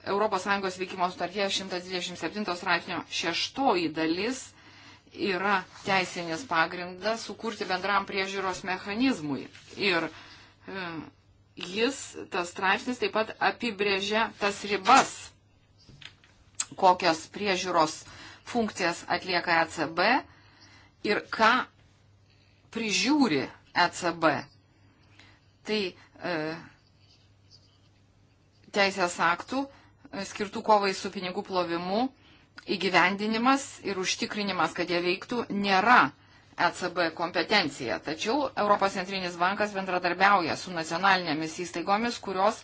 ES veikimo sutartie 127 straipsnio šeštoji dalis yra teisinis pagrindas sukurti bendram priežiūros mechanizmui. Ir e, jis, tas straipsnis taip pat apibrėžia tas ribas, kokios priežiūros funkcijas atlieka ECB ir ką prižiūri ECB. Tai e, teisės aktų e, skirtų kovai su pinigų plovimu įgyvendinimas ir užtikrinimas, kad jie veiktų, nėra ECB kompetencija. Tačiau Europos centrinis bankas bendradarbiauja su nacionalinėmis įstaigomis, kurios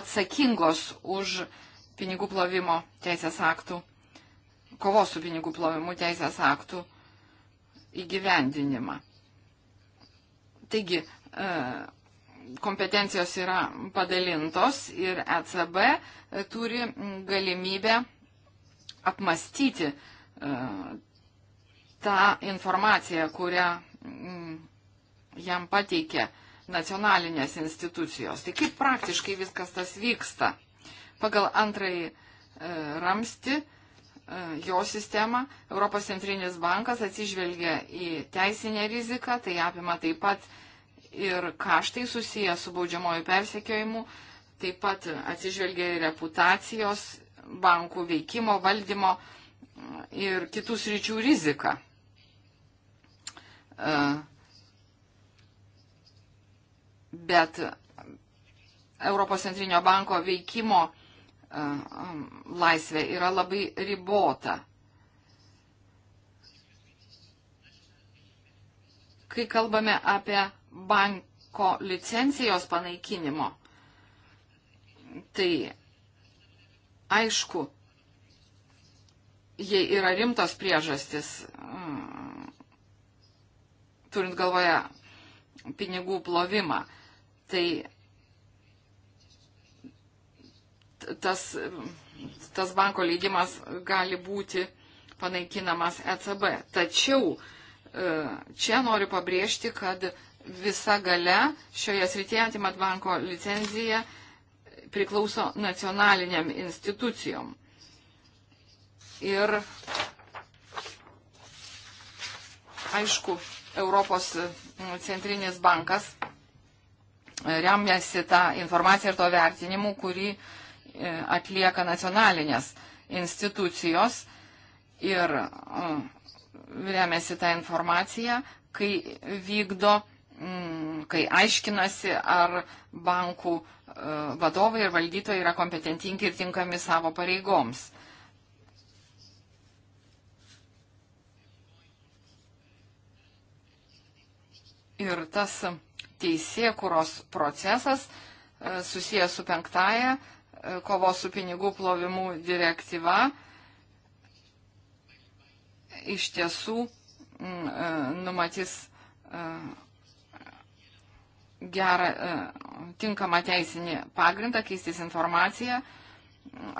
atsakingos už pinigų plovimo teisės aktų, kovos su pinigų plovimu teisės aktų įgyvendinimą. Taigi, e, kompetencijos yra padalintos ir ECB e, turi galimybę apmastyti e, tą informaciją, kurią jam pateikia nacionalinės institucijos. Tai kaip praktiškai viskas tas vyksta? Pagal antrąjį ramsti jo sistemą Europos centrinis bankas atsižvelgia į teisinę riziką, tai apima taip pat ir kaštai susiję su baudžiamoju persekiojimu, taip pat atsižvelgia į reputacijos, bankų veikimo, valdymo e, ir kitų sričių riziką. E, bet Europos centrinio banko veikimo e, laisvė yra labai ribota. Kai kalbame apie banko licencijos panaikinimo, tai aišku, jei yra rimtos priežastis, mm, turint galvoje pinigų plovimą, tai tas, tas banko leidimas gali būti panaikinamas ECB. Tačiau e, čia noriu pabrėžti, kad visa gale šioje srityje atimat banko licenciją priklauso nacionaliniam institucijom. Ir aišku, Europos mm, centrinis bankas e, remiasi tą informaciją ir to vertinimu, kurį e, atlieka nacionalinės institucijos ir mm, remiasi tą informaciją, kai vykdo uh, Mm, kai aiškinasi, ar bankų e, vadovai ir valdytojai yra kompetentingi ir tinkami savo pareigoms. Ir tas teisėkuros procesas e, susijęs su penktaja e, kovos su pinigų plovimu direktyva iš tiesų mm, numatys gerą, e, tinkamą teisinį pagrindą keistis informaciją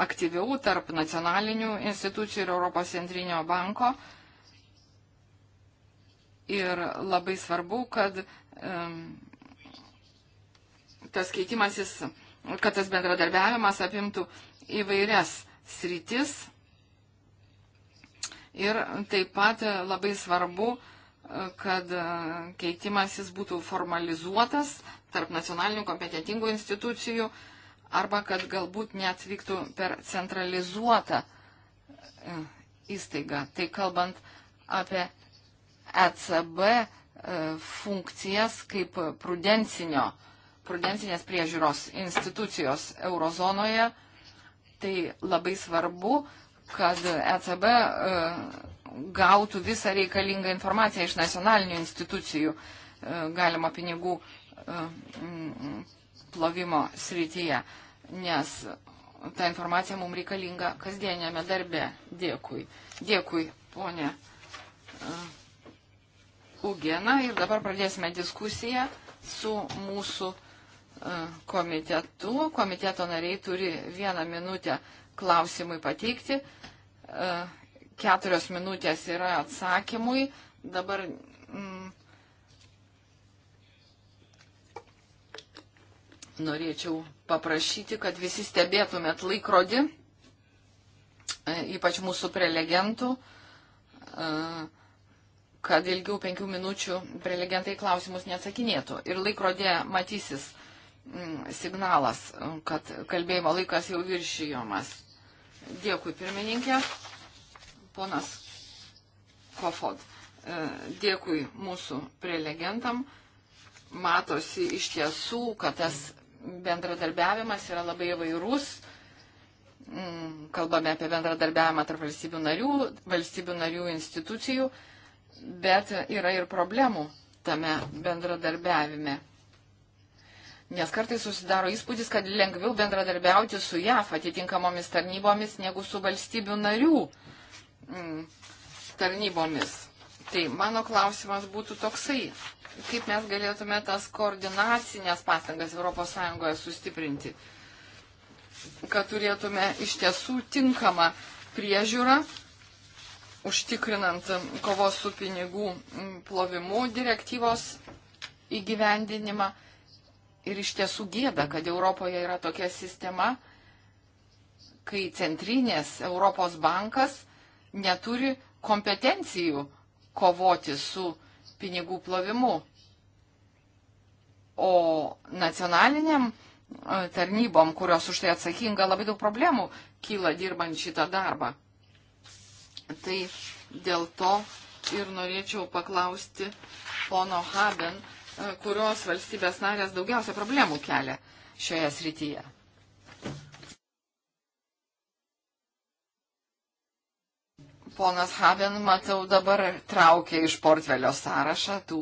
aktyviau tarp nacionalinių institucijų ir Europos centrinio banko. Ir labai svarbu, kad um, tas keitimasis, kad tas bendradarbiavimas apimtų įvairias sritis. Ir taip pat e, labai svarbu uh, kad e, keitimasis būtų formalizuotas tarp nacionalinių kompetentingų institucijų arba kad galbūt net vyktų per centralizuotą e, įstaigą. Tai kalbant apie ECB e, funkcijas kaip prudencinio, prudencinės priežiūros institucijos eurozonoje, tai labai svarbu, kad ECB gautų visą reikalingą informaciją iš nacionalinių institucijų e, galima pinigų e, plovimo srityje, nes ta informacija mums reikalinga kasdienėme darbe. Dėkui. Dėkui, ponė e, Ugena. Ir dabar pradėsime diskusiją su mūsų komitetu. Komiteto nariai turi vieną minutę klausimui pateikti keturios minutės yra atsakymui. Dabar mm, norėčiau paprašyti, kad visi stebėtumėt laikrodį, e, ypač mūsų prelegentų, e, kad ilgiau penkių minučių prelegentai klausimus neatsakinėtų. Ir laikrodė matysis mm, signalas, kad kalbėjimo laikas jau viršijomas. Dėkui, pirmininkė ponas Kofod. E, dėkui mūsų prelegentam. Matosi iš tiesų, kad tas bendradarbiavimas yra labai vairūs. Mm, kalbame apie bendradarbiavimą tarp valstybių narių, valstybių narių institucijų, bet yra ir problemų tame bendradarbiavime. Nes kartais susidaro įspūdis, kad lengviau bendradarbiauti su JAF atitinkamomis tarnybomis negu su valstybių narių Mm, tarnybomis. Tai mano klausimas būtų toksai, kaip mes galėtume tas koordinacinės pastangas ES sustiprinti, kad turėtume iš tiesų tinkamą priežiūrą, užtikrinant kovos su pinigų mm, plovimu direktyvos įgyvendinimą. Ir iš tiesų gėda, kad Europoje yra tokia sistema, kai centrinės Europos bankas neturi kompetencijų kovoti su pinigų plovimu. O nacionaliniam e, tarnybom, kurios už tai atsakinga, labai daug problemų kyla dirbant šitą darbą. Tai dėl to ir norėčiau paklausti pono Haben, e, kurios valstybės narės daugiausia problemų kelia šioje srityje. ponas Haven, matau, dabar traukia iš portfelio sąrašą tų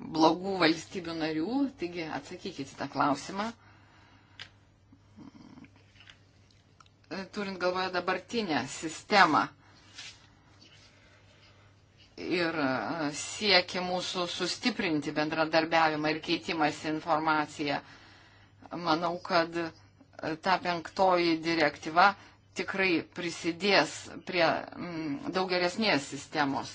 blogų valstybių narių, taigi atsakykite tą klausimą. Turint galvoje dabartinę sistemą ir e, siekia mūsų sustiprinti bendradarbiavimą ir keitimąsi informaciją, manau, kad e, ta penktoji direktyva tikrai prisidės prie mm, daug geresnės sistemos.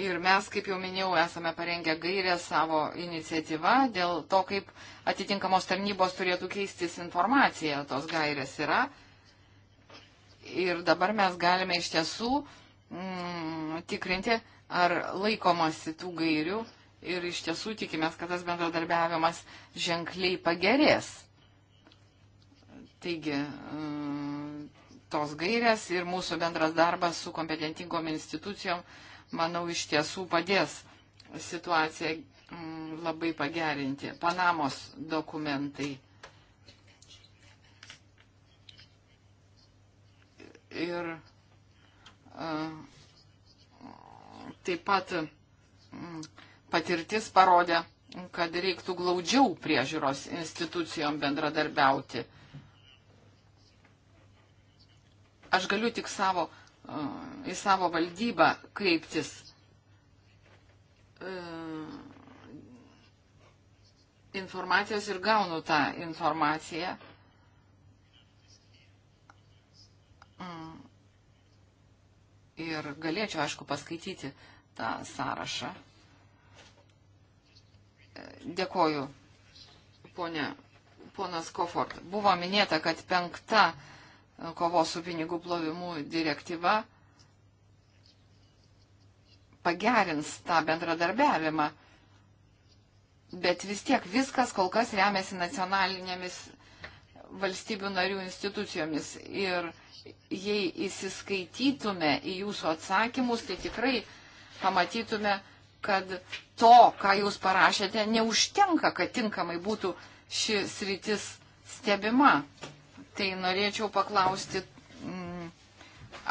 Ir mes, kaip jau minėjau, esame parengę gairę savo iniciatyvą dėl to, kaip atitinkamos tarnybos turėtų keistis informacija. Tos gairės yra. Ir dabar mes galime iš tiesų mm, tikrinti, ar laikomasi tų gairių. Ir iš tiesų tikimės, kad tas bendradarbiavimas ženkliai pagerės. Taigi, e, tos gairės ir mūsų bendras darbas su kompetentingom institucijom, manau, iš tiesų padės situaciją mm, labai pagerinti. Panamos dokumentai. Ir e, taip pat mm, patirtis parodė, kad reiktų glaudžiau priežiūros institucijom bendradarbiauti. Aš galiu tik savo, į savo valdybą kreiptis. E, informacijos ir gaunu tą informaciją. E, ir galėčiau, aišku, paskaityti tą sąrašą. E, dėkoju, ponė, ponas Kofort. Buvo minėta, kad penkta kovos su pinigų plovimu direktyva pagerins tą bendradarbiavimą. Bet vis tiek viskas kol kas remiasi nacionalinėmis valstybių narių institucijomis. Ir jei įsiskaitytume į jūsų atsakymus, tai tikrai pamatytume, kad to, ką jūs parašėte, neužtenka, kad tinkamai būtų ši sritis stebima tai norėčiau paklausti, mm,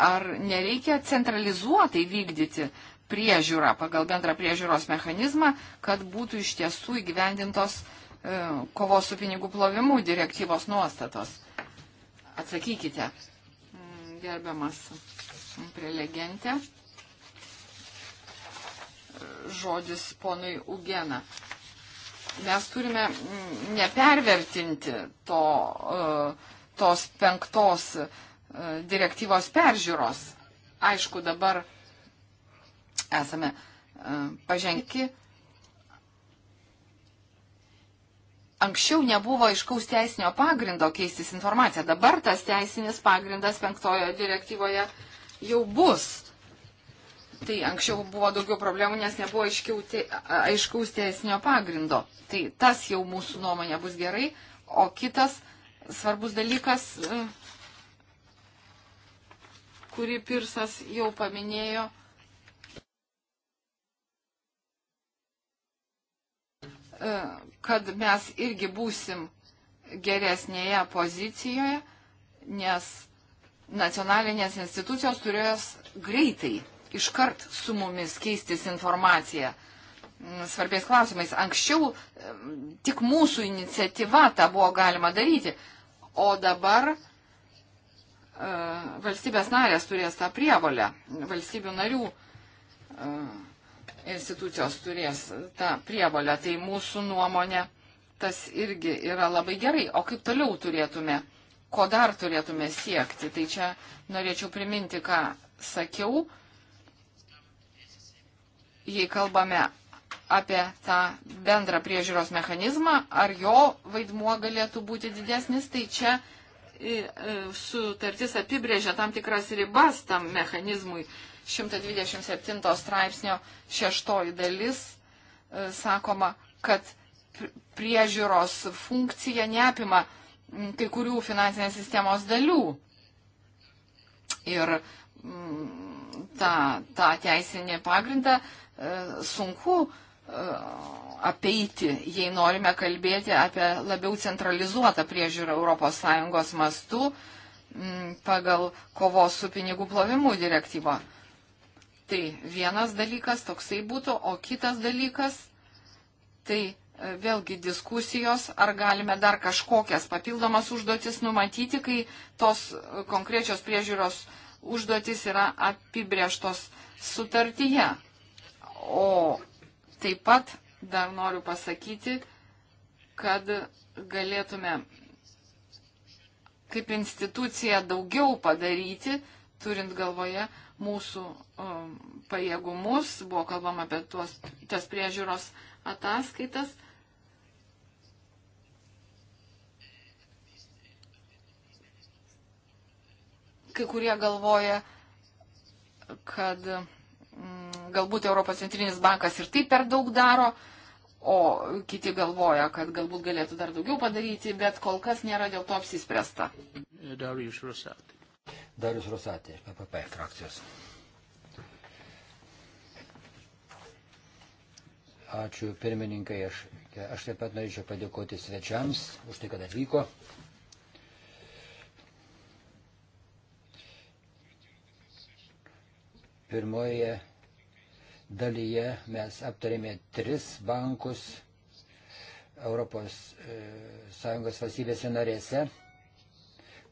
ar nereikia centralizuotai vykdyti priežiūrą pagal bendrą priežiūros mechanizmą, kad būtų iš tiesų įgyvendintos e, kovos su pinigų plovimu direktyvos nuostatos. Atsakykite, mm, gerbiamas prelegentė. Žodis ponui Ugena. Mes turime mm, nepervertinti to uh, tos penktos e, direktyvos peržiūros. Aišku, dabar esame e, pažengti. Anksčiau nebuvo aiškaus teisinio pagrindo keistis informaciją. Dabar tas teisinis pagrindas penktojo direktyvoje jau bus. Tai anksčiau buvo daugiau problemų, nes nebuvo te, aiškaus teisinio pagrindo. Tai tas jau mūsų nuomonė bus gerai, o kitas svarbus dalykas, e, kurį Pirsas jau paminėjo. E, kad mes irgi būsim geresnėje pozicijoje, nes nacionalinės institucijos turės greitai, iškart su mumis keistis informaciją svarbiais klausimais. Anksčiau tik mūsų iniciatyva tą buvo galima daryti o dabar e, valstybės narės turės tą prievolę, valstybių narių e, institucijos turės tą prievolę, tai mūsų nuomonė tas irgi yra labai gerai. O kaip toliau turėtume, ko dar turėtume siekti, tai čia norėčiau priminti, ką sakiau, jei kalbame apie tą bendrą priežiūros mechanizmą, ar jo vaidmuo galėtų būti didesnis, tai čia e, e, sutartis apibrėžia tam tikras ribas tam mechanizmui. 127 straipsnio šeštoji dalis e, sakoma, kad priežiūros funkcija neapima kai kurių finansinės sistemos dalių. Ir tą, tą teisinį pagrindą sunku apeiti, jei norime kalbėti apie labiau centralizuotą priežiūrą ES mastu mm, pagal kovos su pinigų plovimu direktyvą. Tai vienas dalykas toksai būtų, o kitas dalykas, tai e, vėlgi diskusijos, ar galime dar kažkokias papildomas užduotis numatyti, kai tos e, konkrečios priežiūros užduotis yra apibrieštos sutartyje. O Taip pat dar noriu pasakyti, kad galėtume kaip institucija daugiau padaryti, turint galvoje mūsų um, pajėgumus, buvo kalbama apie tuos, tas priežiūros ataskaitas. Kai kurie galvoja, kad uh, galbūt Europos centrinis bankas ir taip per daug daro, o kiti galvoja, kad galbūt galėtų dar daugiau padaryti, bet kol kas nėra dėl to apsispręsta. Darius Rosatė. Darius Rosatė, PPP frakcijos. Ačiū pirmininkai, aš, aš taip pat norėčiau padėkoti svečiams už tai, kad atvyko. pirmoje dalyje mes aptarėme tris bankus ES e, valstybėse narėse,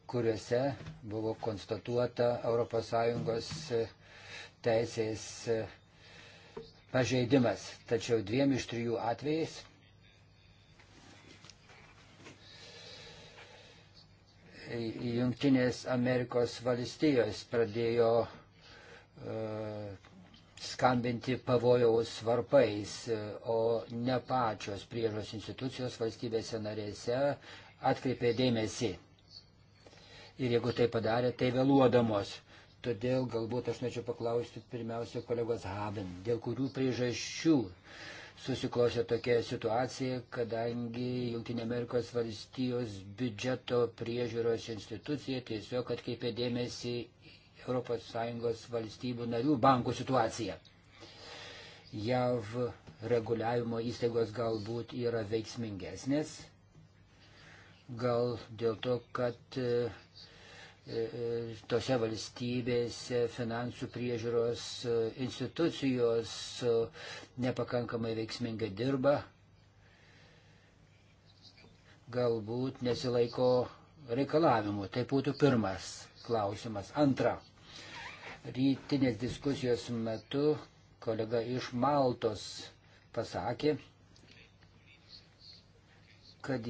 kuriuose buvo konstatuota ES e, teisės e, pažeidimas. Tačiau dviem iš trijų atvejais Junktinės Amerikos valstijos pradėjo uh, skambinti pavojaus varpais, o ne pačios priežos institucijos valstybėse narėse atkreipė dėmesį. Ir jeigu tai padarė, tai vėluodamos. Todėl galbūt aš norėčiau paklausti pirmiausia kolegos Haben, dėl kurių priežasčių susiklosė tokia situacija, kadangi Junktinė Amerikos valstijos biudžeto priežiūros institucija tiesiog atkreipė dėmesį ES valstybių narių bankų situacija. JAV reguliavimo įstaigos galbūt yra veiksmingesnės, gal dėl to, kad e, e, tose valstybėse finansų priežiūros e, institucijos nepakankamai veiksmingai dirba, galbūt nesilaiko reikalavimų. Tai būtų pirmas klausimas. Antra rytinės diskusijos metu kolega iš Maltos pasakė, kad,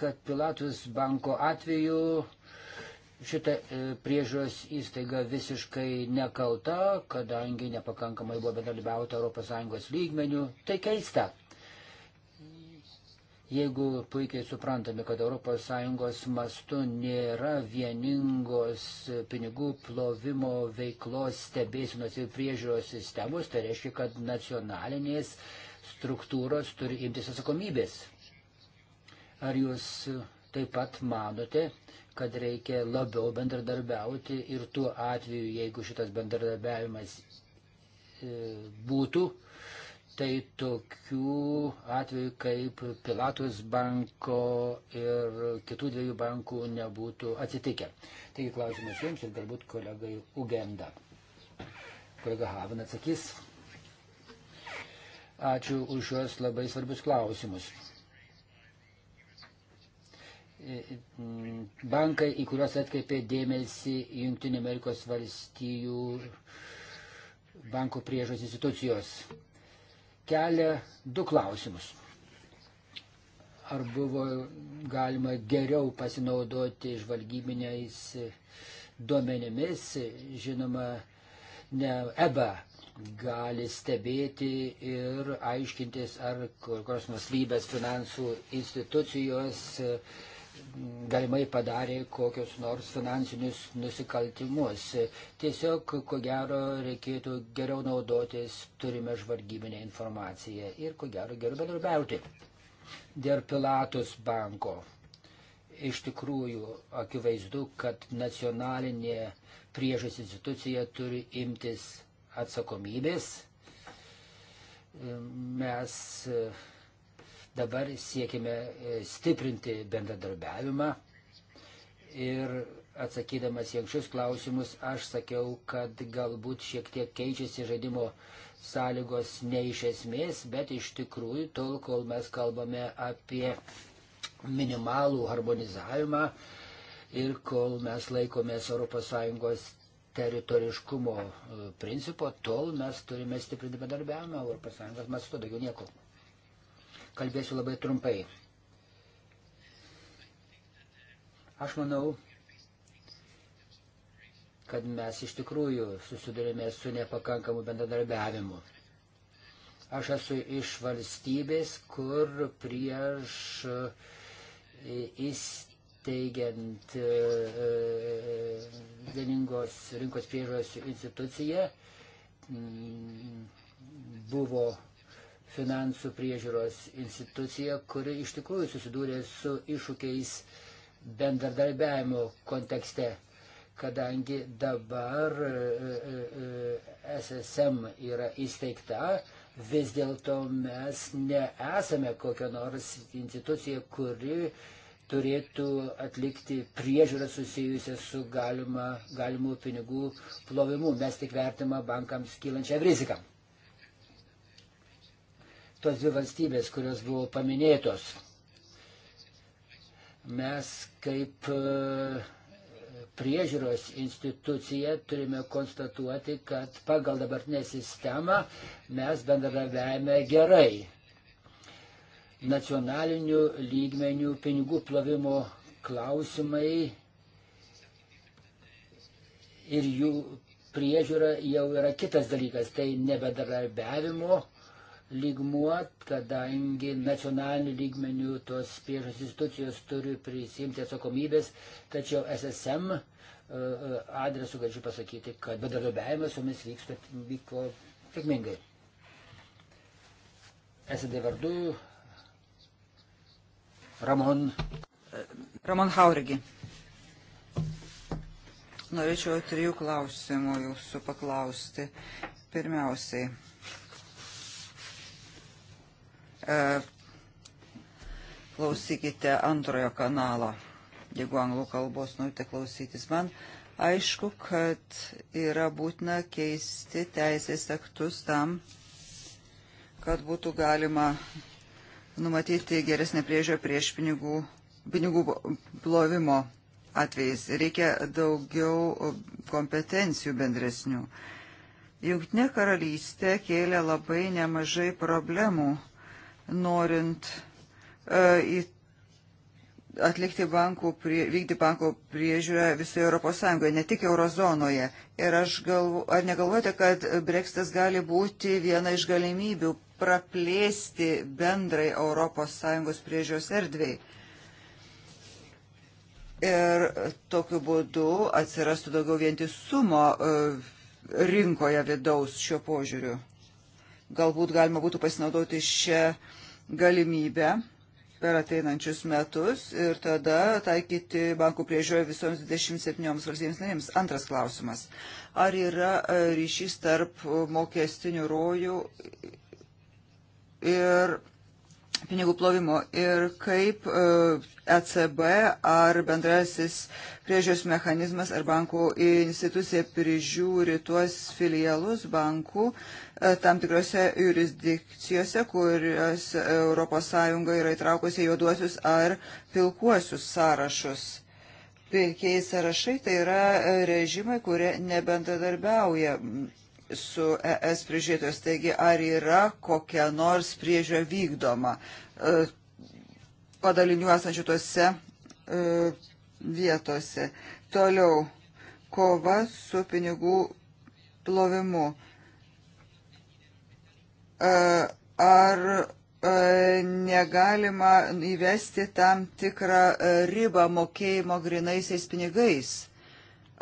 kad Pilatus banko atveju šita e, priežos įstaiga visiškai nekalta, kadangi nepakankamai buvo bendradarbiauta ES lygmenių. Tai keista. Jeigu puikiai suprantame, kad ES mastu nėra vieningos pinigų plovimo veiklos stebėsinos ir priežiūros sistemos, tai reiškia, kad nacionalinės struktūros turi imtis atsakomybės. Ar jūs taip pat manote, kad reikia labiau bendradarbiauti ir tuo atveju, jeigu šitas bendradarbiavimas e, būtų, tai tokių atvejų kaip Pilatus banko ir kitų dviejų bankų nebūtų atsitikę. Taigi klausimas jums ir galbūt kolegai Ugenda. Kolega Havin atsakys. Ačiū už šios labai svarbius klausimus. E, bankai, į kuriuos atkaipė dėmesį Junktinė Amerikos valstijų bankų priežos institucijos kelia du klausimus. Ar buvo galima geriau pasinaudoti žvalgybiniais duomenimis, žinoma, ne EBA gali stebėti ir aiškintis, ar kokios nuslybės finansų institucijos uh, galimai padarė kokius nors finansinius nusikaltimus. Tiesiog, ko gero, reikėtų geriau naudotis turime žvargybinę informaciją ir, ko gero, geriau bendradarbiauti. Dėl Pilatus banko. Iš tikrųjų, akivaizdu, kad nacionalinė priežas institucija turi imtis atsakomybės. Mes Dabar siekime e, stiprinti bendradarbiavimą ir atsakydamas į anksčius klausimus, aš sakiau, kad galbūt šiek tiek keičiasi žaidimo sąlygos ne iš esmės, bet iš tikrųjų tol, kol mes kalbame apie minimalų harmonizavimą ir kol mes laikomės ES teritoriškumo e, principo, tol mes turime stiprinti bendarbiavimą ES mastu, daugiau nieko. Kalbėsiu labai trumpai. Aš manau, kad mes iš tikrųjų susidurime su nepakankamu bendradarbiavimu. Aš esu iš valstybės, kur prieš e, įsteigiant e, e, vieningos rinkos priežos instituciją buvo finansų priežiūros institucija, kuri iš tikrųjų susidūrė su iššūkiais bendradarbiavimo kontekste, kadangi dabar e, e, e, SSM yra įsteigta, vis dėlto mes nesame kokia nors institucija, kuri turėtų atlikti priežiūrą susijusią su galima, galimu pinigų plovimu. Mes tik vertimą bankams kylančią riziką tos dvi valstybės, kurios buvo paminėtos. Mes kaip e, priežiūros institucija turime konstatuoti, kad pagal dabartinę sistemą mes bendradarbiavime gerai. Nacionalinių lygmenių pinigų plovimo klausimai ir jų priežiūra jau yra kitas dalykas. Tai nebedarbiavimo lygmuo, kadangi nacionaliniu lygmeniu tos priežas institucijos turi prisimti atsakomybės, tačiau SSM e, e, adresu galiu pasakyti, kad bedarbiavimas su mumis vyksta, vyko sėkmingai. SD vardu Ramon. Ramon Haurigi. Norėčiau trijų klausimų jūsų paklausti. Pirmiausiai, E, klausykite antrojo kanalo, jeigu anglų kalbos norite klausytis. Man aišku, kad yra būtina keisti teisės aktus tam, kad būtų galima numatyti geresnę priežiūrą prieš pinigų, pinigų plovimo atvejais. Reikia daugiau kompetencijų bendresnių. Jungtinė karalystė kėlė labai nemažai problemų norint e, į atlikti bankų, prie, vykdyti bankų priežiūrą visoje Europos Sąjungoje, ne tik eurozonoje. Ir aš galvo, ar negalvojate, kad Brexitas gali būti viena iš galimybių praplėsti bendrai Europos Sąjungos priežiūros erdvėjai? Ir tokiu būdu atsirastų daugiau vientisumo e, rinkoje vidaus šiuo požiūriu. Galbūt galima būtų pasinaudoti šią galimybę per ateinančius metus ir tada taikyti bankų priežiūrą visoms 27 valstybėms narėms. Antras klausimas. Ar yra e, ryšys tarp mokestinių rojų ir pinigų plovimo ir kaip ECB e ar bendrasis priežios mechanizmas ar bankų institucija prižiūri tuos filialus bankų e, tam tikrose jurisdikcijose, kurios ES yra įtraukusi juoduosius ar pilkuosius sąrašus. Pilkieji sąrašai tai yra e, režimai, kurie nebendradarbiauja su ES priežiūrėtojas. Taigi, ar yra kokia nors priežiūra vykdoma e, padalinių esančių tose e, vietose. Toliau, kova su pinigų plovimu. E, ar negalima įvesti tam tikrą ribą mokėjimo grinaisiais pinigais?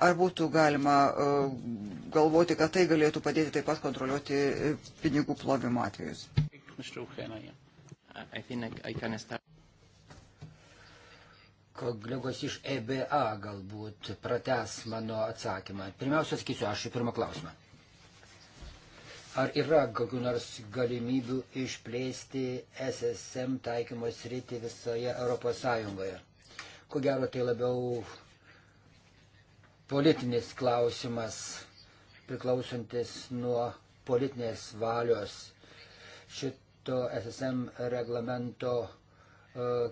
Ar būtų galima e, galvoti, kad tai galėtų padėti taip pat kontroliuoti e, pinigų plovimo atvejus? Kolegos iš EBA galbūt prates mano atsakymą. Pirmiausia, sakysiu aš į pirmą klausimą. Ar yra kokių nors galimybių išplėsti SSM taikymo sritį visoje Europos Sąjungoje? Ko gero tai labiau politinis klausimas, priklausantis nuo politinės valios. Šito SSM reglamento e,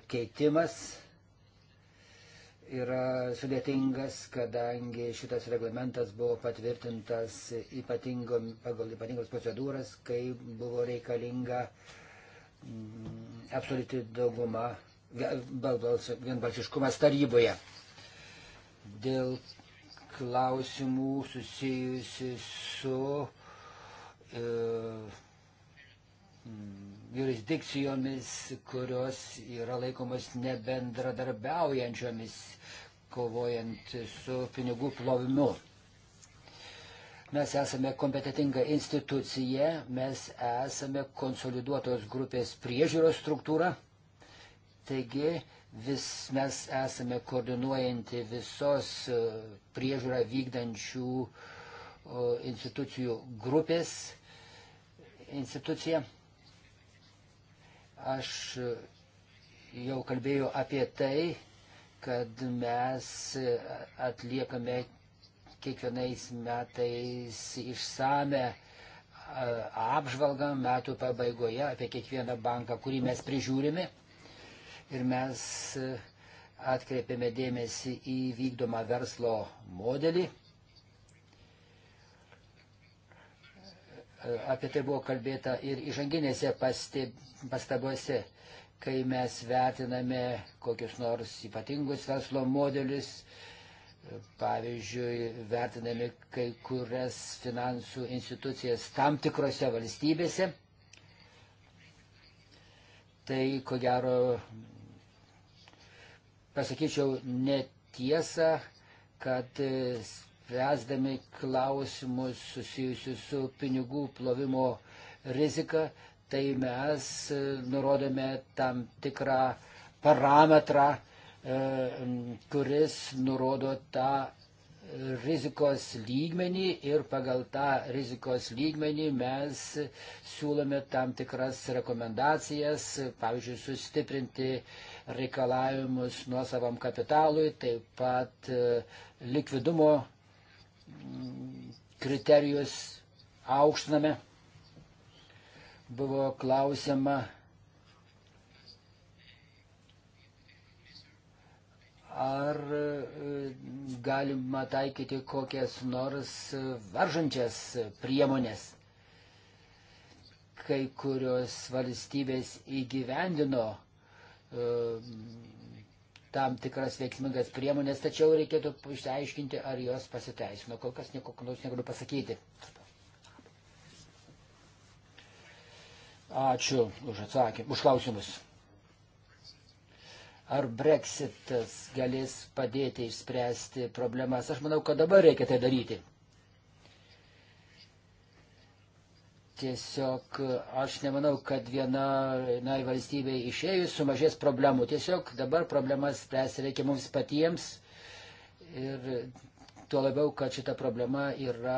keitimas yra sudėtingas, kadangi šitas reglamentas buvo patvirtintas ypatingom, pagal ypatingas procedūras, kai buvo reikalinga mm, absoliuti dauguma, vienbalsiškumas taryboje. Dėl klausimų susijusi su e, mm, jurisdikcijomis, kurios yra laikomas nebendradarbiaujančiomis, kovojant su pinigų plovimu. Mes esame kompetitinga institucija, mes esame konsoliduotos grupės priežiūros struktūra. Taigi Vis mes esame koordinuojanti visos e, priežiūrą vykdančių e, institucijų grupės institucija. Aš e, jau kalbėjau apie tai, kad mes atliekame kiekvienais metais išsame apžvalgą metų pabaigoje apie kiekvieną banką, kurį mes prižiūrime ir mes e, atkreipėme dėmesį į vykdomą verslo modelį. E, apie tai buvo kalbėta ir įžanginėse pastabose, kai mes vertiname kokius nors ypatingus verslo modelius, e, pavyzdžiui, vertinami kai kurias finansų institucijas tam tikrose valstybėse. Tai ko gero pasakyčiau netiesą, kad e, spręsdami klausimus susijusius su pinigų plovimo rizika, tai mes e, nurodome tam tikrą parametrą, e, kuris nurodo tą rizikos lygmenį ir pagal tą rizikos lygmenį mes siūlome tam tikras rekomendacijas, pavyzdžiui, sustiprinti reikalavimus nuosavam kapitalui, taip pat e, likvidumo mm, kriterijus aukštiname. Buvo klausima, ar e, galima taikyti kokias nors varžančias priemonės. Kai kurios valstybės įgyvendino E, tam tikras veiksmingas priemonės, tačiau reikėtų išsiaiškinti, ar jos pasiteisino. Kol kas nieko nors negaliu pasakyti. Ačiū už atsakymą, už klausimus. Ar Brexitas galės padėti išspręsti problemas? Aš manau, kad dabar reikia tai daryti. Tiesiog aš nemanau, kad vienai valstybei išėjus sumažės problemų. Tiesiog dabar problemas spręsti reikia mums patiems. Ir tuo labiau, kad šita problema yra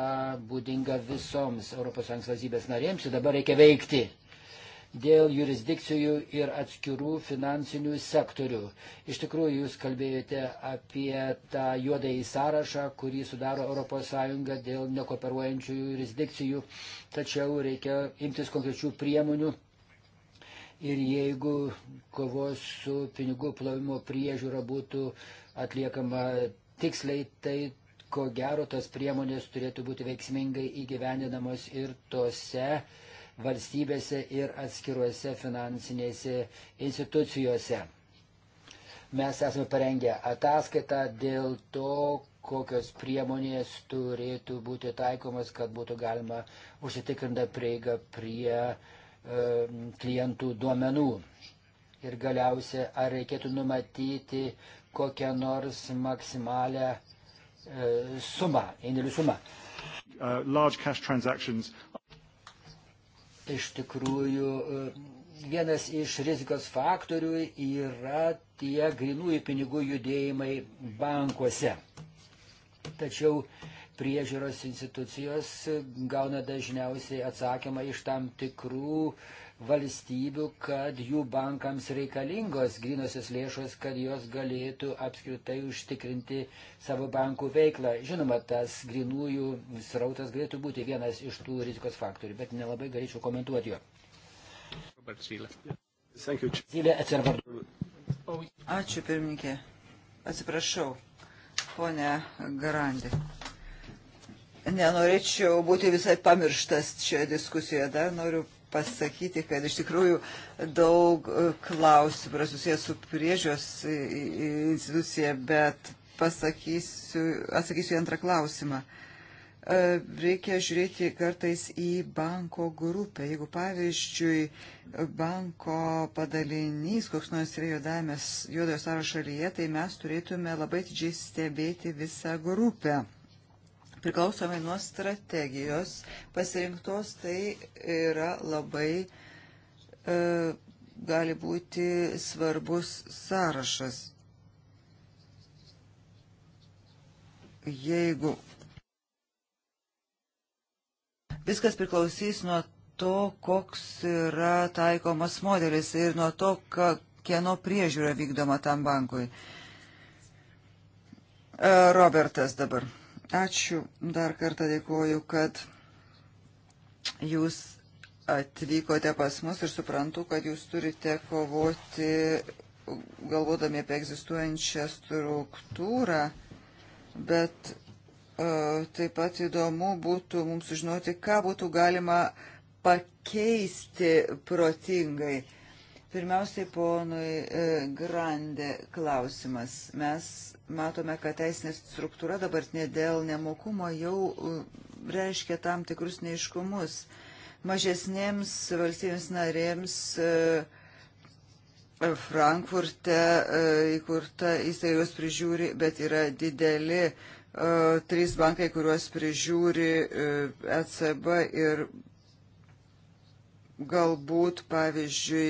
būdinga visoms ES valstybės narėms ir dabar reikia veikti dėl jurisdikcijų ir atskirų finansinių sektorių. Iš tikrųjų, jūs kalbėjote apie tą juodąjį sąrašą, kurį sudaro ES dėl nekooperuojančių jurisdikcijų, tačiau reikia imtis konkrečių priemonių. Ir jeigu kovos su pinigų plovimo priežiūra būtų atliekama tiksliai, tai ko gero tos priemonės turėtų būti veiksmingai įgyvendinamos ir tose uh, valstybėse ir atskiruose finansinėse institucijose. Mes esame parengę ataskaitą dėl to, kokios priemonės turėtų būti taikomas, kad būtų galima užsitikrinta prieiga prie e, klientų duomenų. Ir galiausia, ar reikėtų numatyti kokią nors maksimalę e, sumą, indėlių sumą. Uh, Iš tikrųjų, e, vienas iš rizikos faktorių yra tie grinųjų pinigų judėjimai bankuose. Tačiau priežiūros institucijos gauna dažniausiai atsakymą iš tam tikrų uh, valstybių, kad jų bankams reikalingos grinosios lėšos, kad jos galėtų apskritai užtikrinti savo bankų veiklą. Žinoma, tas grinųjų srautas galėtų būti vienas iš tų rizikos faktorių, bet nelabai galėčiau komentuoti jo. Ačiū pirmininkė. Atsiprašau, ponė Garandi. Nenorėčiau būti visai pamirštas šioje diskusijoje. Dar noriu pasakyti, kad iš tikrųjų daug e, klausimų yra susijęs su priežios institucija, bet pasakysiu, atsakysiu į antrą klausimą. E, reikia žiūrėti kartais į banko grupę. Jeigu, pavyzdžiui, banko padalinys, koks nors yra juodojo sąrašo šalyje, tai mes turėtume labai didžiai stebėti visą grupę priklausomai nuo strategijos pasirinktos, tai yra labai e, gali būti svarbus sąrašas. Jeigu viskas priklausys nuo to, koks yra taikomas modelis ir nuo to, ką, kieno priežiūra vykdoma tam bankui. E, Robertas dabar. Ačiū dar kartą dėkuoju, kad jūs atvykote pas mus ir suprantu, kad jūs turite kovoti, galvodami apie egzistuojančią struktūrą, bet e, taip pat įdomu būtų mums sužinoti, ką būtų galima pakeisti protingai. Pirmiausiai, ponui e, Grande klausimas. Mes matome, kad teisinė struktūra dabartinė dėl nemokumo jau e, reiškia tam tikrus neiškumus. Mažesnėms valstybėms narėms e, Frankfurte įkurta įstaiga juos prižiūri, bet yra dideli trys bankai, kuriuos prižiūri ECB ir galbūt, pavyzdžiui,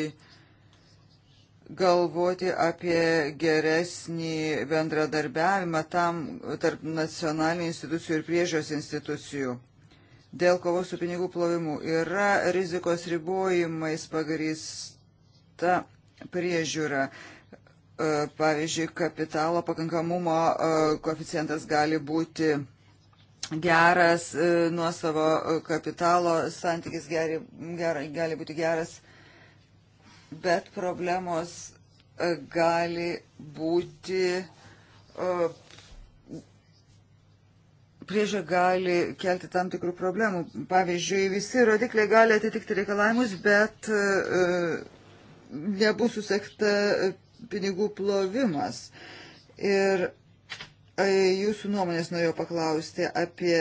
galvoti apie geresnį bendradarbiavimą tam tarp nacionalinių institucijų ir priežios institucijų. Dėl kovos su pinigų plovimu yra rizikos ribojimais pagrįsta priežiūra. E, pavyzdžiui, kapitalo pakankamumo e, koeficientas gali būti geras, e, nuo savo kapitalo santykis geri, ger, gali būti geras bet problemos e, gali būti, e, priežia gali kelti tam tikrų problemų. Pavyzdžiui, visi rodikliai gali atitikti reikalavimus, bet e, nebus susekta pinigų plovimas. Ir jūsų nuomonės norėjau paklausti apie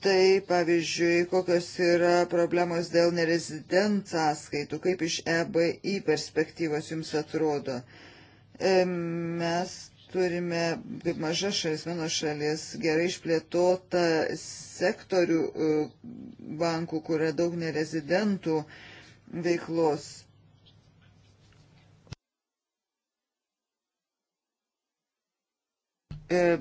tai, pavyzdžiui, kokios yra problemos dėl nerezident sąskaitų, kaip iš EBI perspektyvos jums atrodo. E, mes turime, kaip maža šalis, mano šalis, gerai išplėtotą sektorių e, bankų, kur yra daug nerezidentų veiklos. E,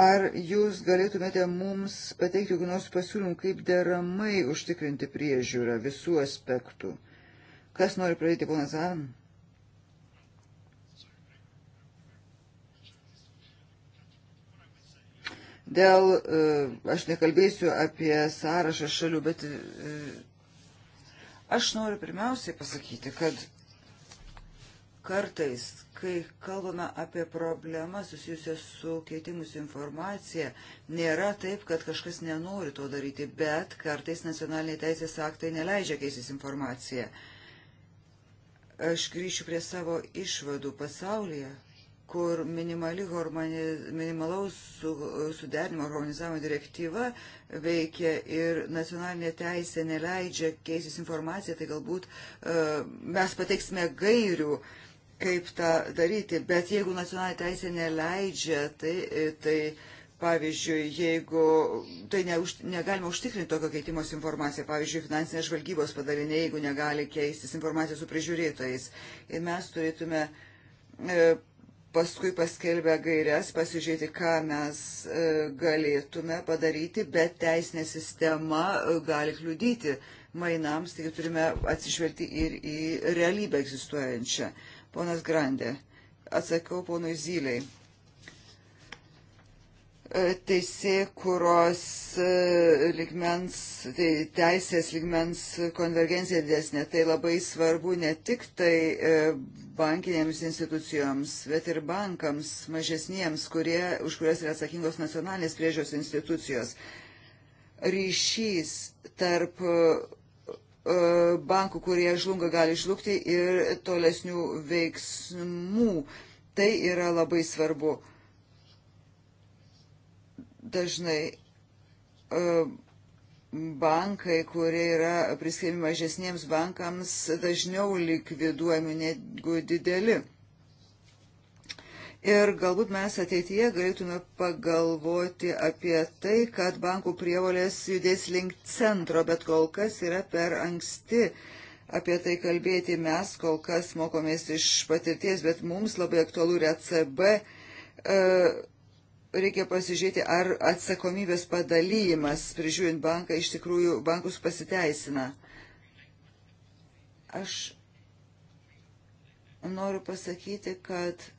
Ar jūs galėtumėte mums pateikti kokių nors pasiūlymų, kaip deramai užtikrinti priežiūrą visų aspektų? Kas nori pradėti, ponas Zan? Dėl, e, aš nekalbėsiu apie sąrašą šalių, bet e, aš noriu pirmiausiai pasakyti, kad kartais, kai kalbame apie problemą susijusią su keitimus informacija, nėra taip, kad kažkas nenori to daryti, bet kartais nacionaliniai teisės aktai neleidžia keistis informaciją. Aš grįšiu prie savo išvadų pasaulyje, kur minimali hormoni, minimalaus su, suderinimo harmonizavimo direktyva veikia ir nacionalinė teisė neleidžia keistis informaciją, tai galbūt uh, mes pateiksime gairių uh, kaip tą daryti, bet jeigu nacionalinė teisė neleidžia, tai, tai pavyzdžiui, jeigu tai ne, už, negalima užtikrinti tokio keitimos informaciją, pavyzdžiui, finansinės žvalgybos padaliniai, jeigu negali keistis informacija su prižiūrėtojais. Ir mes turėtume e, paskui paskelbę gairias pasižiūrėti, ką mes e, galėtume padaryti, bet teisinė sistema e, gali kliudyti mainams, taigi turime atsižvelgti ir į realybę egzistuojančią. E, Ponas Grandė, atsakiau ponui Zyliai. E, Teisė, kurios e, ligmens, tai teisės ligmens konvergencija didesnė, tai labai svarbu ne tik tai e, bankinėms institucijoms, bet ir bankams mažesniems, kurie, už kurias yra atsakingos nacionalinės priežios institucijos ryšys tarp E, bankų, kurie žlunga, gali žlugti ir tolesnių veiksmų. Tai yra labai svarbu. Dažnai e, bankai, kurie yra priskiriami mažesniems bankams, dažniau likviduojami negu dideli. Ir galbūt mes ateityje galėtume pagalvoti apie tai, kad bankų prievolės judės link centro, bet kol kas yra per anksti apie tai kalbėti. Mes kol kas mokomės iš patirties, bet mums labai aktualu ir ECB. E, reikia pasižiūrėti, ar atsakomybės padalyjimas prižiūrint banką iš tikrųjų bankus pasiteisina. Aš noriu pasakyti, kad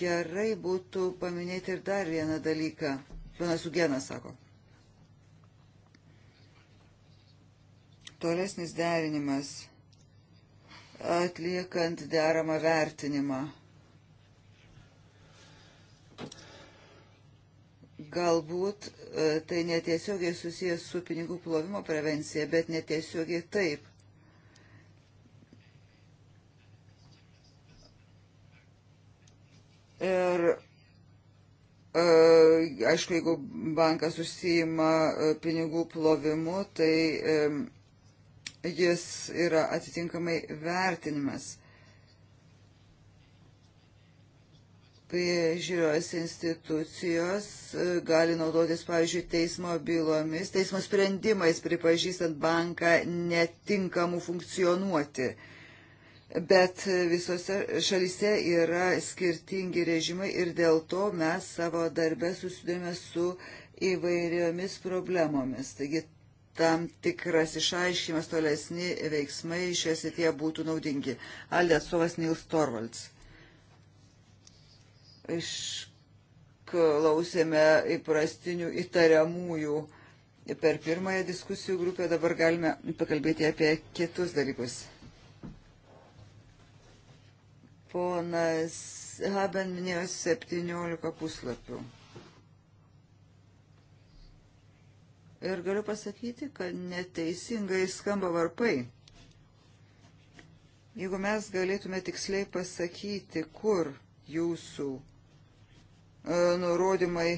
Gerai būtų paminėti ir dar vieną dalyką. Panas Ugenas sako. Tolesnis derinimas atliekant deramą vertinimą. Galbūt e, tai netiesiogiai susijęs su pinigų plovimo prevencija, bet netiesiogiai taip. Ir e, aišku, jeigu bankas užsijima e, pinigų plovimu, tai e, jis yra atitinkamai vertinimas. priežiūros institucijos gali naudotis, pavyzdžiui, teismo bylomis, teismo sprendimais pripažįstant banką netinkamų funkcionuoti. Uh, bet visose šalyse yra skirtingi režimai ir dėl to mes savo darbę susidurime su įvairiomis problemomis. Taigi tam tikras išaiškimas tolesni veiksmai šioje srityje būtų naudingi. Aldė atstovas Nils Torvalds. Išklausėme įprastinių įtariamųjų per pirmąją diskusijų grupę, dabar galime pakalbėti apie kitus dalykus. Ponas Haben minėjo 17 puslapių. Ir galiu pasakyti, kad neteisingai skamba varpai. Jeigu mes galėtume tiksliai pasakyti, kur jūsų e, nurodymai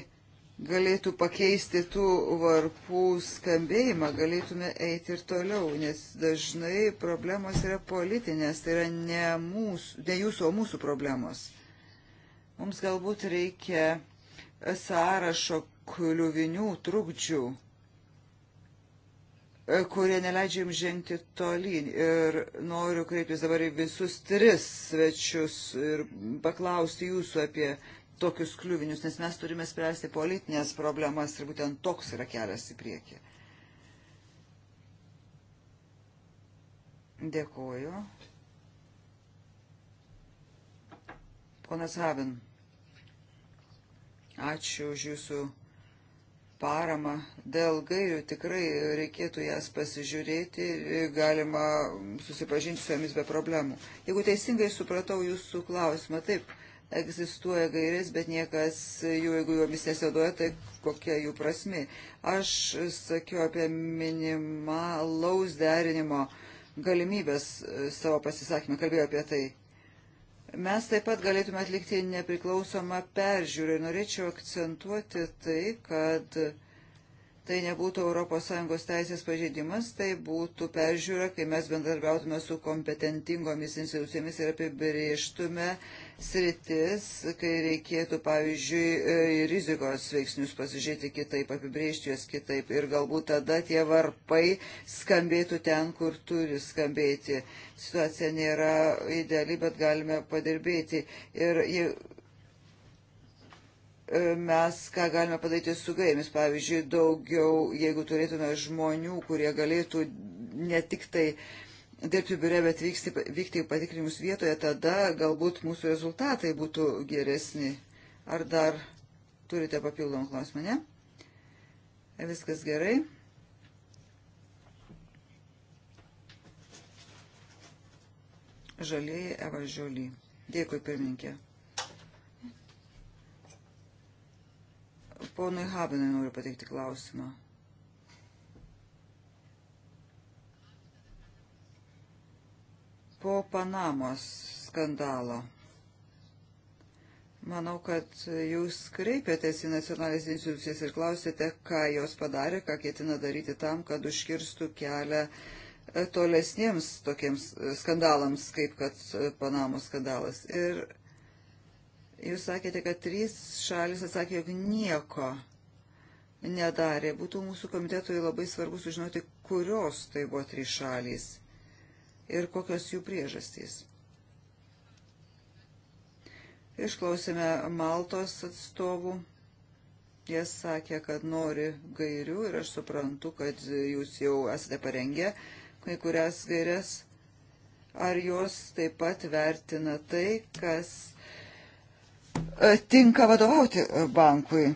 galėtų pakeisti tų varpų skambėjimą, galėtume eiti ir toliau, nes dažnai problemos yra politinės, tai yra ne, mūsų, ne jūsų, o mūsų problemos. Mums galbūt reikia sąrašo kliuvinių trukdžių, e, kurie neleidžia jums žengti tolyn. Ir noriu kreiptis dabar į visus tris svečius ir paklausti jūsų apie uh, tokius kliuvinius, nes mes turime spręsti politinės problemas ir būtent toks yra kelias į priekį. Dėkuoju. Ponas Havin, ačiū už jūsų paramą. Dėl gairių tikrai reikėtų jas pasižiūrėti ir galima susipažinti su jomis be problemų. Jeigu teisingai supratau jūsų klausimą, taip egzistuoja gairės, bet niekas jų, jeigu jomis nesiodoja, tai kokia jų prasmi. Aš sakiau apie minimalaus derinimo galimybės savo pasisakymą, kalbėjau apie tai. Mes taip pat galėtume atlikti nepriklausomą peržiūrą ir norėčiau akcentuoti tai, kad tai nebūtų ES teisės pažeidimas, tai būtų peržiūra, kai mes bendarbiautume su kompetentingomis institucijomis ir apibrėžtume sritis, kai reikėtų, pavyzdžiui, e, rizikos veiksnius pasižiūrėti kitaip, apibrėžti juos kitaip ir galbūt tada tie varpai skambėtų ten, kur turi skambėti. Situacija nėra ideali, bet galime padirbėti. Ir mes ką galime padaryti su gajomis. Pavyzdžiui, daugiau, jeigu turėtume žmonių, kurie galėtų ne tik tai dirbti biure, bet vykti, vykti į patikrinimus vietoje, tada galbūt mūsų rezultatai būtų geresni. Ar dar turite papildomą klausimą, ne? Viskas gerai. Žalieji Eva Žiolį. Dėkui, pirmininkė. Ponui Habinui noriu pateikti klausimą. Po Panamos skandalo. Manau, kad jūs kreipėtės į nacionalinės institucijas ir klausėte, ką jos padarė, ką ketina daryti tam, kad užkirstų kelią e, tolesniems tokiems e, skandalams, kaip kad e, Panamos skandalas. Ir Jūs sakėte, kad trys šalis atsakė, jog nieko nedarė. Būtų mūsų komitetui labai svarbu sužinoti, kurios tai buvo trys šalys ir kokios jų priežastys. Išklausėme Maltos atstovų. Jie sakė, kad nori gairių ir aš suprantu, kad jūs jau esate parengę kai kurias gairias. Ar jos taip pat vertina tai, kas E, tinka vadovauti e, bankui.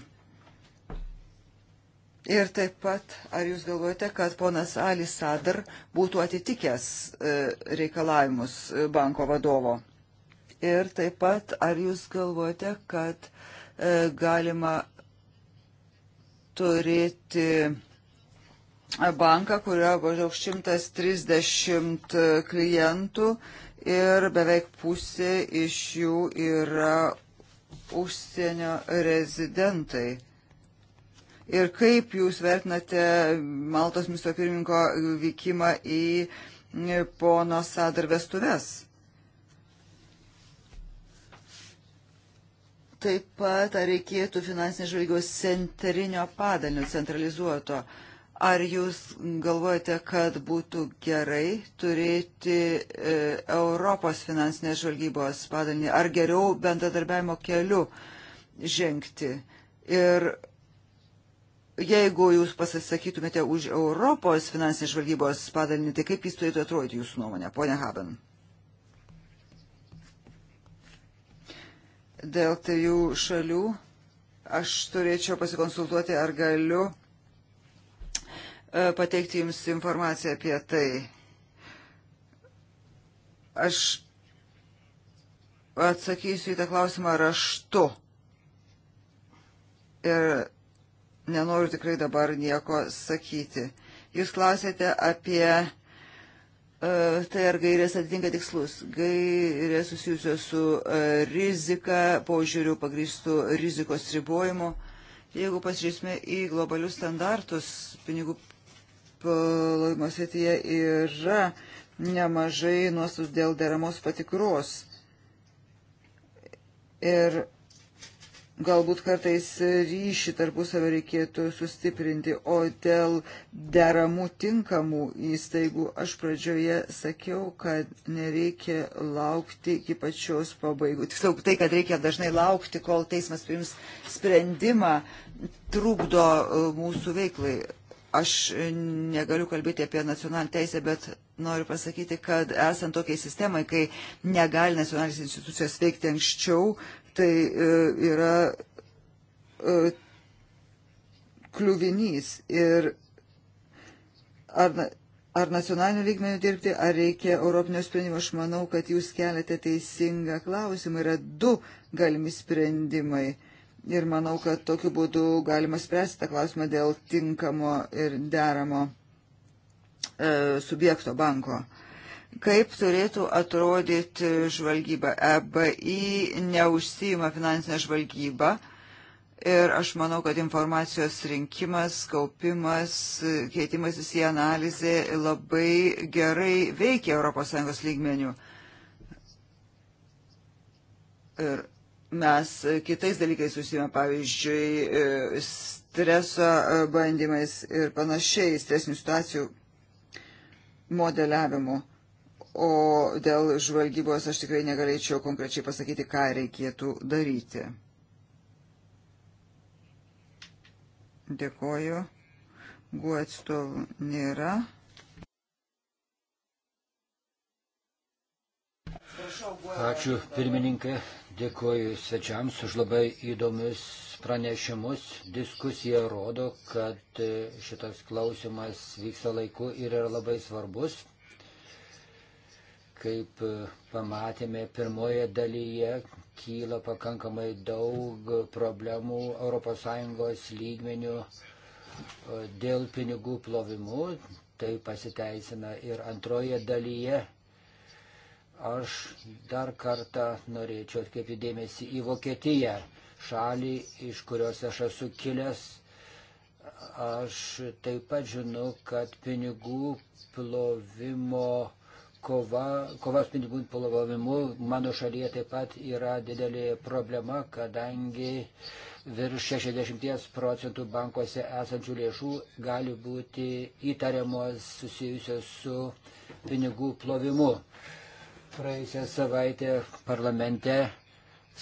Ir taip pat, ar jūs galvojate, kad ponas Ali Sadr būtų atitikęs e, reikalavimus banko vadovo? Ir taip pat, ar jūs galvojate, kad galima turėti banką, kurio maždaug 130 klientų ir beveik pusė iš jų yra užsienio rezidentai. Ir kaip jūs vertinate Maltos ministro pirmininko vykimą į pono Sadar vestuves? Taip pat, ar reikėtų finansinės žvalgybos centrinio padalinio, centralizuoto? Uh, Ar jūs galvojate, kad būtų gerai turėti e, Europos finansinės žvalgybos padalinį, ar geriau bendradarbiavimo keliu žengti? Ir jeigu jūs pasisakytumėte už Europos finansinės žvalgybos padalinį, tai kaip jis turėtų atrodyti jūsų nuomonė, ponia Haben? Dėl trijų šalių aš turėčiau pasikonsultuoti, ar galiu E, pateikti Jums informaciją apie tai. Aš atsakysiu į tą klausimą raštu. Ir nenoriu tikrai dabar nieko sakyti. Jūs klausėte apie uh, tai, ar gairės atitinka tikslus. Gairės susijusios su uh, rizika, požiūriu pagrįstų rizikos ribojimu. Jeigu pasižiūrėsime į globalius standartus pinigų plovimo srityje yra nemažai nuostus dėl deramos patikros. Ir galbūt kartais ryšį tarpusavę reikėtų sustiprinti, o dėl deramų tinkamų įstaigų aš pradžioje sakiau, kad nereikia laukti iki pačios pabaigų. Tiksliau, tai, kad reikia dažnai laukti, kol teismas priims sprendimą, trukdo e, mūsų veiklai. Aš negaliu kalbėti apie nacionalinę teisę, bet noriu pasakyti, kad esant tokiai sistemai, kai negali nacionalinės institucijos veikti anksčiau, tai e, yra e, kliuvinys. Ir ar ar nacionaliniu lygmeniu dirbti, ar reikia europinio sprendimo. Aš manau, kad jūs keliate teisingą klausimą. Yra du galimi sprendimai. Ir manau, kad tokiu būdu galima spręsti tą klausimą dėl tinkamo ir deramo e, subjekto banko. Kaip turėtų atrodyti žvalgyba? EBI neužsijima finansinę žvalgybą ir aš manau, kad informacijos rinkimas, kaupimas, keitimasis į analizę labai gerai veikia ES lygmenių. Ir mes kitais dalykais susime, pavyzdžiui, e, streso e, bandymais ir panašiai, stresinių situacijų modeliavimu. O dėl žvalgybos aš tikrai negalėčiau konkrečiai pasakyti, ką reikėtų daryti. Dėkoju. Gu atstovų nėra. Ačiū pirmininkė. Dėkuoju svečiams už labai įdomius pranešimus. Diskusija rodo, kad e, šitas klausimas vyksta laiku ir yra labai svarbus. Kaip e, pamatėme pirmoje dalyje, kyla pakankamai daug problemų ES lygmenių e, dėl pinigų plovimų. Tai pasiteisina ir antroje dalyje Aš dar kartą norėčiau atkreipti dėmesį į Vokietiją, šalį, iš kurios aš esu kilęs. Aš taip pat žinau, kad pinigų plovimo kova, kova su pinigų plovimu mano šalyje taip pat yra didelė problema, kadangi virš 60 procentų bankuose esančių lėšų gali būti įtariamos susijusios su pinigų plovimu. Praėjusią savaitę parlamente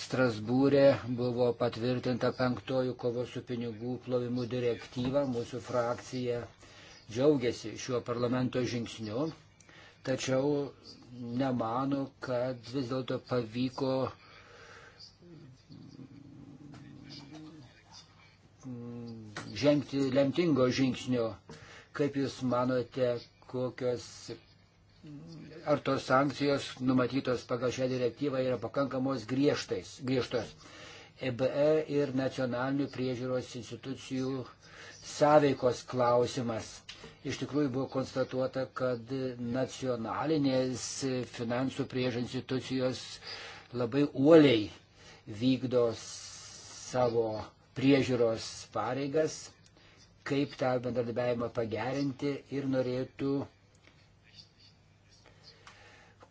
Strasbūrė buvo patvirtinta penktojų kovos su pinigų plovimu direktyva. Mūsų frakcija džiaugiasi šiuo parlamento žingsniu, tačiau nemano, kad vis dėlto pavyko mm, žengti lemtingo žingsnio. Kaip Jūs manote, kokios ar tos sankcijos numatytos pagal šią direktyvą yra pakankamos griežtais, griežtos. EBE e ir nacionalinių priežiūros institucijų sąveikos klausimas. Iš tikrųjų buvo konstatuota, kad nacionalinės finansų priežo institucijos labai uoliai vykdo savo priežiūros pareigas, kaip tą bendradarbiavimą pagerinti ir norėtų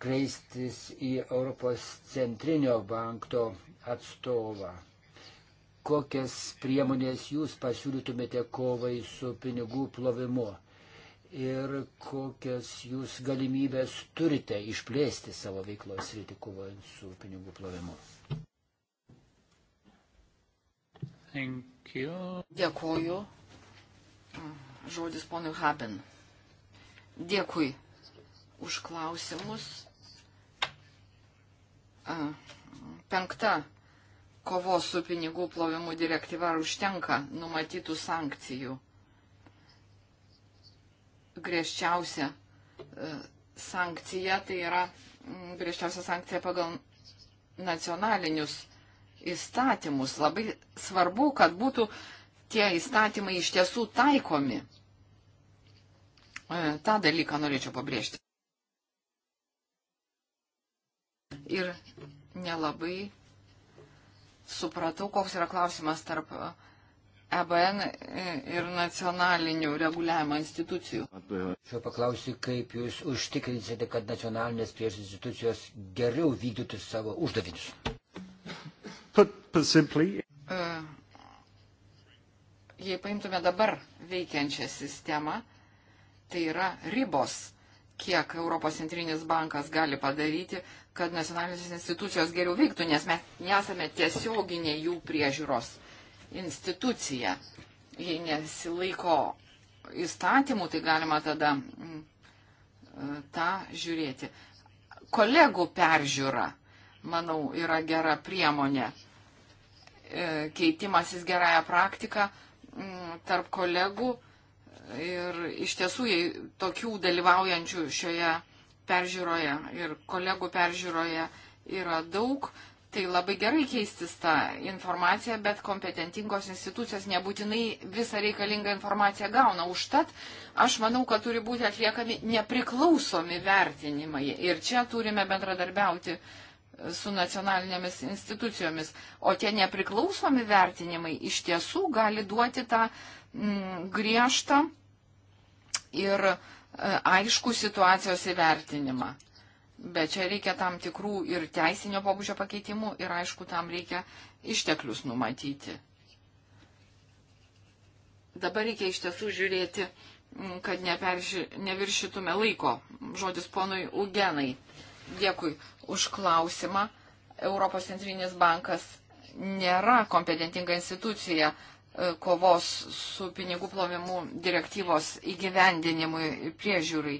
kreistis į Europos centrinio banko atstovą. Kokias priemonės jūs pasiūlytumėte kovai su pinigų plovimu ir kokias jūs galimybės turite išplėsti savo veiklos rytį kovojant su pinigų plovimu? Dėkuoju. Žodis ponui Haben. Dėkui už klausimus penkta kovos su pinigų plovimu direktyva ar užtenka numatytų sankcijų. Griežčiausia e, sankcija tai yra griežčiausia sankcija pagal nacionalinius įstatymus. Labai svarbu, kad būtų tie įstatymai iš tiesų taikomi. E, Ta dalyką norėčiau pabrėžti. Ir nelabai supratau, koks yra klausimas tarp EBN ir nacionalinių reguliavimo institucijų. Šiuo paklausiu, kaip jūs užtikrinsite, kad nacionalinės prieš institucijos geriau vykdytų savo uždavinius. E, jei paimtume dabar veikiančią sistemą, tai yra ribos, kiek Europos centrinis bankas gali padaryti, kad nacionalinės institucijos geriau veiktų, nes mes nesame tiesioginė jų priežiūros institucija. Jei nesilaiko įstatymų, tai galima tada m, mm, tą žiūrėti. Kolegų peržiūra, manau, yra gera priemonė. E, keitimasis gerąją praktiką m, mm, tarp kolegų ir iš tiesų, jei tokių dalyvaujančių šioje peržiūroje ir kolegų peržiūroje yra daug. Tai labai gerai keistis tą informaciją, bet kompetentingos institucijos nebūtinai visą reikalingą informaciją gauna. Užtat aš manau, kad turi būti atliekami nepriklausomi vertinimai. Ir čia turime bendradarbiauti su nacionalinėmis institucijomis. O tie nepriklausomi vertinimai iš tiesų gali duoti tą m, mm, griežtą ir uh, aišku situacijos įvertinimą. Bet čia reikia tam tikrų ir teisinio pobūdžio pakeitimų ir aišku, tam reikia išteklius numatyti. Dabar reikia iš tiesų žiūrėti, kad neperži, neviršytume laiko. Žodis ponui Ugenai. Dėkui už klausimą. Europos centrinis bankas nėra kompetentinga institucija kovos su pinigų plovimu direktyvos įgyvendinimui priežiūrai.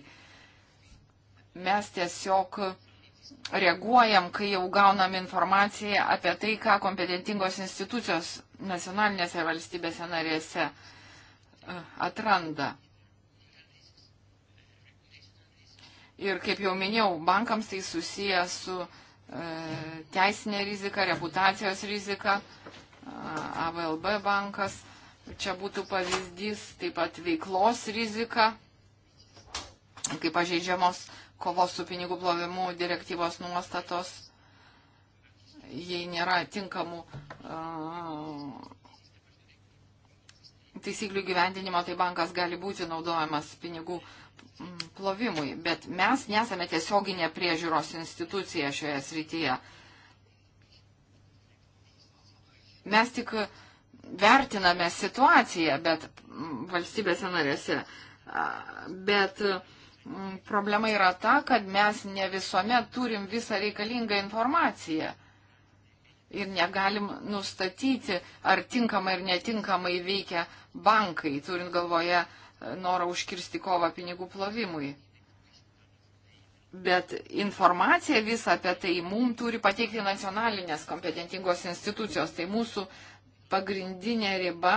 Mes tiesiog reaguojam, kai jau gaunam informaciją apie tai, ką kompetentingos institucijos nacionalinėse valstybėse narėse e, atranda. Ir kaip jau minėjau, bankams tai susiję su e, teisinė rizika, reputacijos rizika, AVLB bankas. Čia būtų pavyzdys, taip pat veiklos rizika, kaip pažeidžiamos kovos su pinigų plovimu direktyvos nuostatos, jei nėra tinkamų taisyklių gyvendinimo, tai bankas gali būti naudojamas pinigų plovimui. Bet mes nesame tiesioginė priežiūros institucija šioje srityje. Mes tik vertiname situaciją, bet valstybėse narėse. Bet mm, problema yra ta, kad mes ne visuomet turim visą reikalingą informaciją. Ir negalim nustatyti, ar tinkamai ir netinkamai veikia bankai, turint galvoje e, norą užkirsti kovą pinigų plovimui. Bet informaciją visą apie tai mums turi pateikti nacionalinės kompetentingos institucijos. Tai mūsų pagrindinė riba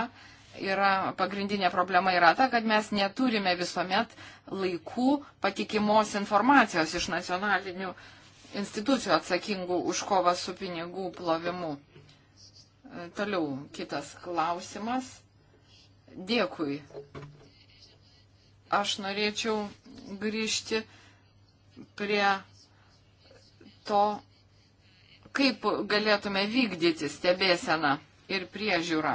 yra, pagrindinė problema yra ta, kad mes neturime visuomet laikų patikimos informacijos iš nacionalinių institucijų atsakingų už kovą su pinigų plovimu. E, toliau kitas klausimas. Dėkui. Aš norėčiau grįžti prie to, kaip galėtume vykdyti stebėseną ir priežiūrą.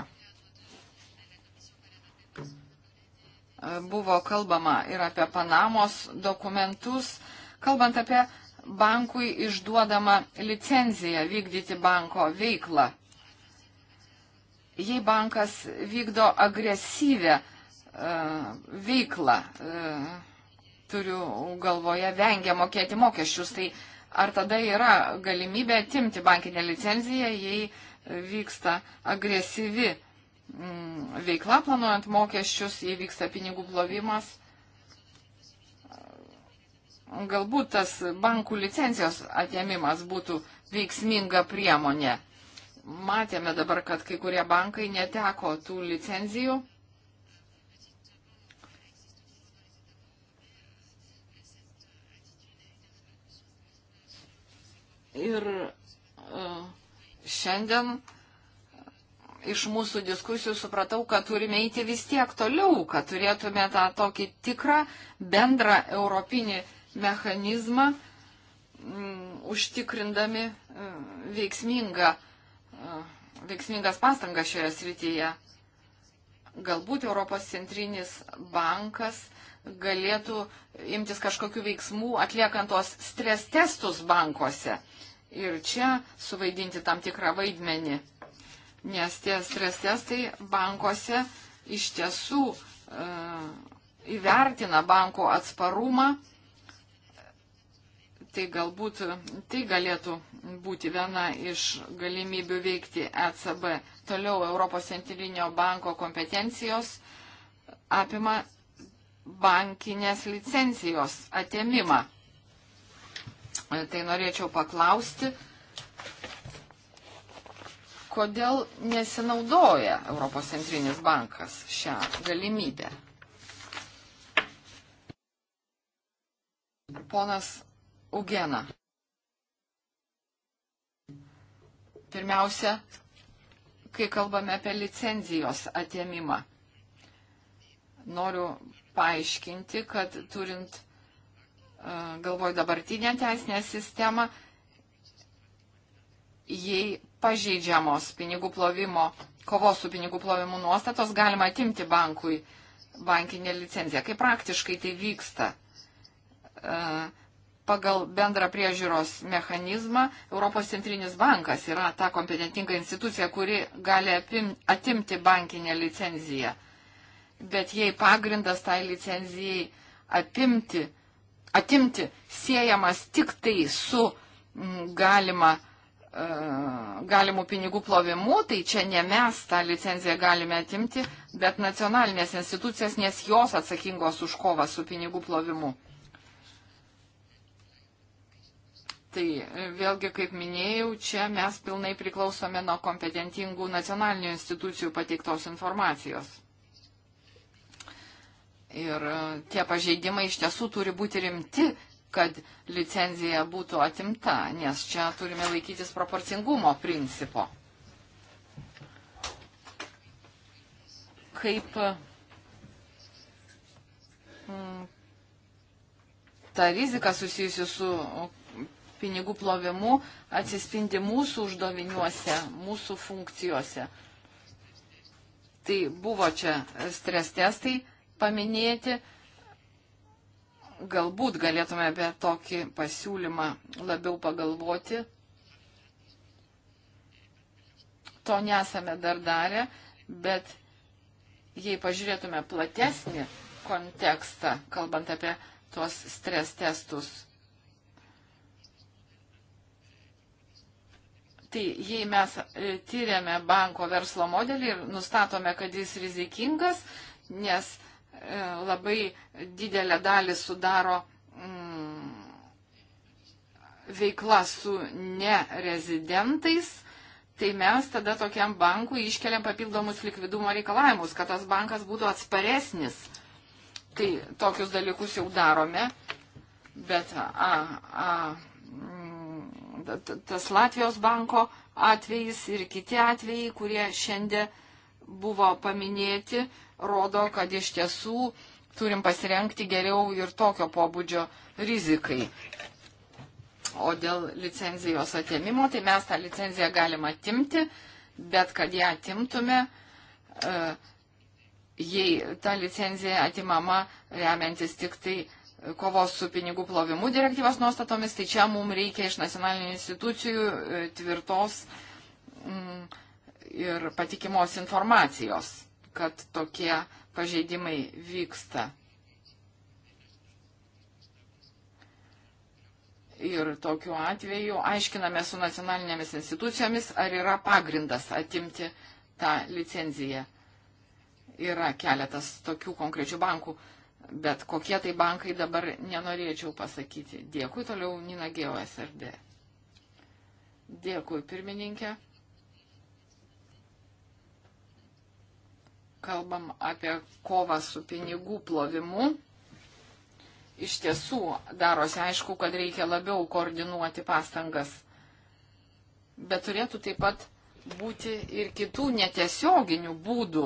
Buvo kalbama ir apie Panamos dokumentus, kalbant apie bankui išduodama licenziją vykdyti banko veiklą. Jei bankas vykdo agresyvę uh, veiklą, uh, turiu galvoje, vengia mokėti mokesčius. Tai ar tada yra galimybė atimti bankinę licenciją, jei vyksta agresyvi mm, veikla planuojant mokesčius, jei vyksta pinigų plovimas? Galbūt tas bankų licencijos atėmimas būtų veiksminga priemonė. Matėme dabar, kad kai kurie bankai neteko tų licenzijų Ir e, šiandien iš mūsų diskusijų supratau, kad turime eiti vis tiek toliau, kad turėtume tą tokį tikrą bendrą europinį mechanizmą, m, mm, užtikrindami m, e, veiksmingą, m, e, veiksmingas pastangas šioje srityje. Galbūt Europos centrinis bankas galėtų imtis kažkokių veiksmų atliekant tos stres testus bankuose ir čia suvaidinti tam tikrą vaidmenį. Nes tie stres testai bankuose iš tiesų e, įvertina banko atsparumą. Tai galbūt tai galėtų būti viena iš galimybių veikti ECB. Toliau Europos centrinio banko kompetencijos apima bankinės licencijos atėmimą. E, tai norėčiau paklausti, kodėl nesinaudoja Europos centrinis bankas šią galimybę. Ponas Ugena. Pirmiausia, kai kalbame apie licenzijos atėmimą noriu paaiškinti, kad turint e, galvoj dabartinę teisinę sistemą, jei pažeidžiamos pinigų plovimo, kovos su pinigų plovimu nuostatos, galima atimti bankui bankinę licenciją. Kaip praktiškai tai vyksta? E, pagal bendrą priežiūros mechanizmą Europos centrinis bankas yra ta kompetentinga institucija, kuri gali apim, atimti bankinę licenciją bet jei pagrindas tai licenzijai apimti, atimti siejamas tik tai su mm, galima, e, galimų pinigų plovimu, tai čia ne mes tą licenciją galime atimti, bet nacionalinės institucijas, nes jos atsakingos už kovą su pinigų plovimu. Tai vėlgi, kaip minėjau, čia mes pilnai priklausome nuo kompetentingų nacionalinių institucijų pateiktos informacijos. Ir e, tie pažeidimai iš tiesų turi būti rimti, kad licenzija būtų atimta, nes čia turime laikytis proporcingumo principo. Kaip mm, ta rizika susijusi su pinigų plovimu atsispindi mūsų uždaviniuose, mūsų funkcijose. Tai buvo čia stres testai paminėti. Galbūt galėtume apie tokį pasiūlymą labiau pagalvoti. To nesame dar darę, bet jei pažiūrėtume platesnį kontekstą, kalbant apie tuos stres testus, Tai jei mes e, tyriame banko verslo modelį ir nustatome, kad jis rizikingas, nes E, labai didelę dalį sudaro mm, veikla su nerezidentais, tai mes tada tokiam bankui iškeliam papildomus likvidumo reikalavimus, kad tas bankas būtų atsparesnis. Tai tokius dalykus jau darome, bet a, a, mm, tas Latvijos banko atvejis ir kiti atvejai, kurie šiandien buvo paminėti, rodo, kad iš tiesų turim pasirenkti geriau ir tokio pobūdžio rizikai. O dėl licenzijos atėmimo, tai mes tą licenziją galim atimti, bet kad ją atimtume, e, jei ta licenzija atimama remiantis tik tai kovos su pinigų plovimu direktyvos nuostatomis, tai čia mums reikia iš nacionalinių institucijų e, tvirtos mm, ir patikimos informacijos kad tokie pažeidimai vyksta. Ir tokiu atveju aiškiname su nacionalinėmis institucijomis, ar yra pagrindas atimti tą licenciją. Yra keletas tokių konkrečių bankų, bet kokie tai bankai dabar nenorėčiau pasakyti. Dėkui toliau Nina Geo SRD. Dėkui pirmininkė. kalbam apie kovą su pinigų plovimu, iš tiesų darosi aišku, kad reikia labiau koordinuoti pastangas. Bet turėtų taip pat būti ir kitų netiesioginių būdų,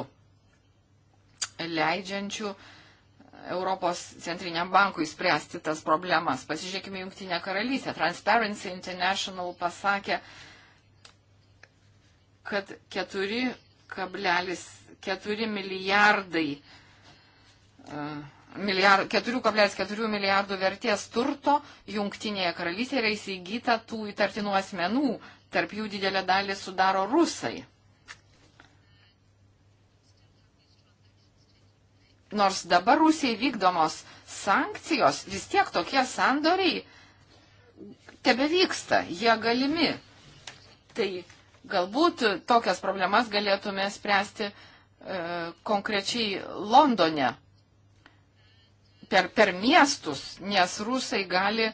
leidžiančių Europos centriniam bankui spręsti tas problemas. Pasižiūrėkime Junktinę karalystę. Transparency International pasakė, kad 4,7 4 milijardai. E, Milijard, 4,4 milijardų vertės turto Junktinėje karalystėje yra įsigyta tų įtartinų asmenų, tarp jų didelę dalį sudaro rusai. Nors dabar Rusijai vykdomos sankcijos, vis tiek tokie sandoriai tebe vyksta, jie galimi. Tai galbūt tokias problemas galėtume spręsti E, konkrečiai Londone per, per miestus, nes rusai gali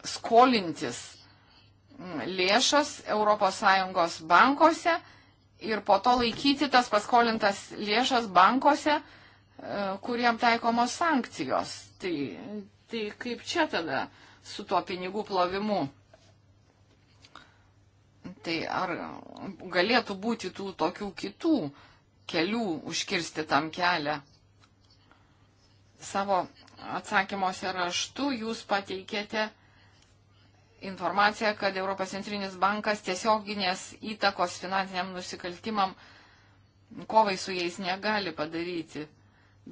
skolintis lėšas ES bankuose ir po to laikyti tas paskolintas lėšas bankuose, e, kuriam taikomos sankcijos. Tai, tai kaip čia tada su tuo pinigų plovimu? Tai ar galėtų būti tų tokių kitų kelių užkirsti tam kelią? Savo atsakymuose raštu jūs pateikėte informaciją, kad Europos centrinis bankas tiesioginės įtakos finansiniam nusikaltimam kovai su jais negali padaryti.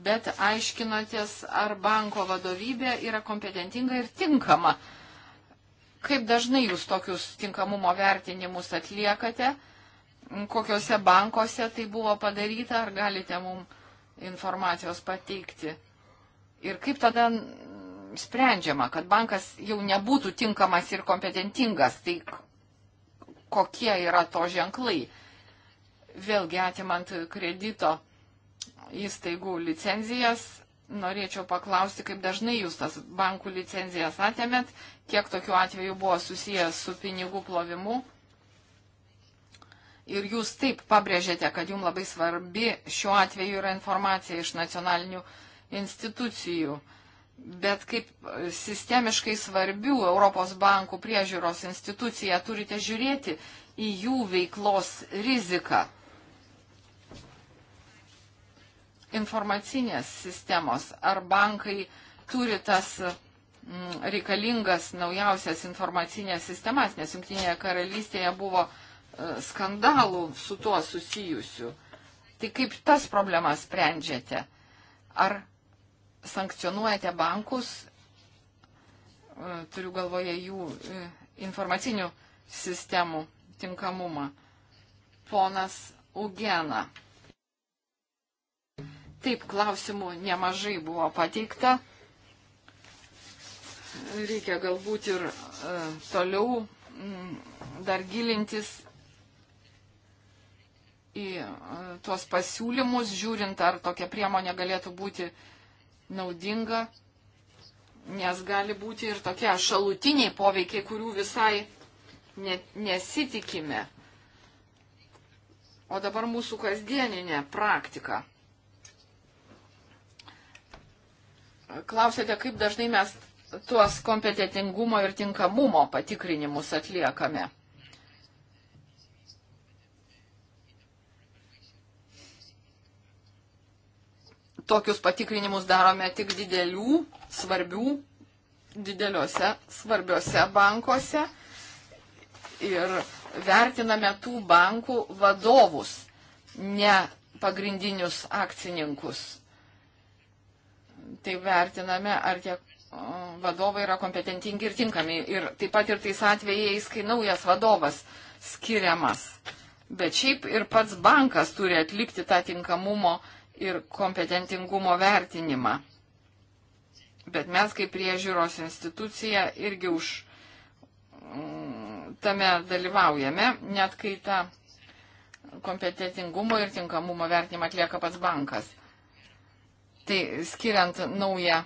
Bet aiškinotės, ar banko vadovybė yra kompetentinga ir tinkama Kaip dažnai jūs tokius tinkamumo vertinimus atliekate? Kokiuose bankuose tai buvo padaryta? Ar galite mums informacijos pateikti? Ir kaip tada sprendžiama, kad bankas jau nebūtų tinkamas ir kompetentingas? Tai kokie yra to ženklai? Vėlgi atimant kredito įstaigų licenzijas, norėčiau paklausti, kaip dažnai jūs tas bankų licenzijas atėmėt, kiek tokių atvejų buvo susijęs su pinigų plovimu. Ir jūs taip pabrėžėte, kad jums labai svarbi šiuo atveju yra informacija iš nacionalinių institucijų. Bet kaip sistemiškai svarbių Europos bankų priežiūros instituciją turite žiūrėti į jų veiklos riziką. informacinės sistemos, ar bankai turi tas mm, reikalingas naujausias informacinės sistemas, nes Junktinėje karalystėje buvo e, skandalų su tuo susijusių. Tai kaip tas problemas sprendžiate? Ar sankcionuojate bankus, e, turiu galvoje jų e, informacinių sistemų tinkamumą? Ponas Ugena. Taip, klausimų nemažai buvo pateikta. Reikia galbūt ir e, toliau dar gilintis į e, tuos pasiūlymus, žiūrint, ar tokia priemonė galėtų būti naudinga, nes gali būti ir tokie šalutiniai poveikiai, kurių visai nesitikime. O dabar mūsų kasdieninė praktika. klausėte, kaip dažnai mes tuos kompetitingumo ir tinkamumo patikrinimus atliekame. Tokius patikrinimus darome tik didelių, svarbių, dideliuose, svarbiuose bankuose ir vertiname tų bankų vadovus, ne pagrindinius akcininkus tai vertiname, ar tie vadovai yra kompetentingi ir tinkami. Ir taip pat ir tais atvejais, kai naujas vadovas skiriamas. Bet šiaip ir pats bankas turi atlikti tą tinkamumo ir kompetentingumo vertinimą. Bet mes kaip priežiūros institucija irgi už mm, tame dalyvaujame, net kai tą kompetentingumo ir tinkamumo vertinimą atlieka pats bankas. Tai skiriant naują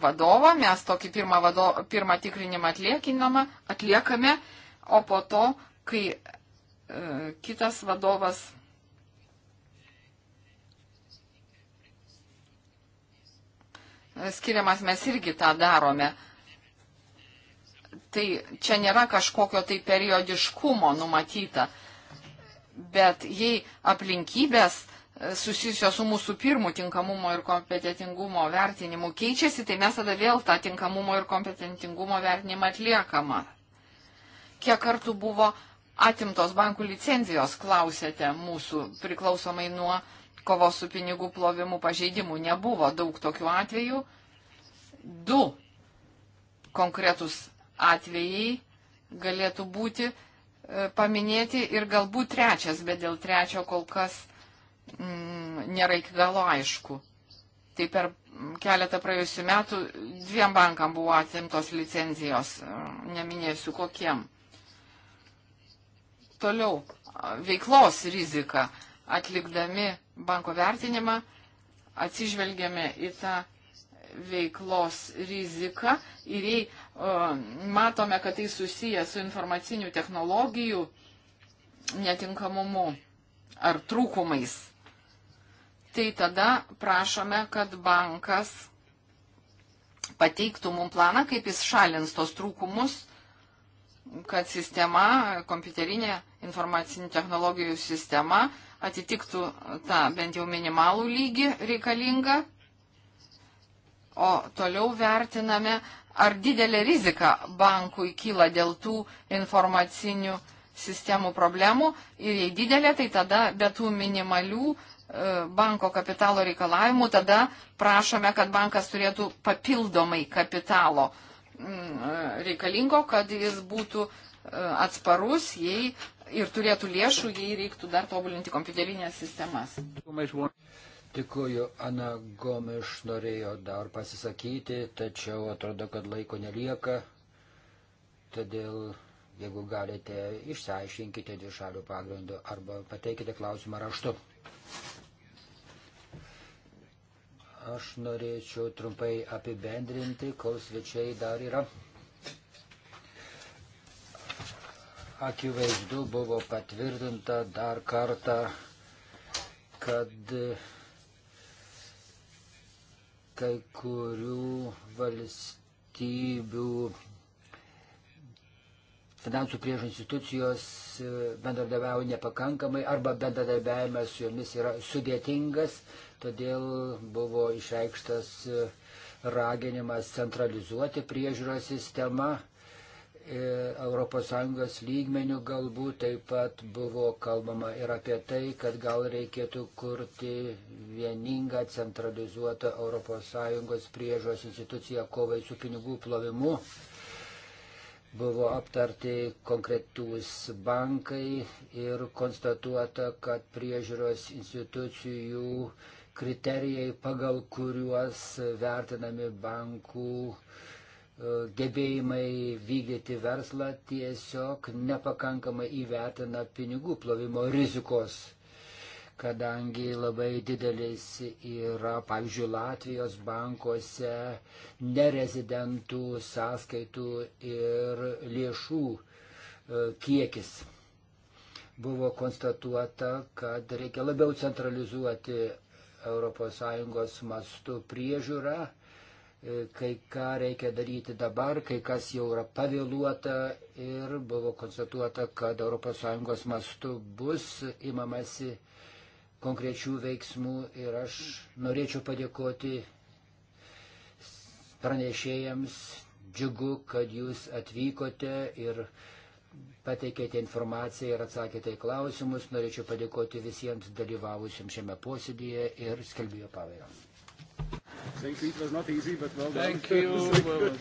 vadovą, mes tokį pirmą, vado, pirmą tikrinimą atliekame, o po to, kai e, kitas vadovas skiriamas, mes irgi tą darome. Tai čia nėra kažkokio tai periodiškumo numatyta, bet jei aplinkybės, e, susijusios su mūsų pirmų tinkamumo ir kompetitingumo vertinimu keičiasi, tai mes tada vėl tą tinkamumo ir kompetitingumo vertinimą atliekama. Kiek kartų buvo atimtos bankų licenzijos, klausėte mūsų, priklausomai nuo kovos su pinigų plovimu pažeidimų. Nebuvo daug tokių atvejų. Du konkretus atvejai galėtų būti e, paminėti ir galbūt trečias, bet dėl trečio kol kas mm, nėra iki galo aišku. Tai per keletą praėjusių metų dviem bankam buvo atimtos licenzijos, mm, neminėsiu kokiem. Toliau, veiklos rizika. Atlikdami banko vertinimą, atsižvelgiame į tą veiklos riziką ir jei uh, matome, kad tai susiję su informacinių technologijų netinkamumu ar trūkumais, tai tada prašome, kad bankas pateiktų mums planą, kaip jis šalins tos trūkumus, kad sistema, kompiuterinė informacinių technologijų sistema atitiktų tą bent jau minimalų lygį reikalingą. O toliau vertiname, ar didelė rizika bankui kyla dėl tų informacinių sistemų problemų ir jei didelė, tai tada be tų minimalių E, banko kapitalo reikalavimų, tada prašome, kad bankas turėtų papildomai kapitalo mm, e, reikalingo, kad jis būtų e, atsparus, jei ir turėtų lėšų, jei reiktų dar tobulinti kompiuterinės sistemas. Tikuoju, Ana Gomiš norėjo dar pasisakyti, tačiau atrodo, kad laiko nelieka. Todėl, jeigu galite, išsiaiškinkite dvišalių pagrindų arba pateikite klausimą raštu. Aš norėčiau trumpai apibendrinti, kol svečiai dar yra. Akivaizdu buvo patvirtinta dar kartą, kad kai kurių valstybių finansų priežo institucijos e, bendradarbiavo nepakankamai arba bendradarbiavimas su jomis yra sudėtingas. Todėl buvo išreikštas e, raginimas centralizuoti priežiūros sistemą. ES lygmenių galbūt taip pat buvo kalbama ir apie tai, kad gal reikėtų kurti vieningą centralizuotą ES priežos instituciją kovai su pinigų plovimu. Buvo aptarti konkretūs bankai ir konstatuota, kad priežiūros institucijų uh, kriterijai, pagal kuriuos vertinami bankų e, gebėjimai vykdyti verslą tiesiog nepakankamai įvertina pinigų plovimo rizikos, kadangi labai didelis yra, pavyzdžiui, Latvijos bankuose nerezidentų sąskaitų ir lėšų e, kiekis. Buvo konstatuota, kad reikia labiau centralizuoti ES mastu priežiūra, e, kai ką reikia daryti dabar, kai kas jau yra pavėluota ir buvo konstatuota, kad ES mastu bus imamasi konkrečių veiksmų ir aš norėčiau padėkoti pranešėjams. Džiugu, kad jūs atvykote ir pateikėte informaciją ir atsakėte į klausimus. Norėčiau padėkoti visiems dalyvavusiam šiame posėdėje ir skelbiu jo pavardę. Thank you. It was not easy, but well done. Thank you. well done.